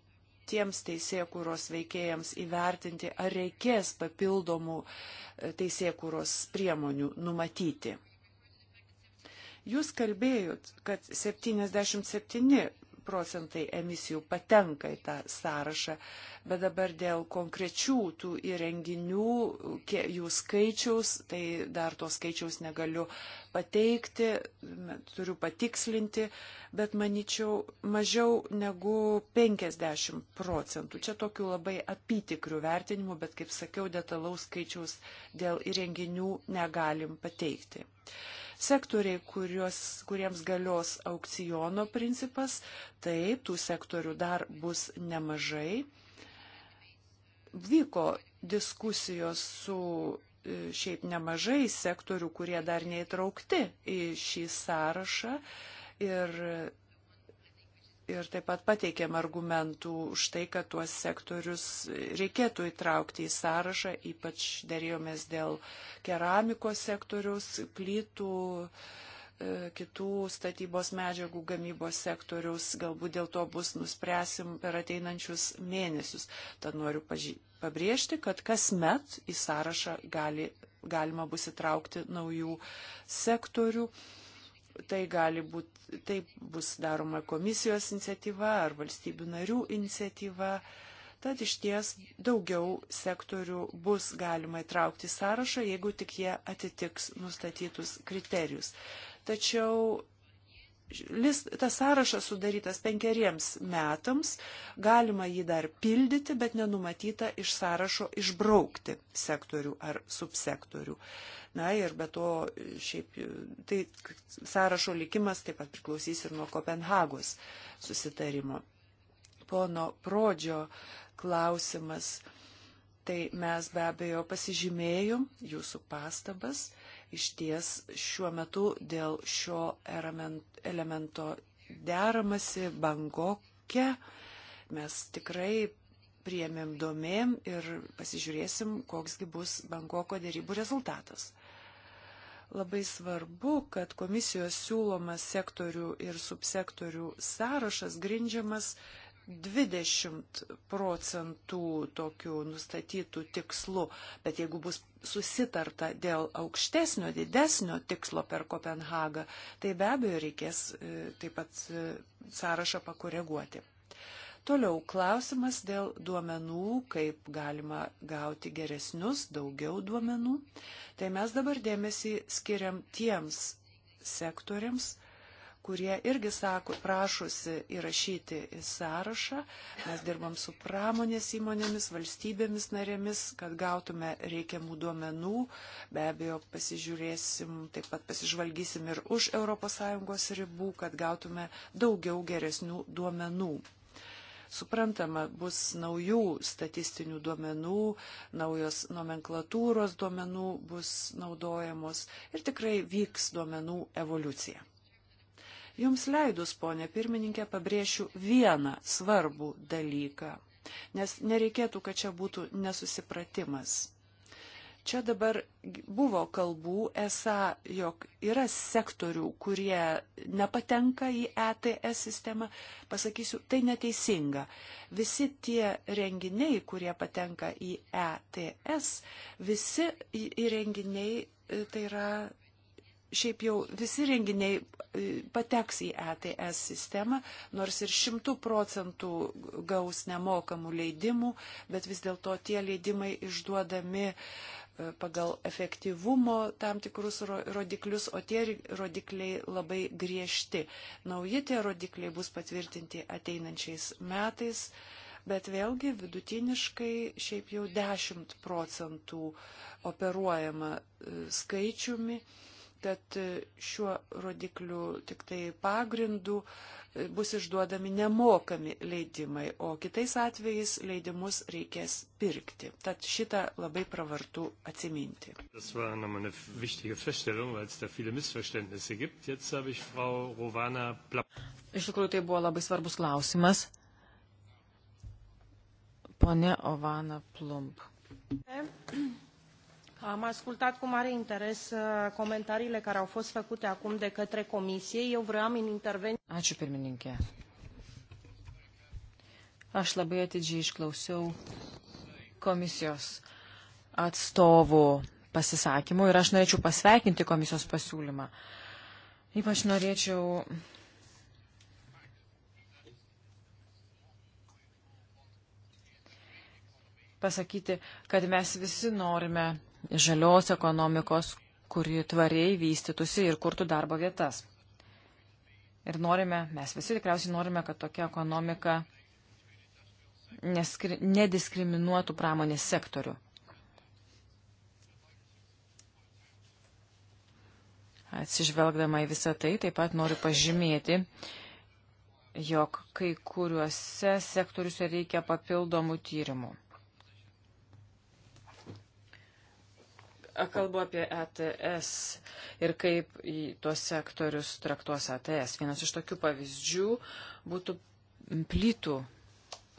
tiems teisėkūros veikėjams įvertinti, ar reikės papildomų e, teisėkūros priemonių numatyti. Jūs kalbėjot, kad 77 procentai emisijų patenka į tą sąrašą, bet dabar dėl konkrečių tų įrenginių, jų skaičiaus, tai dar to skaičiaus negaliu pateikti, turiu patikslinti, bet manyčiau mažiau negu 50 procentų. Čia tokių labai apytikrių vertinimų, bet kaip sakiau, detalaus skaičiaus dėl įrenginių negalim pateikti. Thank you sektoriai, kurios, kuriems galios aukciono principas. Taip, tų sektorių dar bus nemažai. Vyko diskusijos su e, šiaip nemažai sektorių, kurie dar neįtraukti į šį sąrašą. Ir ir taip pat pateikėm argumentų už tai, kad tuos sektorius reikėtų įtraukti į sąrašą, ypač dėrėjomės dėl keramikos sektorius, plytų, e, kitų statybos medžiagų gamybos sektorius, galbūt dėl to bus nuspręsim per ateinančius mėnesius. Tad noriu pabrėžti, kad kasmet į sąrašą gali, galima bus įtraukti naujų sektorių. Uh, tai gali būti, taip bus daroma komisijos iniciatyva ar valstybių narių iniciatyva. Tad iš ties daugiau sektorių bus galima įtraukti sąrašą, jeigu tik jie atitiks nustatytus kriterijus. Tačiau list, tas sąrašas sudarytas penkeriems metams, galima jį dar pildyti, bet nenumatyta iš sąrašo išbraukti sektorių ar subsektorių. Na ir be to, šiaip, tai sąrašo likimas taip pat priklausys ir nuo Kopenhagos susitarimo. Pono Prodžio klausimas. Tai mes be abejo pasižymėjom jūsų pastabas Iš ties šiuo metu dėl šio elemento deramasi Bangoke. Mes tikrai priemėm domėm ir pasižiūrėsim, koksgi bus Bangoko dėrybų rezultatas labai svarbu, kad komisijos siūlomas sektorių ir subsektorių sąrašas grindžiamas 20 procentų tokių nustatytų tikslų, bet jeigu bus susitarta dėl aukštesnio, didesnio tikslo per Kopenhagą, tai be abejo reikės e, taip pat e, sąrašą pakoreguoti. Toliau klausimas dėl duomenų, kaip galima gauti geresnius, daugiau duomenų. Tai mes dabar dėmesį skiriam tiems sektoriams, kurie irgi sako, prašosi įrašyti į sąrašą. Mes dirbam su pramonės įmonėmis, valstybėmis narėmis, kad gautume reikiamų duomenų. Be abejo, pasižiūrėsim, taip pat pasižvalgysim ir už ES ribų, kad gautume daugiau geresnių duomenų suprantama, bus naujų statistinių duomenų, naujos nomenklatūros duomenų bus naudojamos ir tikrai vyks duomenų evoliucija. Jums leidus, ponė pirmininkė, pabrėšiu vieną svarbų dalyką, nes nereikėtų, kad čia būtų nesusipratimas. Čia dabar buvo kalbų, esą, jog yra sektorių, kurie nepatenka į ETS sistemą. Pasakysiu, tai neteisinga. Visi tie renginiai, kurie patenka į ETS, visi įrenginiai e, tai yra šiaip jau visi renginiai e, pateks į ETS sistemą, nors ir šimtų procentų gaus nemokamų leidimų, bet vis dėlto tie leidimai išduodami e, pagal efektyvumo tam tikrus rodiklius, o tie rodikliai labai griežti. Nauji tie rodikliai bus patvirtinti ateinančiais metais, bet vėlgi vidutiniškai šiaip jau 10 procentų operuojama e, skaičiumi Tad šiuo rodikliu tik tai pagrindu e, bus išduodami nemokami leidimai, o kitais atvejais leidimus reikės pirkti. Tad šitą labai pravartu atsiminti. Iš tikrųjų, tai buvo labai svarbus klausimas. Pone Ovana Plump. Am ascultat cu mare interes uh, comentariile care au fost făcute acum de către comisie. Eu vreau în intervenție. Ačiū pirmininkė. Aš labai atidžiai išklausiau komisijos atstovų pasisakymų ir aš norėčiau pasveikinti komisijos pasiūlymą. Ypač norėčiau pasakyti, kad mes visi norime žalios ekonomikos, kuri tvariai vystytųsi ir kurtų darbo vietas. Ir norime, mes visi tikriausiai norime, kad tokia ekonomika neskri, nediskriminuotų pramonės sektorių. Atsižvelgdama į visą tai, taip pat noriu pažymėti, jog kai kuriuose sektoriuose reikia papildomų tyrimų. kalbu apie ETS ir kaip į tuos sektorius traktuos ETS. Vienas iš tokių pavyzdžių būtų plytų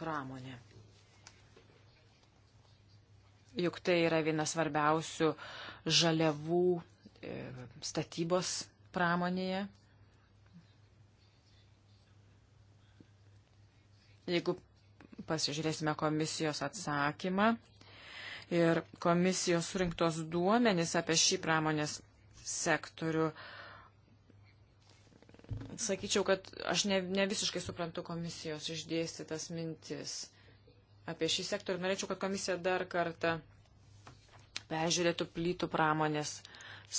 pramonė. Juk tai yra vienas svarbiausių žaliavų e, statybos pramonėje. Jeigu pasižiūrėsime komisijos atsakymą, ir komisijos surinktos duomenys apie šį pramonės sektorių. Sakyčiau, kad aš ne, ne visiškai suprantu komisijos išdėstytas mintis apie šį sektorių. Norėčiau, kad komisija dar kartą peržiūrėtų plytų pramonės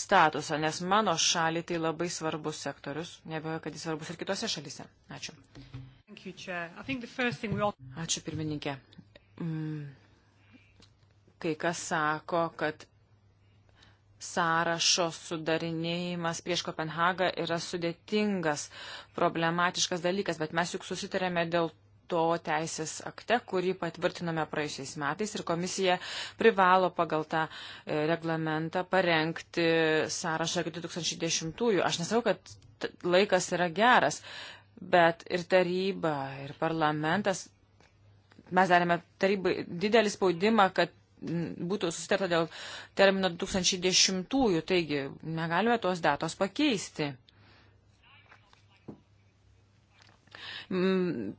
statusą, nes mano šaliai tai labai svarbus sektorius, nebejoju, kad jis svarbus ir kitose šalyse. Ačiū. Ačiū pirmininkė. Mm. Kai kas sako, kad sąrašo sudarinėjimas prieš Kopenhagą yra sudėtingas, problematiškas dalykas, bet mes juk susitarėme dėl to teisės akte, kurį patvirtinome praėjusiais metais ir komisija privalo pagal tą e, reglamentą parengti sąrašą iki 2010-ųjų. Aš nesakau, kad laikas yra geras, bet ir taryba, ir parlamentas. Mes darėme tarybai didelį spaudimą, kad būtų susitarta dėl termino 2010-ųjų, taigi negalime tos datos pakeisti. Mane,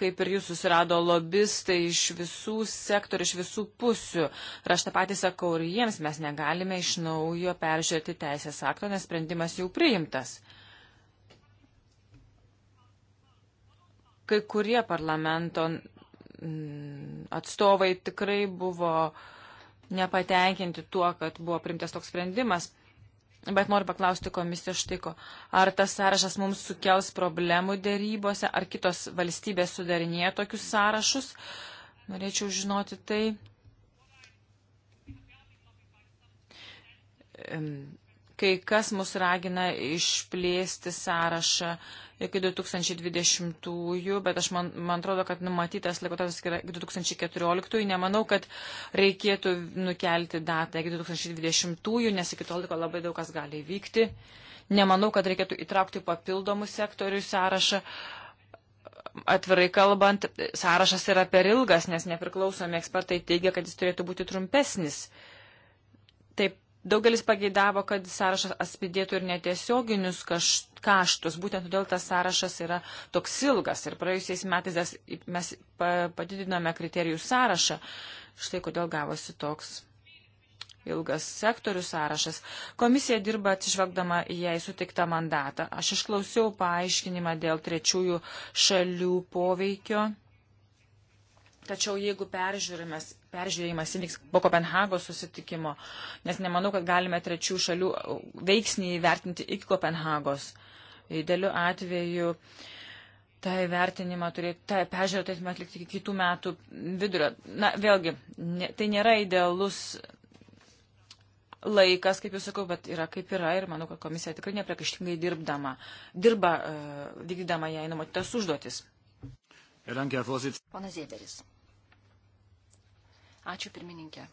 kaip ir jūs, susirado lobistai iš visų sektorių, iš visų pusių. Ir aš tą patį sakau ir jiems, mes negalime iš naujo peržiūrėti teisės akto, nes sprendimas jau priimtas. kai kurie parlamento Mm, atstovai tikrai buvo nepatenkinti tuo, kad buvo primtas toks sprendimas. Bet noriu paklausti komisijos štiko, ar tas sąrašas mums sukels problemų dėrybose, ar kitos valstybės sudarinėja tokius sąrašus. Norėčiau žinoti tai kai kas mus ragina išplėsti sąrašą iki 2020-ųjų, bet aš man, man atrodo, kad numatytas laikotarpis iki 2014-ųjų. Nemanau, kad reikėtų nukelti datą iki 2020-ųjų, nes iki tol liko labai daug kas gali įvykti. Nemanau, kad reikėtų įtraukti papildomų sektorių sąrašą. Atvirai kalbant, sąrašas yra per ilgas, nes nepriklausomi ekspertai teigia, kad jis turėtų būti trumpesnis. Taip Daugelis pageidavo, kad sąrašas atspindėtų ir netiesioginius kaštus. Būtent todėl tas sąrašas yra toks ilgas. Ir praėjusiais metais mes padidinome kriterijų sąrašą. Štai kodėl gavosi toks ilgas sektorių sąrašas. Komisija dirba atsižvelgdama į jai sutiktą mandatą. Aš išklausiau paaiškinimą dėl trečiųjų šalių poveikio Tačiau jeigu peržiūrėjimas įvyks po Kopenhagos susitikimo, nes nemanau, kad galime trečių šalių uh, veiksnį įvertinti iki Kopenhagos. Idealiu atveju tą įvertinimą turėtų, tą peržiūrą turėtume atlikti iki kitų metų vidurio. Na, vėlgi, ne, tai nėra idealus laikas, kaip jūs sakau, bet yra kaip yra ir manau, kad komisija tikrai nepriekaištingai dirbdama, dirba uh, vykdydama jai numatytas užduotis. Ponas Zėderis. Ačiū pirmininkė.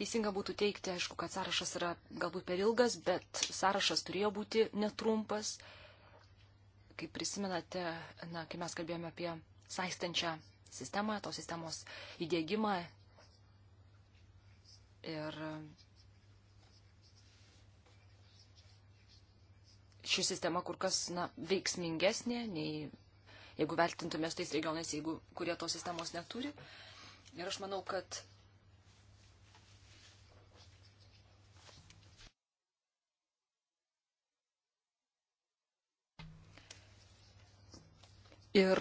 Teisinga būtų teikti, aišku, kad sąrašas yra galbūt per ilgas, bet sąrašas turėjo būti netrumpas. Kaip prisimenate, na, kai mes kalbėjome apie saistančią sistemą, tos sistemos įdėgymą ir ši sistema kur kas na, veiksmingesnė, nei jeigu vertintumės tais regionais, jeigu, kurie tos sistemos neturi. Uh, Ir aš manau, kad Ir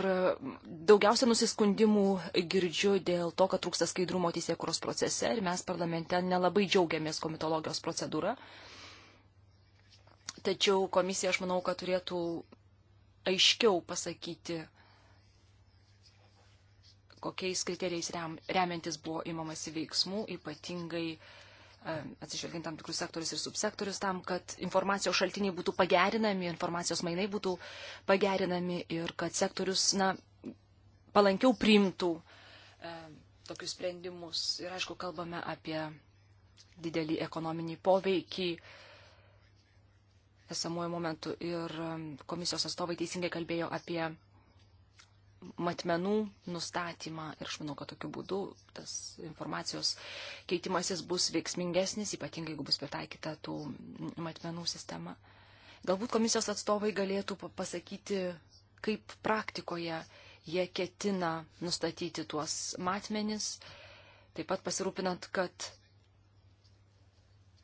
daugiausia nusiskundimų girdžiu dėl to, kad trūksta skaidrumo teisėkuros procese ir mes parlamente nelabai džiaugiamės komitologijos procedūra. Tačiau komisija, aš manau, kad turėtų aiškiau pasakyti, kokiais kriterijais rem, remiantis buvo imamasi veiksmų, ypatingai e, atsižvelgiant tam tikrus sektorius ir subsektorius, tam, kad informacijos šaltiniai būtų pagerinami, informacijos mainai būtų pagerinami ir kad sektorius na, palankiau priimtų e, tokius sprendimus. Ir aišku, kalbame apie didelį ekonominį poveikį esamuoju momentu. Ir e, komisijos atstovai teisingai kalbėjo apie matmenų nustatymą ir aš manau, kad tokiu būdu tas informacijos keitimasis bus veiksmingesnis, ypatingai jeigu bus pritaikyta tų matmenų sistema. Galbūt komisijos atstovai galėtų pasakyti, kaip praktikoje jie ketina nustatyti tuos matmenis, taip pat pasirūpinant, kad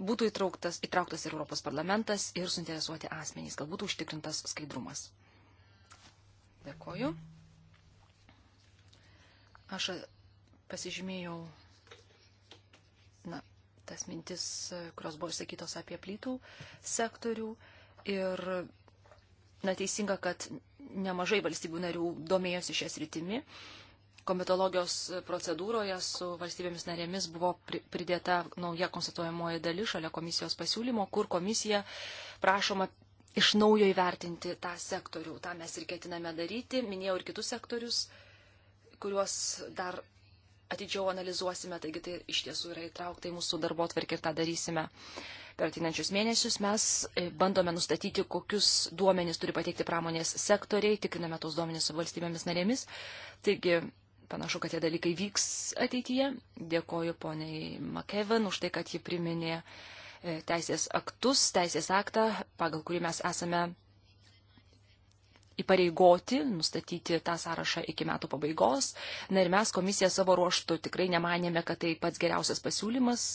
būtų įtrauktas, įtrauktas ir Europos parlamentas ir suinteresuoti asmenys, kad būtų užtikrintas skaidrumas. Dėkoju. Mm -hmm. Aš pasižymėjau na, tas mintis, kurios buvo išsakytos apie plytų sektorių. Ir na, teisinga, kad nemažai valstybių narių domėjosi šią sritimį. Komitologijos procedūroje su valstybėmis narėmis buvo pridėta nauja konstatuojamoji dalis šalia komisijos pasiūlymo, kur komisija prašoma iš naujo įvertinti tą sektorių. Ta mes ir ketiname daryti. Minėjau ir kitus sektorius kuriuos dar atidžiau analizuosime, taigi tai iš tiesų yra įtraukta į mūsų darbo atvarkį ir tą darysime. Per atinančius mėnesius mes e, bandome nustatyti, kokius duomenys turi pateikti pramonės sektoriai, tikriname tos duomenys su valstybėmis narėmis. Taigi panašu, kad tie dalykai vyks ateityje. Dėkoju poniai McKevin už tai, kad ji priminė e, teisės aktus, teisės aktą, pagal kurį mes esame įpareigoti, nustatyti tą sąrašą iki metų pabaigos. Na ir mes komisija savo ruoštų tikrai nemanėme, kad tai pats geriausias pasiūlymas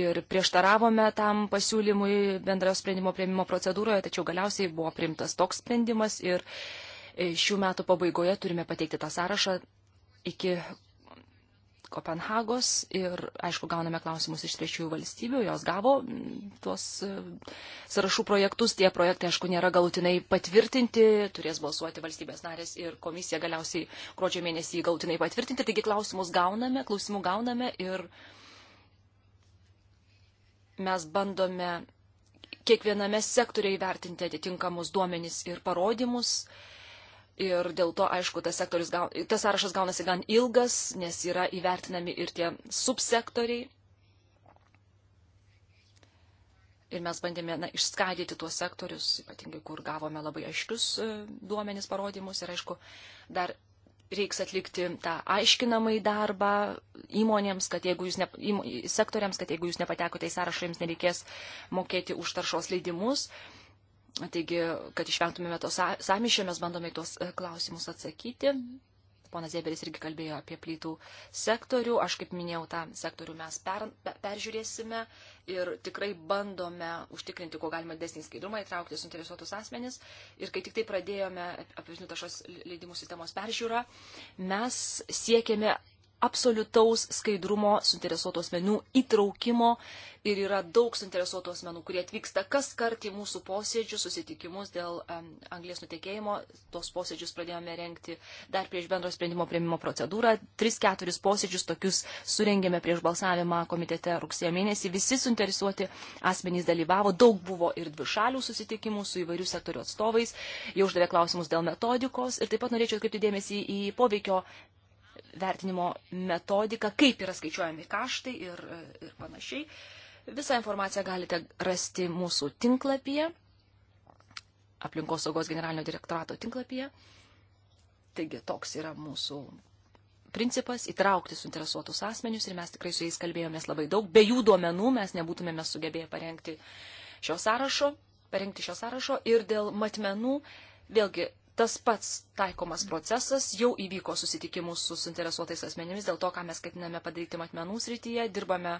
ir prieštaravome tam pasiūlymui bendrojo sprendimo prieimimo procedūroje, tačiau galiausiai buvo priimtas toks sprendimas ir e, šių metų pabaigoje turime pateikti tą sąrašą iki Kopenhagos ir, aišku, gauname klausimus iš trečiųjų valstybių, jos gavo mm, tuos e, sąrašų projektus, tie projektai, aišku, nėra galutinai patvirtinti, turės balsuoti valstybės narės ir komisija galiausiai gruodžio mėnesį galutinai patvirtinti, taigi klausimus gauname, klausimų gauname ir mes bandome kiekviename sektoriai vertinti atitinkamus duomenis ir parodymus. Uh, Ir dėl to, aišku, tas, sektorius, tas sąrašas gaunasi gan ilgas, nes yra įvertinami ir tie subsektoriai. Ir mes bandėme na, išskaidyti tuos sektorius, ypatingai kur gavome labai aiškius e, duomenis parodymus. Ir aišku, dar reiks atlikti tą aiškinamąjį darbą įmonėms, kad jeigu jūs, ne, įmo, sektoriams, kad jeigu jūs nepatekote į sąrašą, jums nereikės mokėti už taršos leidimus. Uh, Taigi, kad išvengtumėme to samišio, mes bandome į tuos e, klausimus atsakyti. Ponas Zėberis irgi kalbėjo apie plytų sektorių. Aš, kaip minėjau, tą sektorių mes per, peržiūrėsime ir tikrai bandome užtikrinti, kuo galima desnį skaidrumą, įtraukti suinteresuotus asmenis. Ir kai tik tai pradėjome apižinių tašos leidimų sistemos peržiūrą, mes siekėme absoliutaus skaidrumo, suinteresuotų asmenų įtraukimo ir yra daug suinteresuotų asmenų, kurie atvyksta kas kart į mūsų posėdžius, susitikimus dėl um, anglės nutekėjimo. Tos posėdžius pradėjome renkti dar prieš bendro sprendimo prieimimo procedūrą. Tris, keturis posėdžius tokius surengėme prieš balsavimą komitete rugsėjo mėnesį. Visi suinteresuoti asmenys dalyvavo. Daug buvo ir dvišalių susitikimų su įvairių sektorių atstovais. Jie uždavė klausimus dėl metodikos ir taip pat norėčiau atkreipti dėmesį į poveikio vertinimo metodiką, kaip yra skaičiuojami kaštai ir, ir panašiai. Visą informaciją galite rasti mūsų tinklapyje, aplinkos saugos generalinio direktorato tinklapyje. Taigi toks yra mūsų principas - įtraukti suinteresuotus asmenius ir mes tikrai su jais kalbėjomės labai daug. Be jų duomenų mes nebūtumėme sugebėję parengti šio sąrašo, parengti šio sąrašo ir dėl matmenų vėlgi tas pats taikomas procesas jau įvyko susitikimus su suinteresuotais asmenimis dėl to, ką mes ketiname padaryti matmenų srityje, dirbame,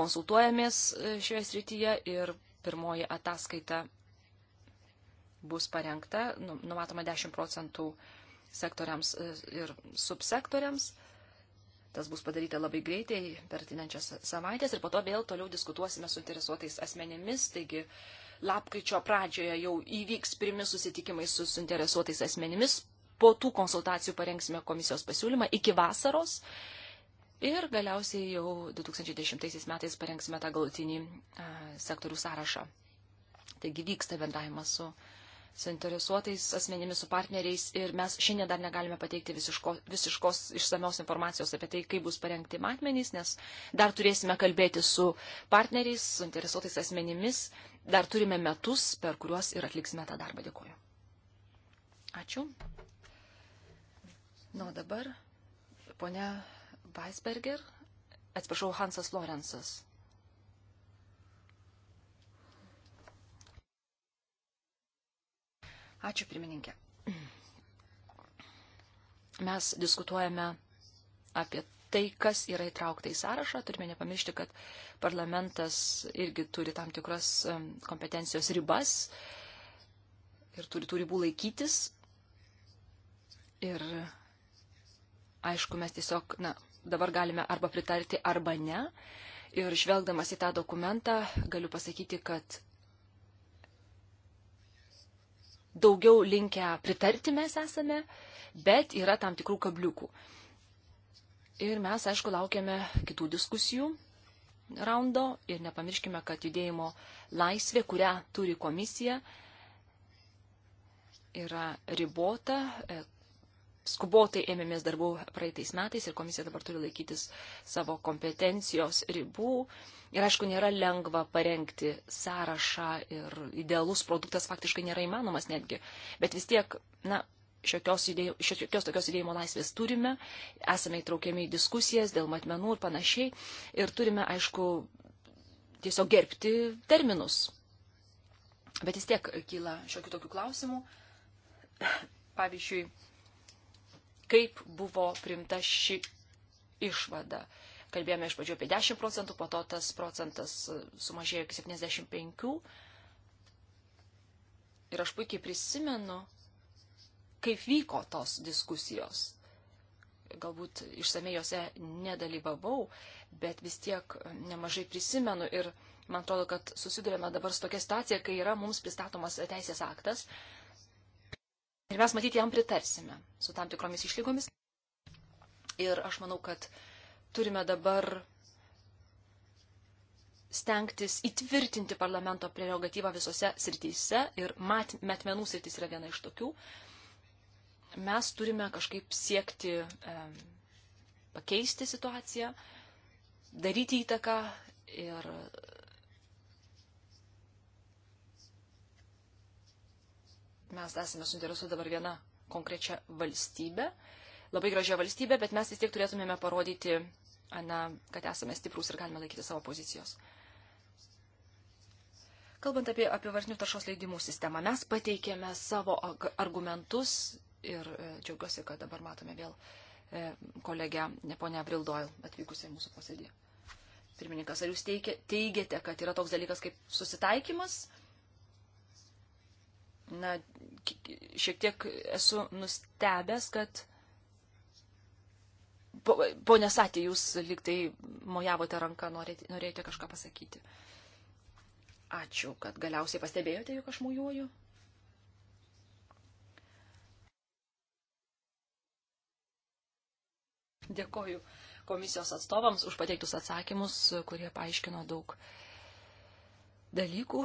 konsultuojamės e, šioje srityje ir pirmoji ataskaita bus parengta, nu, numatoma 10 procentų sektoriams e, ir subsektoriams. Tas bus padaryta labai greitai per tinančias savaitės ir po to vėl toliau diskutuosime su interesuotais asmenėmis. Taigi, uh, lapkričio pradžioje jau įvyks pirmi susitikimai su suinteresuotais asmenimis. Po tų konsultacijų parengsime komisijos pasiūlymą iki vasaros. Ir galiausiai jau 2010 metais parengsime tą galutinį sektorių sąrašą. Taigi vyksta bendravimas su uh, suinteresuotais asmenimis, su partneriais ir mes šiandien dar negalime pateikti visiško, visiškos išsamios informacijos apie tai, kaip bus parengti matmenys, nes dar turėsime kalbėti su partneriais, suinteresuotais asmenimis, dar turime metus, per kuriuos ir atliksime tą darbą. Dėkuoju. Ačiū. Na, nu, dabar ponia Weisberger, atsiprašau, Hansas Lorenzas. Ačiū, pirmininkė. Mes diskutuojame apie tai, kas yra įtraukta į sąrašą. Turime nepamiršti, kad parlamentas irgi turi tam tikras kompetencijos ribas ir turi tų ribų laikytis. Ir aišku, mes tiesiog, na, dabar galime arba pritarti, arba ne. Ir žvelgdamas į tą dokumentą, galiu pasakyti, kad daugiau linkę pritarti mes esame, bet yra tam tikrų kabliukų. Ir mes, aišku, laukiame kitų diskusijų raundo ir nepamirškime, kad judėjimo laisvė, kurią turi komisija, yra ribota, skubotai ėmėmės darbų praeitais metais ir komisija dabar turi laikytis savo kompetencijos ribų. Ir aišku, nėra lengva parengti sąrašą ir idealus produktas faktiškai nėra įmanomas netgi. Bet vis tiek, na, šiokios, judėjų, šiokios tokios judėjimo laisvės turime, esame įtraukiami į diskusijas dėl matmenų ir panašiai. Ir turime, aišku, tiesiog gerbti terminus. Bet vis tiek kyla šiokių tokių klausimų. Pavyzdžiui, kaip buvo primta ši išvada. Kalbėjome iš pradžių apie 10 procentų, po to tas procentas e, sumažėjo iki 75. Ir aš puikiai prisimenu, kaip vyko tos diskusijos. Galbūt išsamei jose nedalyvavau, bet vis tiek nemažai prisimenu ir man atrodo, kad susidurėme dabar su tokia situacija, kai yra mums pristatomas teisės aktas, Ir mes matyti jam pritarsime su tam tikromis išlygomis. Ir aš manau, kad turime dabar stengtis įtvirtinti parlamento prerogatyvą visose srityse ir mat, metmenų sritis yra viena iš tokių. Mes turime kažkaip siekti e, pakeisti situaciją, daryti įtaką ir mes esame suinteresuoti dabar vieną konkrečią valstybę, labai gražią valstybę, bet mes vis tiek turėtumėme parodyti, na, kad esame stiprus ir galime laikyti savo pozicijos. Kalbant apie apivartinių taršos leidimų sistemą, mes pateikėme savo argumentus ir e, džiaugiuosi, kad dabar matome vėl e, kolegę ponę Vrildoil atvykusią į mūsų posėdį. Pirmininkas, ar jūs teigiate, kad yra toks dalykas kaip susitaikymas? na, šiek tiek esu nustebęs, kad ponė Satė, jūs liktai mojavote ranką, norėjote, norėjote kažką pasakyti. Ačiū, kad galiausiai pastebėjote, jog aš mojuoju. Dėkoju komisijos atstovams už pateiktus atsakymus, kurie paaiškino daug dalykų.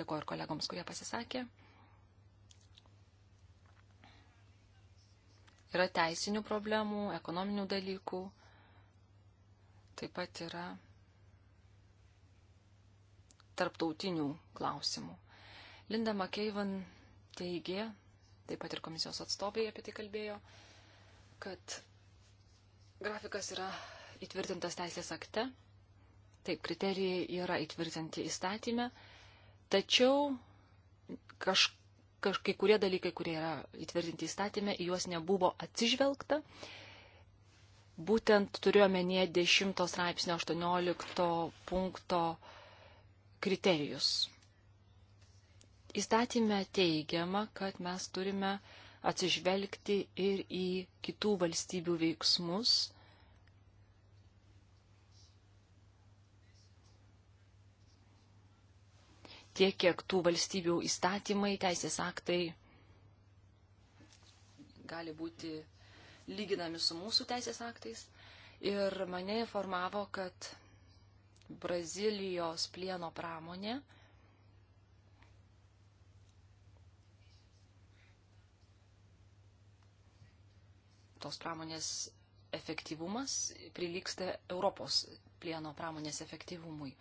Dėkuoju ir kolegoms, kurie pasisakė. Yra teisinių problemų, ekonominių dalykų. Taip pat yra tarptautinių klausimų. Linda McKeivan teigė, taip pat ir komisijos atstovai apie tai kalbėjo, kad grafikas yra įtvirtintas teisės akte, taip, kriterijai yra įtvirtinti įstatymę, Tačiau kaž, kaž, kai kurie dalykai, kurie yra įtvirtinti įstatymę, į juos nebuvo atsižvelgta. Būtent turiuomenė 10 straipsnio 18 punkto kriterijus. Įstatymė teigiama, kad mes turime atsižvelgti ir į kitų valstybių veiksmus tiek, kiek tų valstybių įstatymai, teisės aktai gali būti lyginami su mūsų teisės aktais. Ir mane informavo, kad Brazilijos plieno pramonė tos pramonės efektyvumas prilyksta Europos plieno pramonės efektyvumui.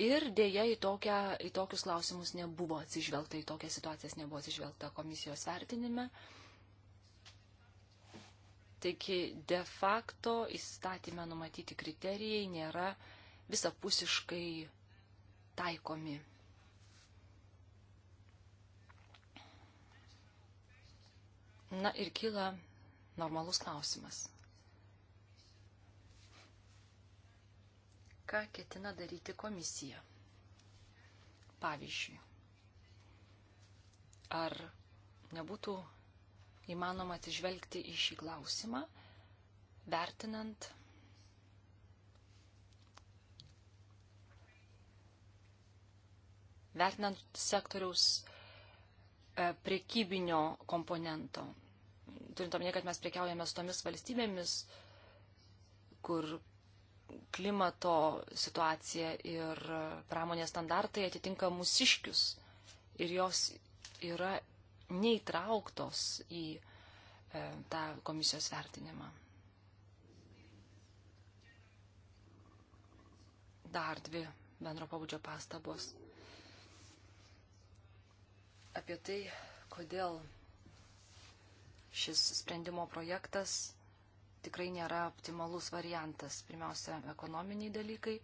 Ir dėja į, tokią, į tokius klausimus nebuvo atsižvelgta, į tokias situacijas nebuvo atsižvelgta komisijos vertinime. Taigi de facto įstatymę numatyti kriterijai nėra visapusiškai taikomi. Na ir kyla normalus klausimas. ką ketina daryti komisija. Pavyzdžiui, ar nebūtų įmanoma atsižvelgti į šį klausimą, vertinant vertinant sektoriaus e, priekybinio komponento. Turint omenyje, kad mes priekiaujame su tomis valstybėmis, kur klimato situacija ir pramonės standartai atitinka mūsiškius ir jos yra neįtrauktos į e, tą komisijos vertinimą. Dar dvi bendro pabudžio pastabos apie tai, kodėl šis sprendimo projektas tikrai nėra optimalus variantas. Pirmiausia, ekonominiai dalykai.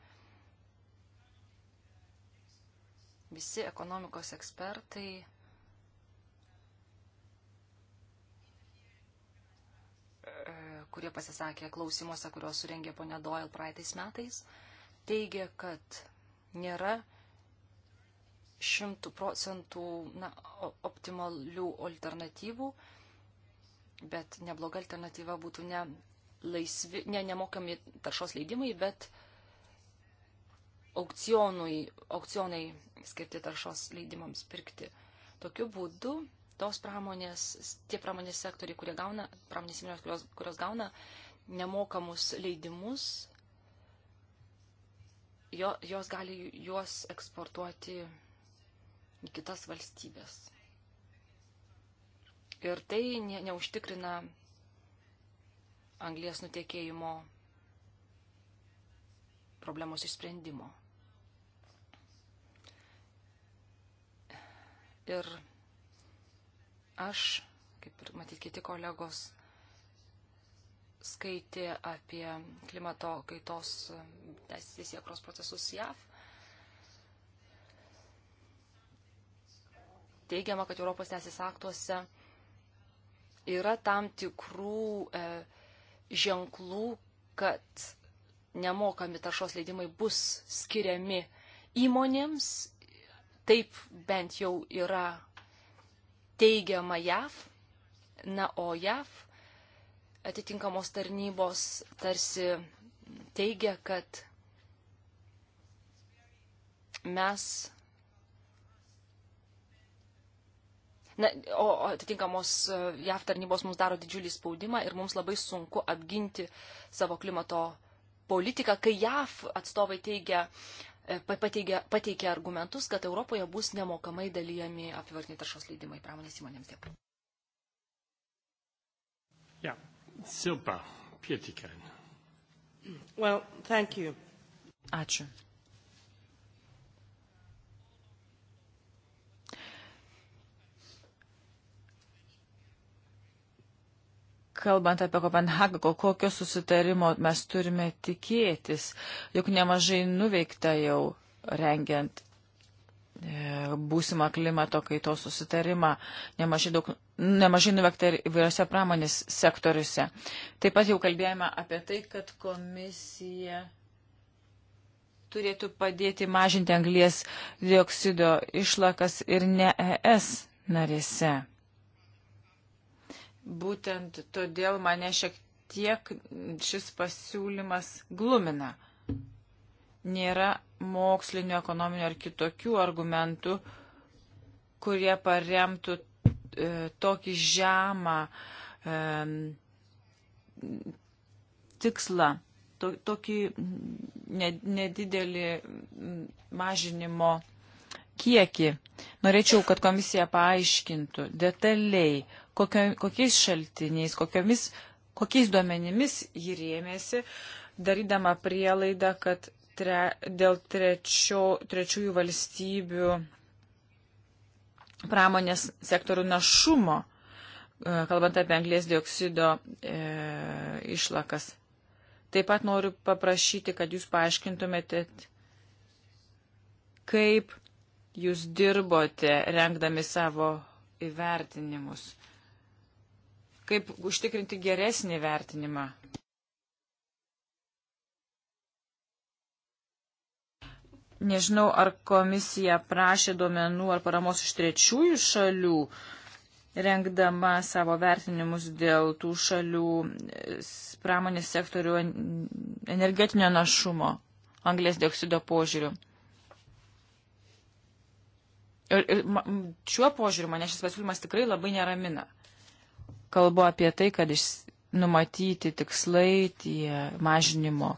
Visi ekonomikos ekspertai kurie pasisakė klausimuose, kuriuos surengė ponė Doyle praeitais metais, teigia, kad nėra šimtų procentų na, optimalių alternatyvų Bet nebloga alternatyva būtų ne, laisvi, ne nemokami taršos leidimai, bet aukcionui, aukcionai skirti taršos leidimams pirkti. Tokiu būdu tos pramonės, tie pramonės sektoriai, kurie gauna, pramonės įmonės, kurios, kurios gauna nemokamus leidimus, jo, jos gali juos eksportuoti į kitas valstybės ir tai ne, neužtikrina anglės nutekėjimo problemos išsprendimo. Ir aš, kaip ir matyt kiti kolegos, skaitė apie klimato kaitos teisėkros procesus JAV. Teigiama, kad Europos teisės aktuose yra tam tikrų e, ženklų, kad nemokami taršos leidimai bus skiriami įmonėms, taip bent jau yra teigiama JAV, na o JAV atitinkamos tarnybos tarsi teigia, kad mes na, o atitinkamos e, JAV tarnybos mums daro didžiulį spaudimą ir mums labai sunku apginti savo klimato politiką, kai JAV atstovai teigia, e, pateikia, pateikia argumentus, kad Europoje bus nemokamai dalyjami apivartiniai taršos leidimai pramonės įmonėms. Dėkui. Ja, super. Pietikainen. Well, thank you. Ačiū. kalbant apie Kopenhagą, kokio susitarimo mes turime tikėtis, juk nemažai nuveikta jau rengiant e, būsimą klimato kaitos susitarimą, nemažai, daug, nemažai nuveikta ir įvairiose pramonės sektoriuose. Taip pat jau kalbėjome apie tai, kad komisija turėtų padėti mažinti anglies dioksido išlakas ir ne ES narėse. Būtent todėl mane šiek tiek šis pasiūlymas glumina. Nėra mokslinio, ekonominio ar kitokių argumentų, kurie paremtų e, tokį žemą e, tikslą, to, tokį nedidelį mažinimo kiekį. Norėčiau, kad komisija paaiškintų detaliai, kokio, kokiais šaltiniais, kokiomis, kokiais duomenimis jį rėmėsi, darydama prielaidą, kad tre, dėl trečio, trečiųjų valstybių pramonės sektorių našumo, e, kalbant apie anglės dioksido e, išlakas. Taip pat noriu paprašyti, kad jūs paaiškintumėte, kaip jūs dirbote, rengdami savo įvertinimus kaip užtikrinti geresnį vertinimą. Nežinau, ar komisija prašė duomenų ar paramos iš trečiųjų šalių, rengdama savo vertinimus dėl tų šalių e, pramonės sektorių energetinio našumo anglės dioksido požiūrių. Ir, ir šiuo požiūriu mane šis pasiūlymas tikrai labai neramina kalbu apie tai, kad iš, numatyti tikslai tie mažinimo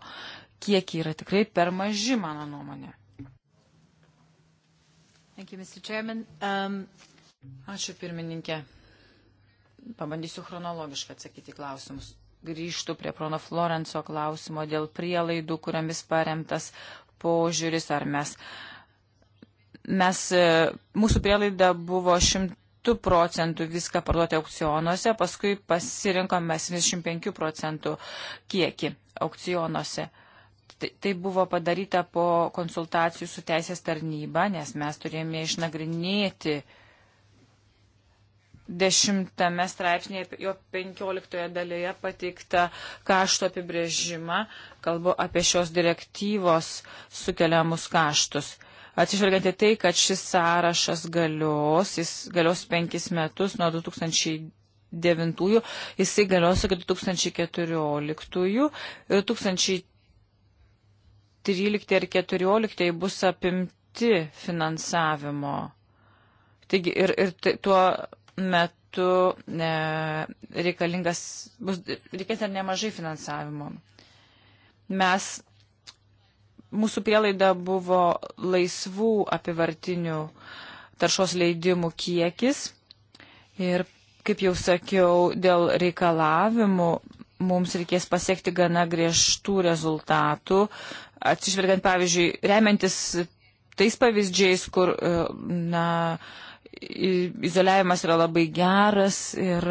kiekiai yra tikrai per maži, mano nuomonė. Thank you, Mr. Chairman. Um... Ačiū pirmininkė. Pabandysiu chronologiškai atsakyti klausimus. Grįžtu prie Prono Florenco klausimo dėl prielaidų, kuriamis paremtas požiūris, ar mes. Mes, e, mūsų prielaida buvo šimt 100 procentų viską parduoti aukcionuose, paskui pasirinkome 75 procentų kiekį aukcionuose. Tai, tai buvo padaryta po konsultacijų su teisės tarnyba, nes mes turėjome išnagrinėti dešimtame straipsnėje, jo penkioliktoje dalyje pateiktą kaštų apibrėžimą, kalbu apie šios direktyvos sukeliamus kaštus atsižvelgiant į tai, kad šis sąrašas galios, jis galios penkis metus nuo 2009, jisai galios iki 2014 ir 2013 ir 2014 bus apimti finansavimo. Taigi ir, ir tuo metu ne, reikalingas, bus, reikės dar nemažai finansavimo. Mes mūsų prielaida buvo laisvų apivartinių taršos leidimų kiekis ir, kaip jau sakiau, dėl reikalavimų mums reikės pasiekti gana griežtų rezultatų, atsižvelgiant, pavyzdžiui, remiantis tais pavyzdžiais, kur, e, na, izoliavimas yra labai geras ir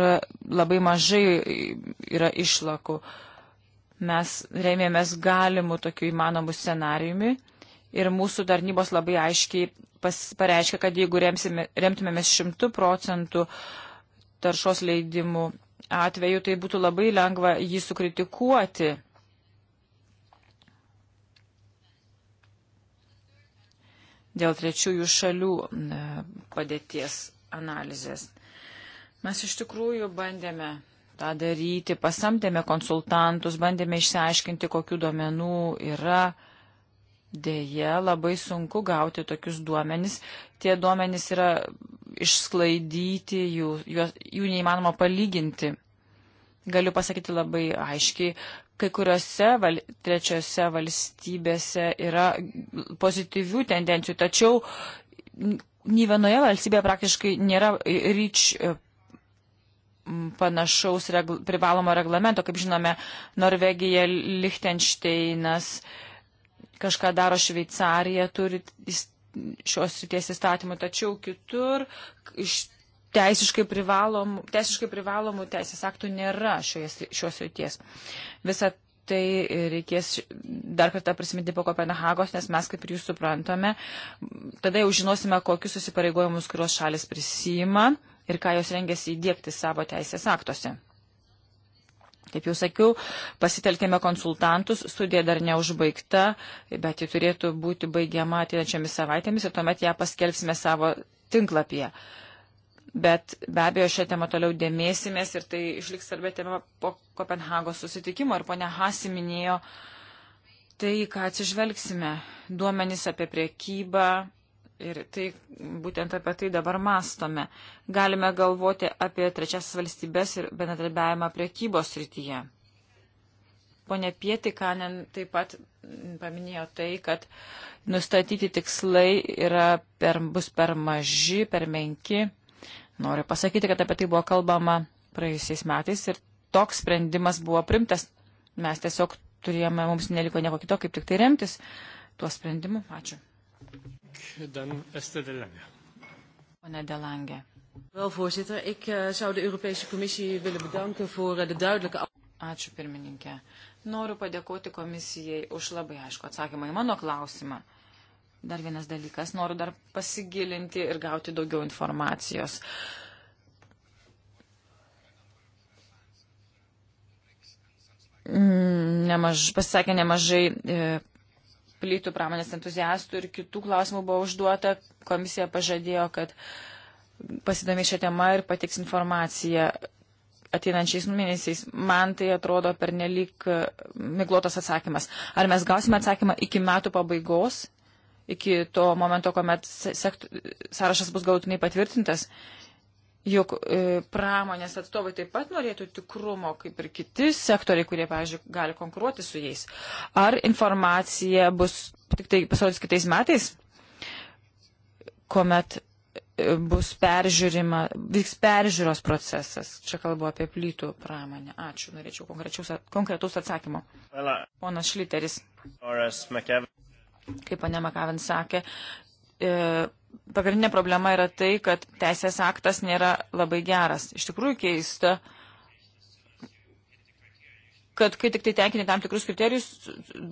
labai mažai yra išlakų. Uh, Mes rėmėmės galimų tokių įmanomų scenariumi ir mūsų tarnybos labai aiškiai pas, pareiškia, kad jeigu remsime, remtumėmės 100 procentų taršos leidimų atveju, tai būtų labai lengva jį sukritikuoti. Dėl trečiųjų šalių e, padėties analizės. Mes iš tikrųjų bandėme tą daryti, pasamdėme konsultantus, bandėme išsiaiškinti, kokiu duomenų yra. Deja, labai sunku gauti tokius duomenys. Tie duomenys yra išsklaidyti, jų, jų, jų neįmanoma palyginti. Galiu pasakyti labai aiškiai, kai kuriuose val, trečiose valstybėse yra pozityvių tendencijų, tačiau nė vienoje valstybėje praktiškai nėra ryč panašaus regl privalomo reglamento. Kaip žinome, Norvegija, Lichtensteinas kažką daro Šveicarija, turi šios ryties įstatymų, tačiau kitur iš teisiškai privalomų, teisiškai privalomų teisės aktų nėra šios, šios ryties. Visa tai reikės dar kartą prisiminti po Kopenhagos, nes mes, kaip ir jūs suprantame, tada jau žinosime, kokius susipareigojimus kurios šalis prisima ir ką jos rengiasi įdėkti savo teisės aktuose. Kaip jau sakiau, pasitelkėme konsultantus, studija dar neužbaigta, bet ji turėtų būti baigiama ateinančiomis savaitėmis ir tuomet ją paskelbsime savo tinklapyje. Bet be abejo, šią temą toliau dėmėsimės ir tai išliks svarbia tema po Kopenhagos susitikimo. Ir ponia Hasi minėjo tai, ką atsižvelgsime. Duomenys apie priekybą, Ir tai būtent apie tai dabar mastome. Galime galvoti apie trečiasis valstybės ir bendradarbiavimą priekybos rytyje. Pone Pietikanen taip pat paminėjo tai, kad nustatyti tikslai yra per, bus per maži, per menki. Noriu pasakyti, kad apie tai buvo kalbama praėjusiais metais ir toks sprendimas buvo primtas. Mes tiesiog turėjome, mums neliko nieko kito, kaip tik tai remtis tuo sprendimu. Ačiū dan Esther de Lange. Pone de Lange. Wel, voorzitter. Ik uh, zou de Europese Commissie willen bedanken voor uh, de duidelijke... Ačiū, pirmininkė. Noriu padėkoti komisijai už labai aišku atsakymą į mano klausimą. Dar vienas dalykas. Noriu dar pasigilinti ir gauti daugiau informacijos. Mm, nemaž, pasisakė nemažai e, plytų pramonės entuziastų ir kitų klausimų buvo užduota. Komisija pažadėjo, kad pasidomė šią temą ir patiks informaciją ateinančiais mėnesiais. Man tai atrodo pernelyg e, miglotas atsakymas. Ar mes gausime atsakymą iki metų pabaigos, iki to momento, kuomet sekt, sąrašas bus galutinai patvirtintas? Juk e, pramonės atstovai taip pat norėtų tikrumo, kaip ir kiti sektoriai, kurie, pavyzdžiui, gali konkuruoti su jais. Ar informacija bus tik tai pasirodys kitais metais, kuomet e, bus peržiūrima, vyks peržiūros procesas. Čia kalbu apie plytų pramonę. Ačiū, norėčiau konkretaus atsakymo. Ponas Šliteris. Kaip pane Makavin sakė, e, pagrindinė problema yra tai, kad teisės aktas nėra labai geras. Iš tikrųjų keista, kad kai tik tai tenkini tam tikrus kriterijus,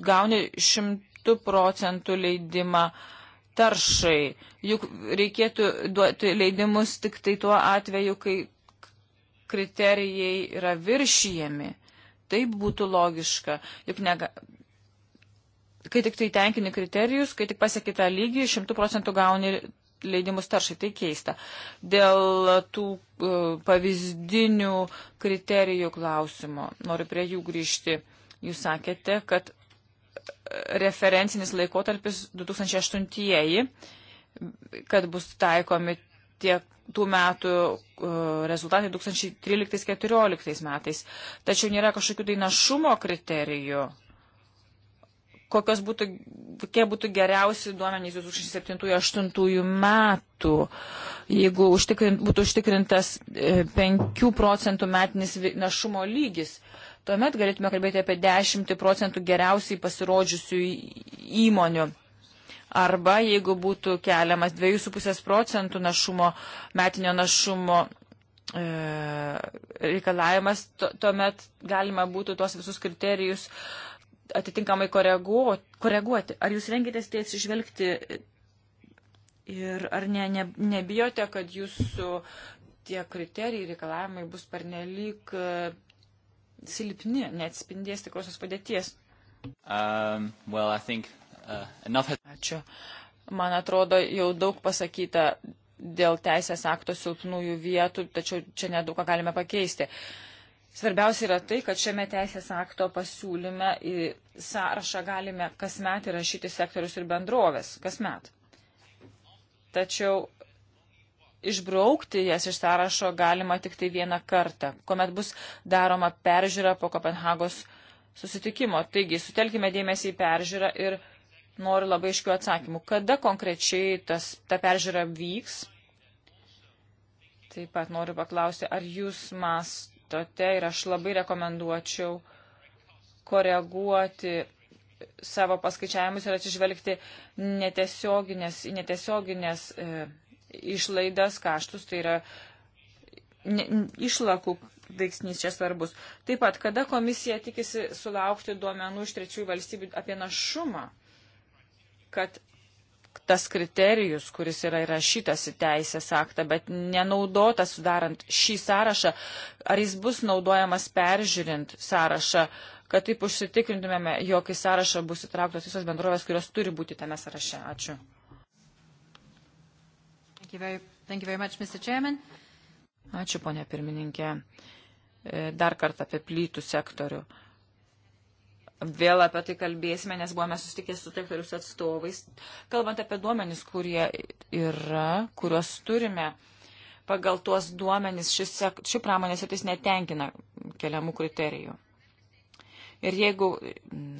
gauni šimtų procentų leidimą taršai. Juk reikėtų duoti leidimus tik tai tuo atveju, kai kriterijai yra viršijami. Taip būtų logiška. Juk nega, kai tik tai tenkini kriterijus, kai tik pasieki tą lygį, šimtų procentų gauni leidimus taršai. Tai keista. Dėl tų e, pavyzdinių kriterijų klausimo, noriu prie jų grįžti. Jūs sakėte, kad e, referencinis laikotarpis 2008-ieji, kad bus taikomi tiek tų metų e, rezultatai 2013-2014 metais. Tačiau nėra kažkokių tai našumo kriterijų kokios būtų, kokie būtų geriausi duomenys 2007-2008 metų, jeigu užtikrint, būtų užtikrintas 5 e, procentų metinis našumo lygis. Tuomet galėtume kalbėti apie 10 procentų geriausiai pasirodžiusių įmonių. Arba jeigu būtų keliamas 2,5 procentų našumo, metinio našumo e, reikalavimas, tuomet galima būtų tuos visus kriterijus uh, atitinkamai koreguo, koreguoti. Ar jūs rengitės tai atsižvelgti ir ar ne, ne, nebijote, kad jūsų tie kriterijai reikalavimai bus pernelyg e, silpni, neatspindės tikrosios padėties? Um, well, think, uh, enough... Ačiū. Man atrodo, jau daug pasakyta dėl teisės akto silpnųjų vietų, tačiau čia nedaug ką galime pakeisti. Uh, Svarbiausia yra tai, kad šiame teisės akto pasiūlyme į sąrašą galime kasmet įrašyti sektorius ir bendrovės. Kasmet. Tačiau išbraukti jas iš sąrašo galima tik tai vieną kartą, kuomet bus daroma peržiūra po Kopenhagos susitikimo. Taigi, sutelkime dėmesį į peržiūrą ir noriu labai iškių atsakymų. Kada konkrečiai tas, ta peržiūra vyks? Taip pat noriu paklausti, ar jūs mąstote komitete ir aš labai rekomenduočiau koreguoti savo paskaičiavimus ir atsižvelgti netiesioginės, netiesioginės e, išlaidas, kaštus, tai yra ne, išlakų veiksnys čia svarbus. Taip pat, kada komisija tikisi sulaukti duomenų iš trečiųjų valstybių apie našumą, kad tas kriterijus, kuris yra įrašytas į teisės aktą, bet nenaudotas sudarant šį sąrašą, ar jis bus naudojamas peržiūrint sąrašą, kad taip užsitikrintumėme, jog į sąrašą bus įtrauktos visos bendrovės, kurios turi būti tame sąraše. Ačiū. Thank you very, thank you very much, Mr. Chairman. Ačiū, ponė pirmininkė. E, dar kartą apie plytų sektorių vėl apie tai kalbėsime, nes buvome susitikę su sektoriaus atstovais. Kalbant apie duomenis, kurie yra, kuriuos turime, pagal tuos duomenis ši, ši pramonės sritis netenkina keliamų kriterijų. Ir jeigu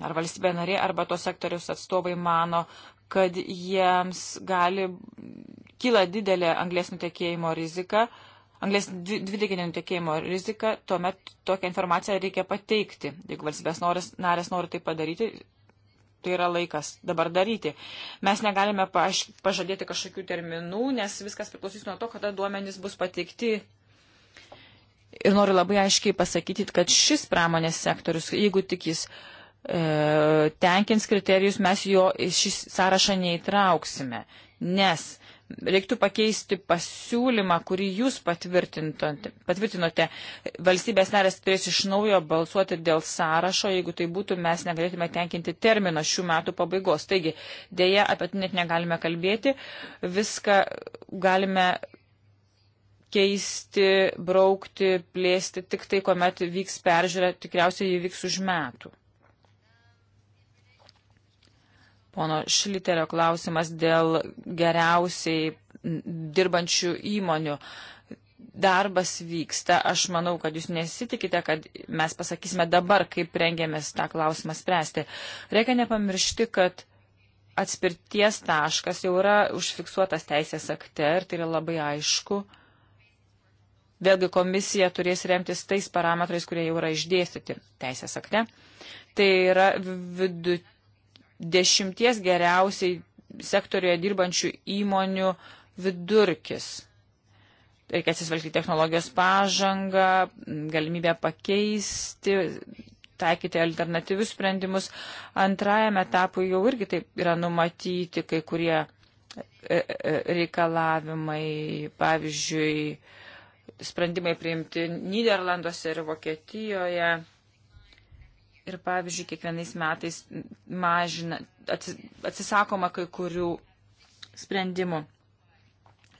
ar valstybė narė, arba tos sektoriaus atstovai mano, kad jiems gali kyla didelė anglės nutekėjimo rizika, uh, anglės dvideginio nutekėjimo riziką, tuomet tokią informaciją reikia pateikti. Jeigu valstybės noris, narės nori tai padaryti, tai yra laikas dabar daryti. Mes negalime paš, pažadėti kažkokių terminų, nes viskas priklausys nuo to, kada duomenys bus pateikti. Ir noriu labai aiškiai pasakyti, kad šis pramonės sektorius, jeigu tik jis e, tenkins kriterijus, mes jo šį sąrašą neįtrauksime, nes reiktų pakeisti pasiūlymą, kurį jūs patvirtinote. Valstybės narės turės iš naujo balsuoti dėl sąrašo, jeigu tai būtų, mes negalėtume tenkinti termino šių metų pabaigos. Taigi, dėja, apie tai net negalime kalbėti, viską galime keisti, braukti, plėsti, tik tai, kuomet vyks peržiūra, tikriausiai jį vyks už metų. pono Šliterio klausimas dėl geriausiai dirbančių įmonių. Darbas vyksta, aš manau, kad jūs nesitikite, kad mes pasakysime dabar, kaip rengėmės tą klausimą spręsti. Reikia nepamiršti, kad atspirties taškas jau yra užfiksuotas teisės akte ir tai yra labai aišku. Vėlgi komisija turės remtis tais parametrais, kurie jau yra išdėstyti teisės akte. Tai yra vidut dešimties geriausiai sektorioje dirbančių įmonių vidurkis. Reikia atsisvalgti technologijos pažangą, galimybę pakeisti, taikyti alternatyvius sprendimus. Antrajame etapui jau irgi taip yra numatyti kai kurie e, e, reikalavimai, pavyzdžiui, sprendimai priimti Niderlanduose ir Vokietijoje Ir pavyzdžiui, kiekvienais metais mažina, atsisakoma kai kurių sprendimų.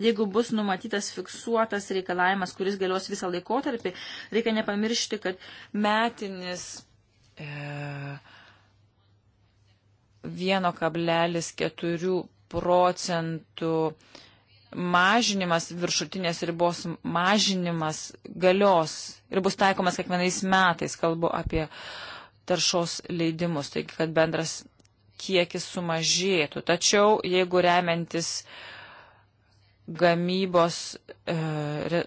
Jeigu bus numatytas fiksuotas reikalavimas, kuris galios visą laikotarpį, reikia nepamiršti, kad metinis e, 1,4 procentų mažinimas, viršutinės ribos mažinimas galios ir bus taikomas kiekvienais metais. Kalbu apie uh, taršos leidimus, taigi kad bendras kiekis sumažėtų. Tačiau jeigu remiantis gamybos e, re,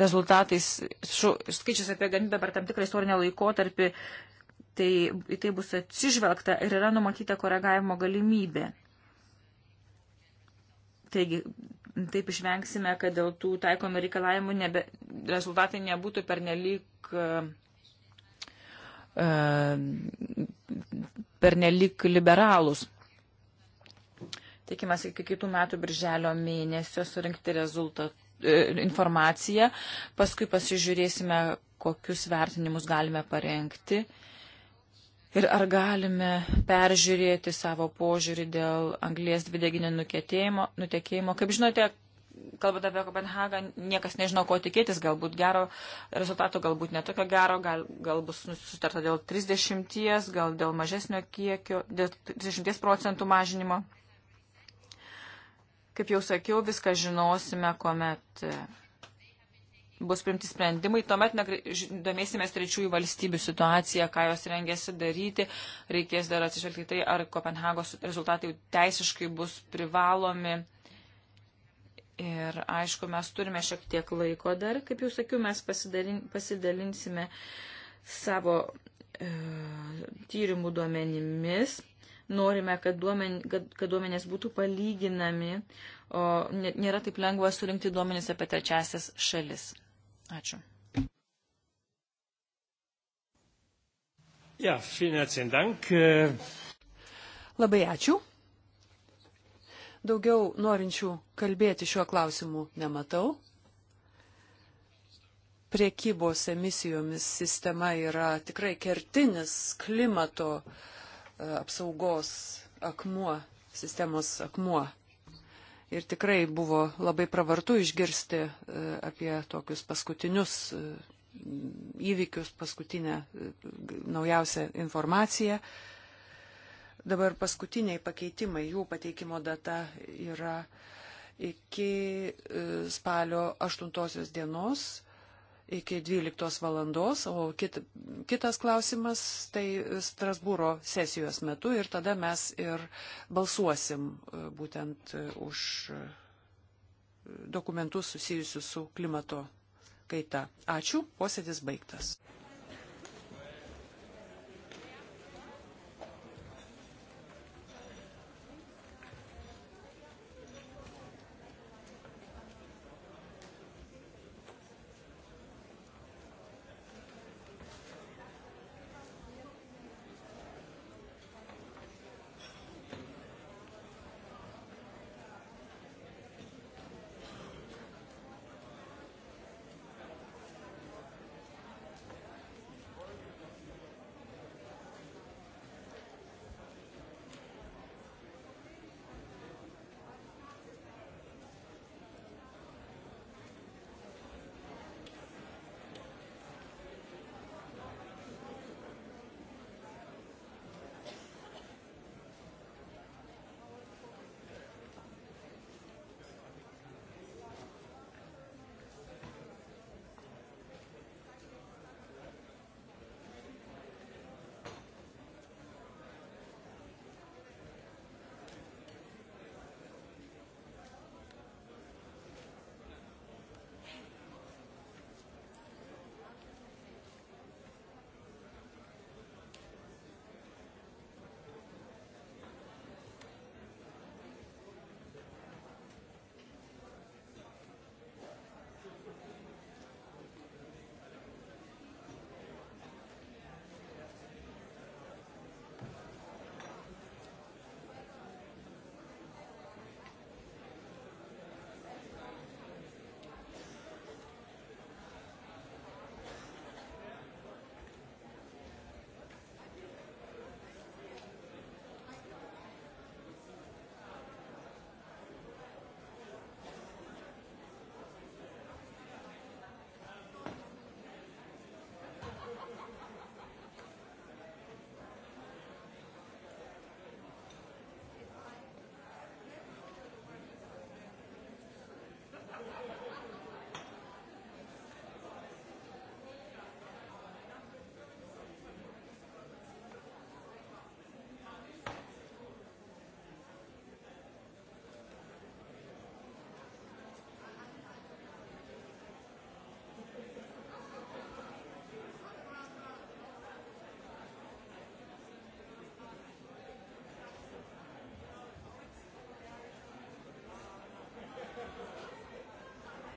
rezultatais, šu, skaičius apie gamybę per tam tikrą istorinę laikotarpį, tai į tai bus atsižvelgta ir yra numatyta koregavimo galimybė. Taigi, taip išvengsime, kad dėl tų taikomų reikalavimų nebe, rezultatai nebūtų pernelyg. E, E, pernelik liberalus. Tikimasi iki kitų metų birželio mėnesio surinkti rezultat, e, informaciją, paskui pasižiūrėsime, kokius vertinimus galime parengti ir ar galime peržiūrėti savo požiūrį dėl anglės dvideginio nutekėjimo. Kaip žinote, kalbant apie Kopenhagą, niekas nežino, ko tikėtis, galbūt gero rezultato, galbūt netokio gero, gal, gal bus sutarta dėl 30, gal dėl mažesnio kiekio, dėl 30 procentų mažinimo. Kaip jau sakiau, viską žinosime, kuomet e, bus primti sprendimai, tuomet domėsime trečiųjų valstybių situaciją, ką jos rengiasi daryti, reikės dar atsižvelgti tai, ar Kopenhagos rezultatai teisiškai bus privalomi Ir aišku, mes turime šiek tiek laiko dar, kaip jau sakiau, mes pasidalin, pasidalinsime savo e, tyrimų duomenimis. Norime, kad, duomen, kad, kad duomenės būtų palyginami, o nėra taip lengva surinkti duomenys apie trečiasias šalis. Ačiū. Ja, Dank. Labai ačiū. Daugiau norinčių kalbėti šiuo klausimu nematau. Priekybos emisijomis sistema yra tikrai kertinis klimato e, apsaugos akmuo, sistemos akmuo. Ir tikrai buvo labai pravartu išgirsti e, apie tokius paskutinius e, įvykius, paskutinę naujausią informaciją. Dabar paskutiniai pakeitimai, jų pateikimo data yra iki e, spalio 8 dienos iki 12 valandos, o kit, kitas klausimas tai Strasbūro sesijos metu ir tada mes ir balsuosim e, būtent e, už dokumentus susijusius su klimato kaita. Ačiū, posėdis baigtas.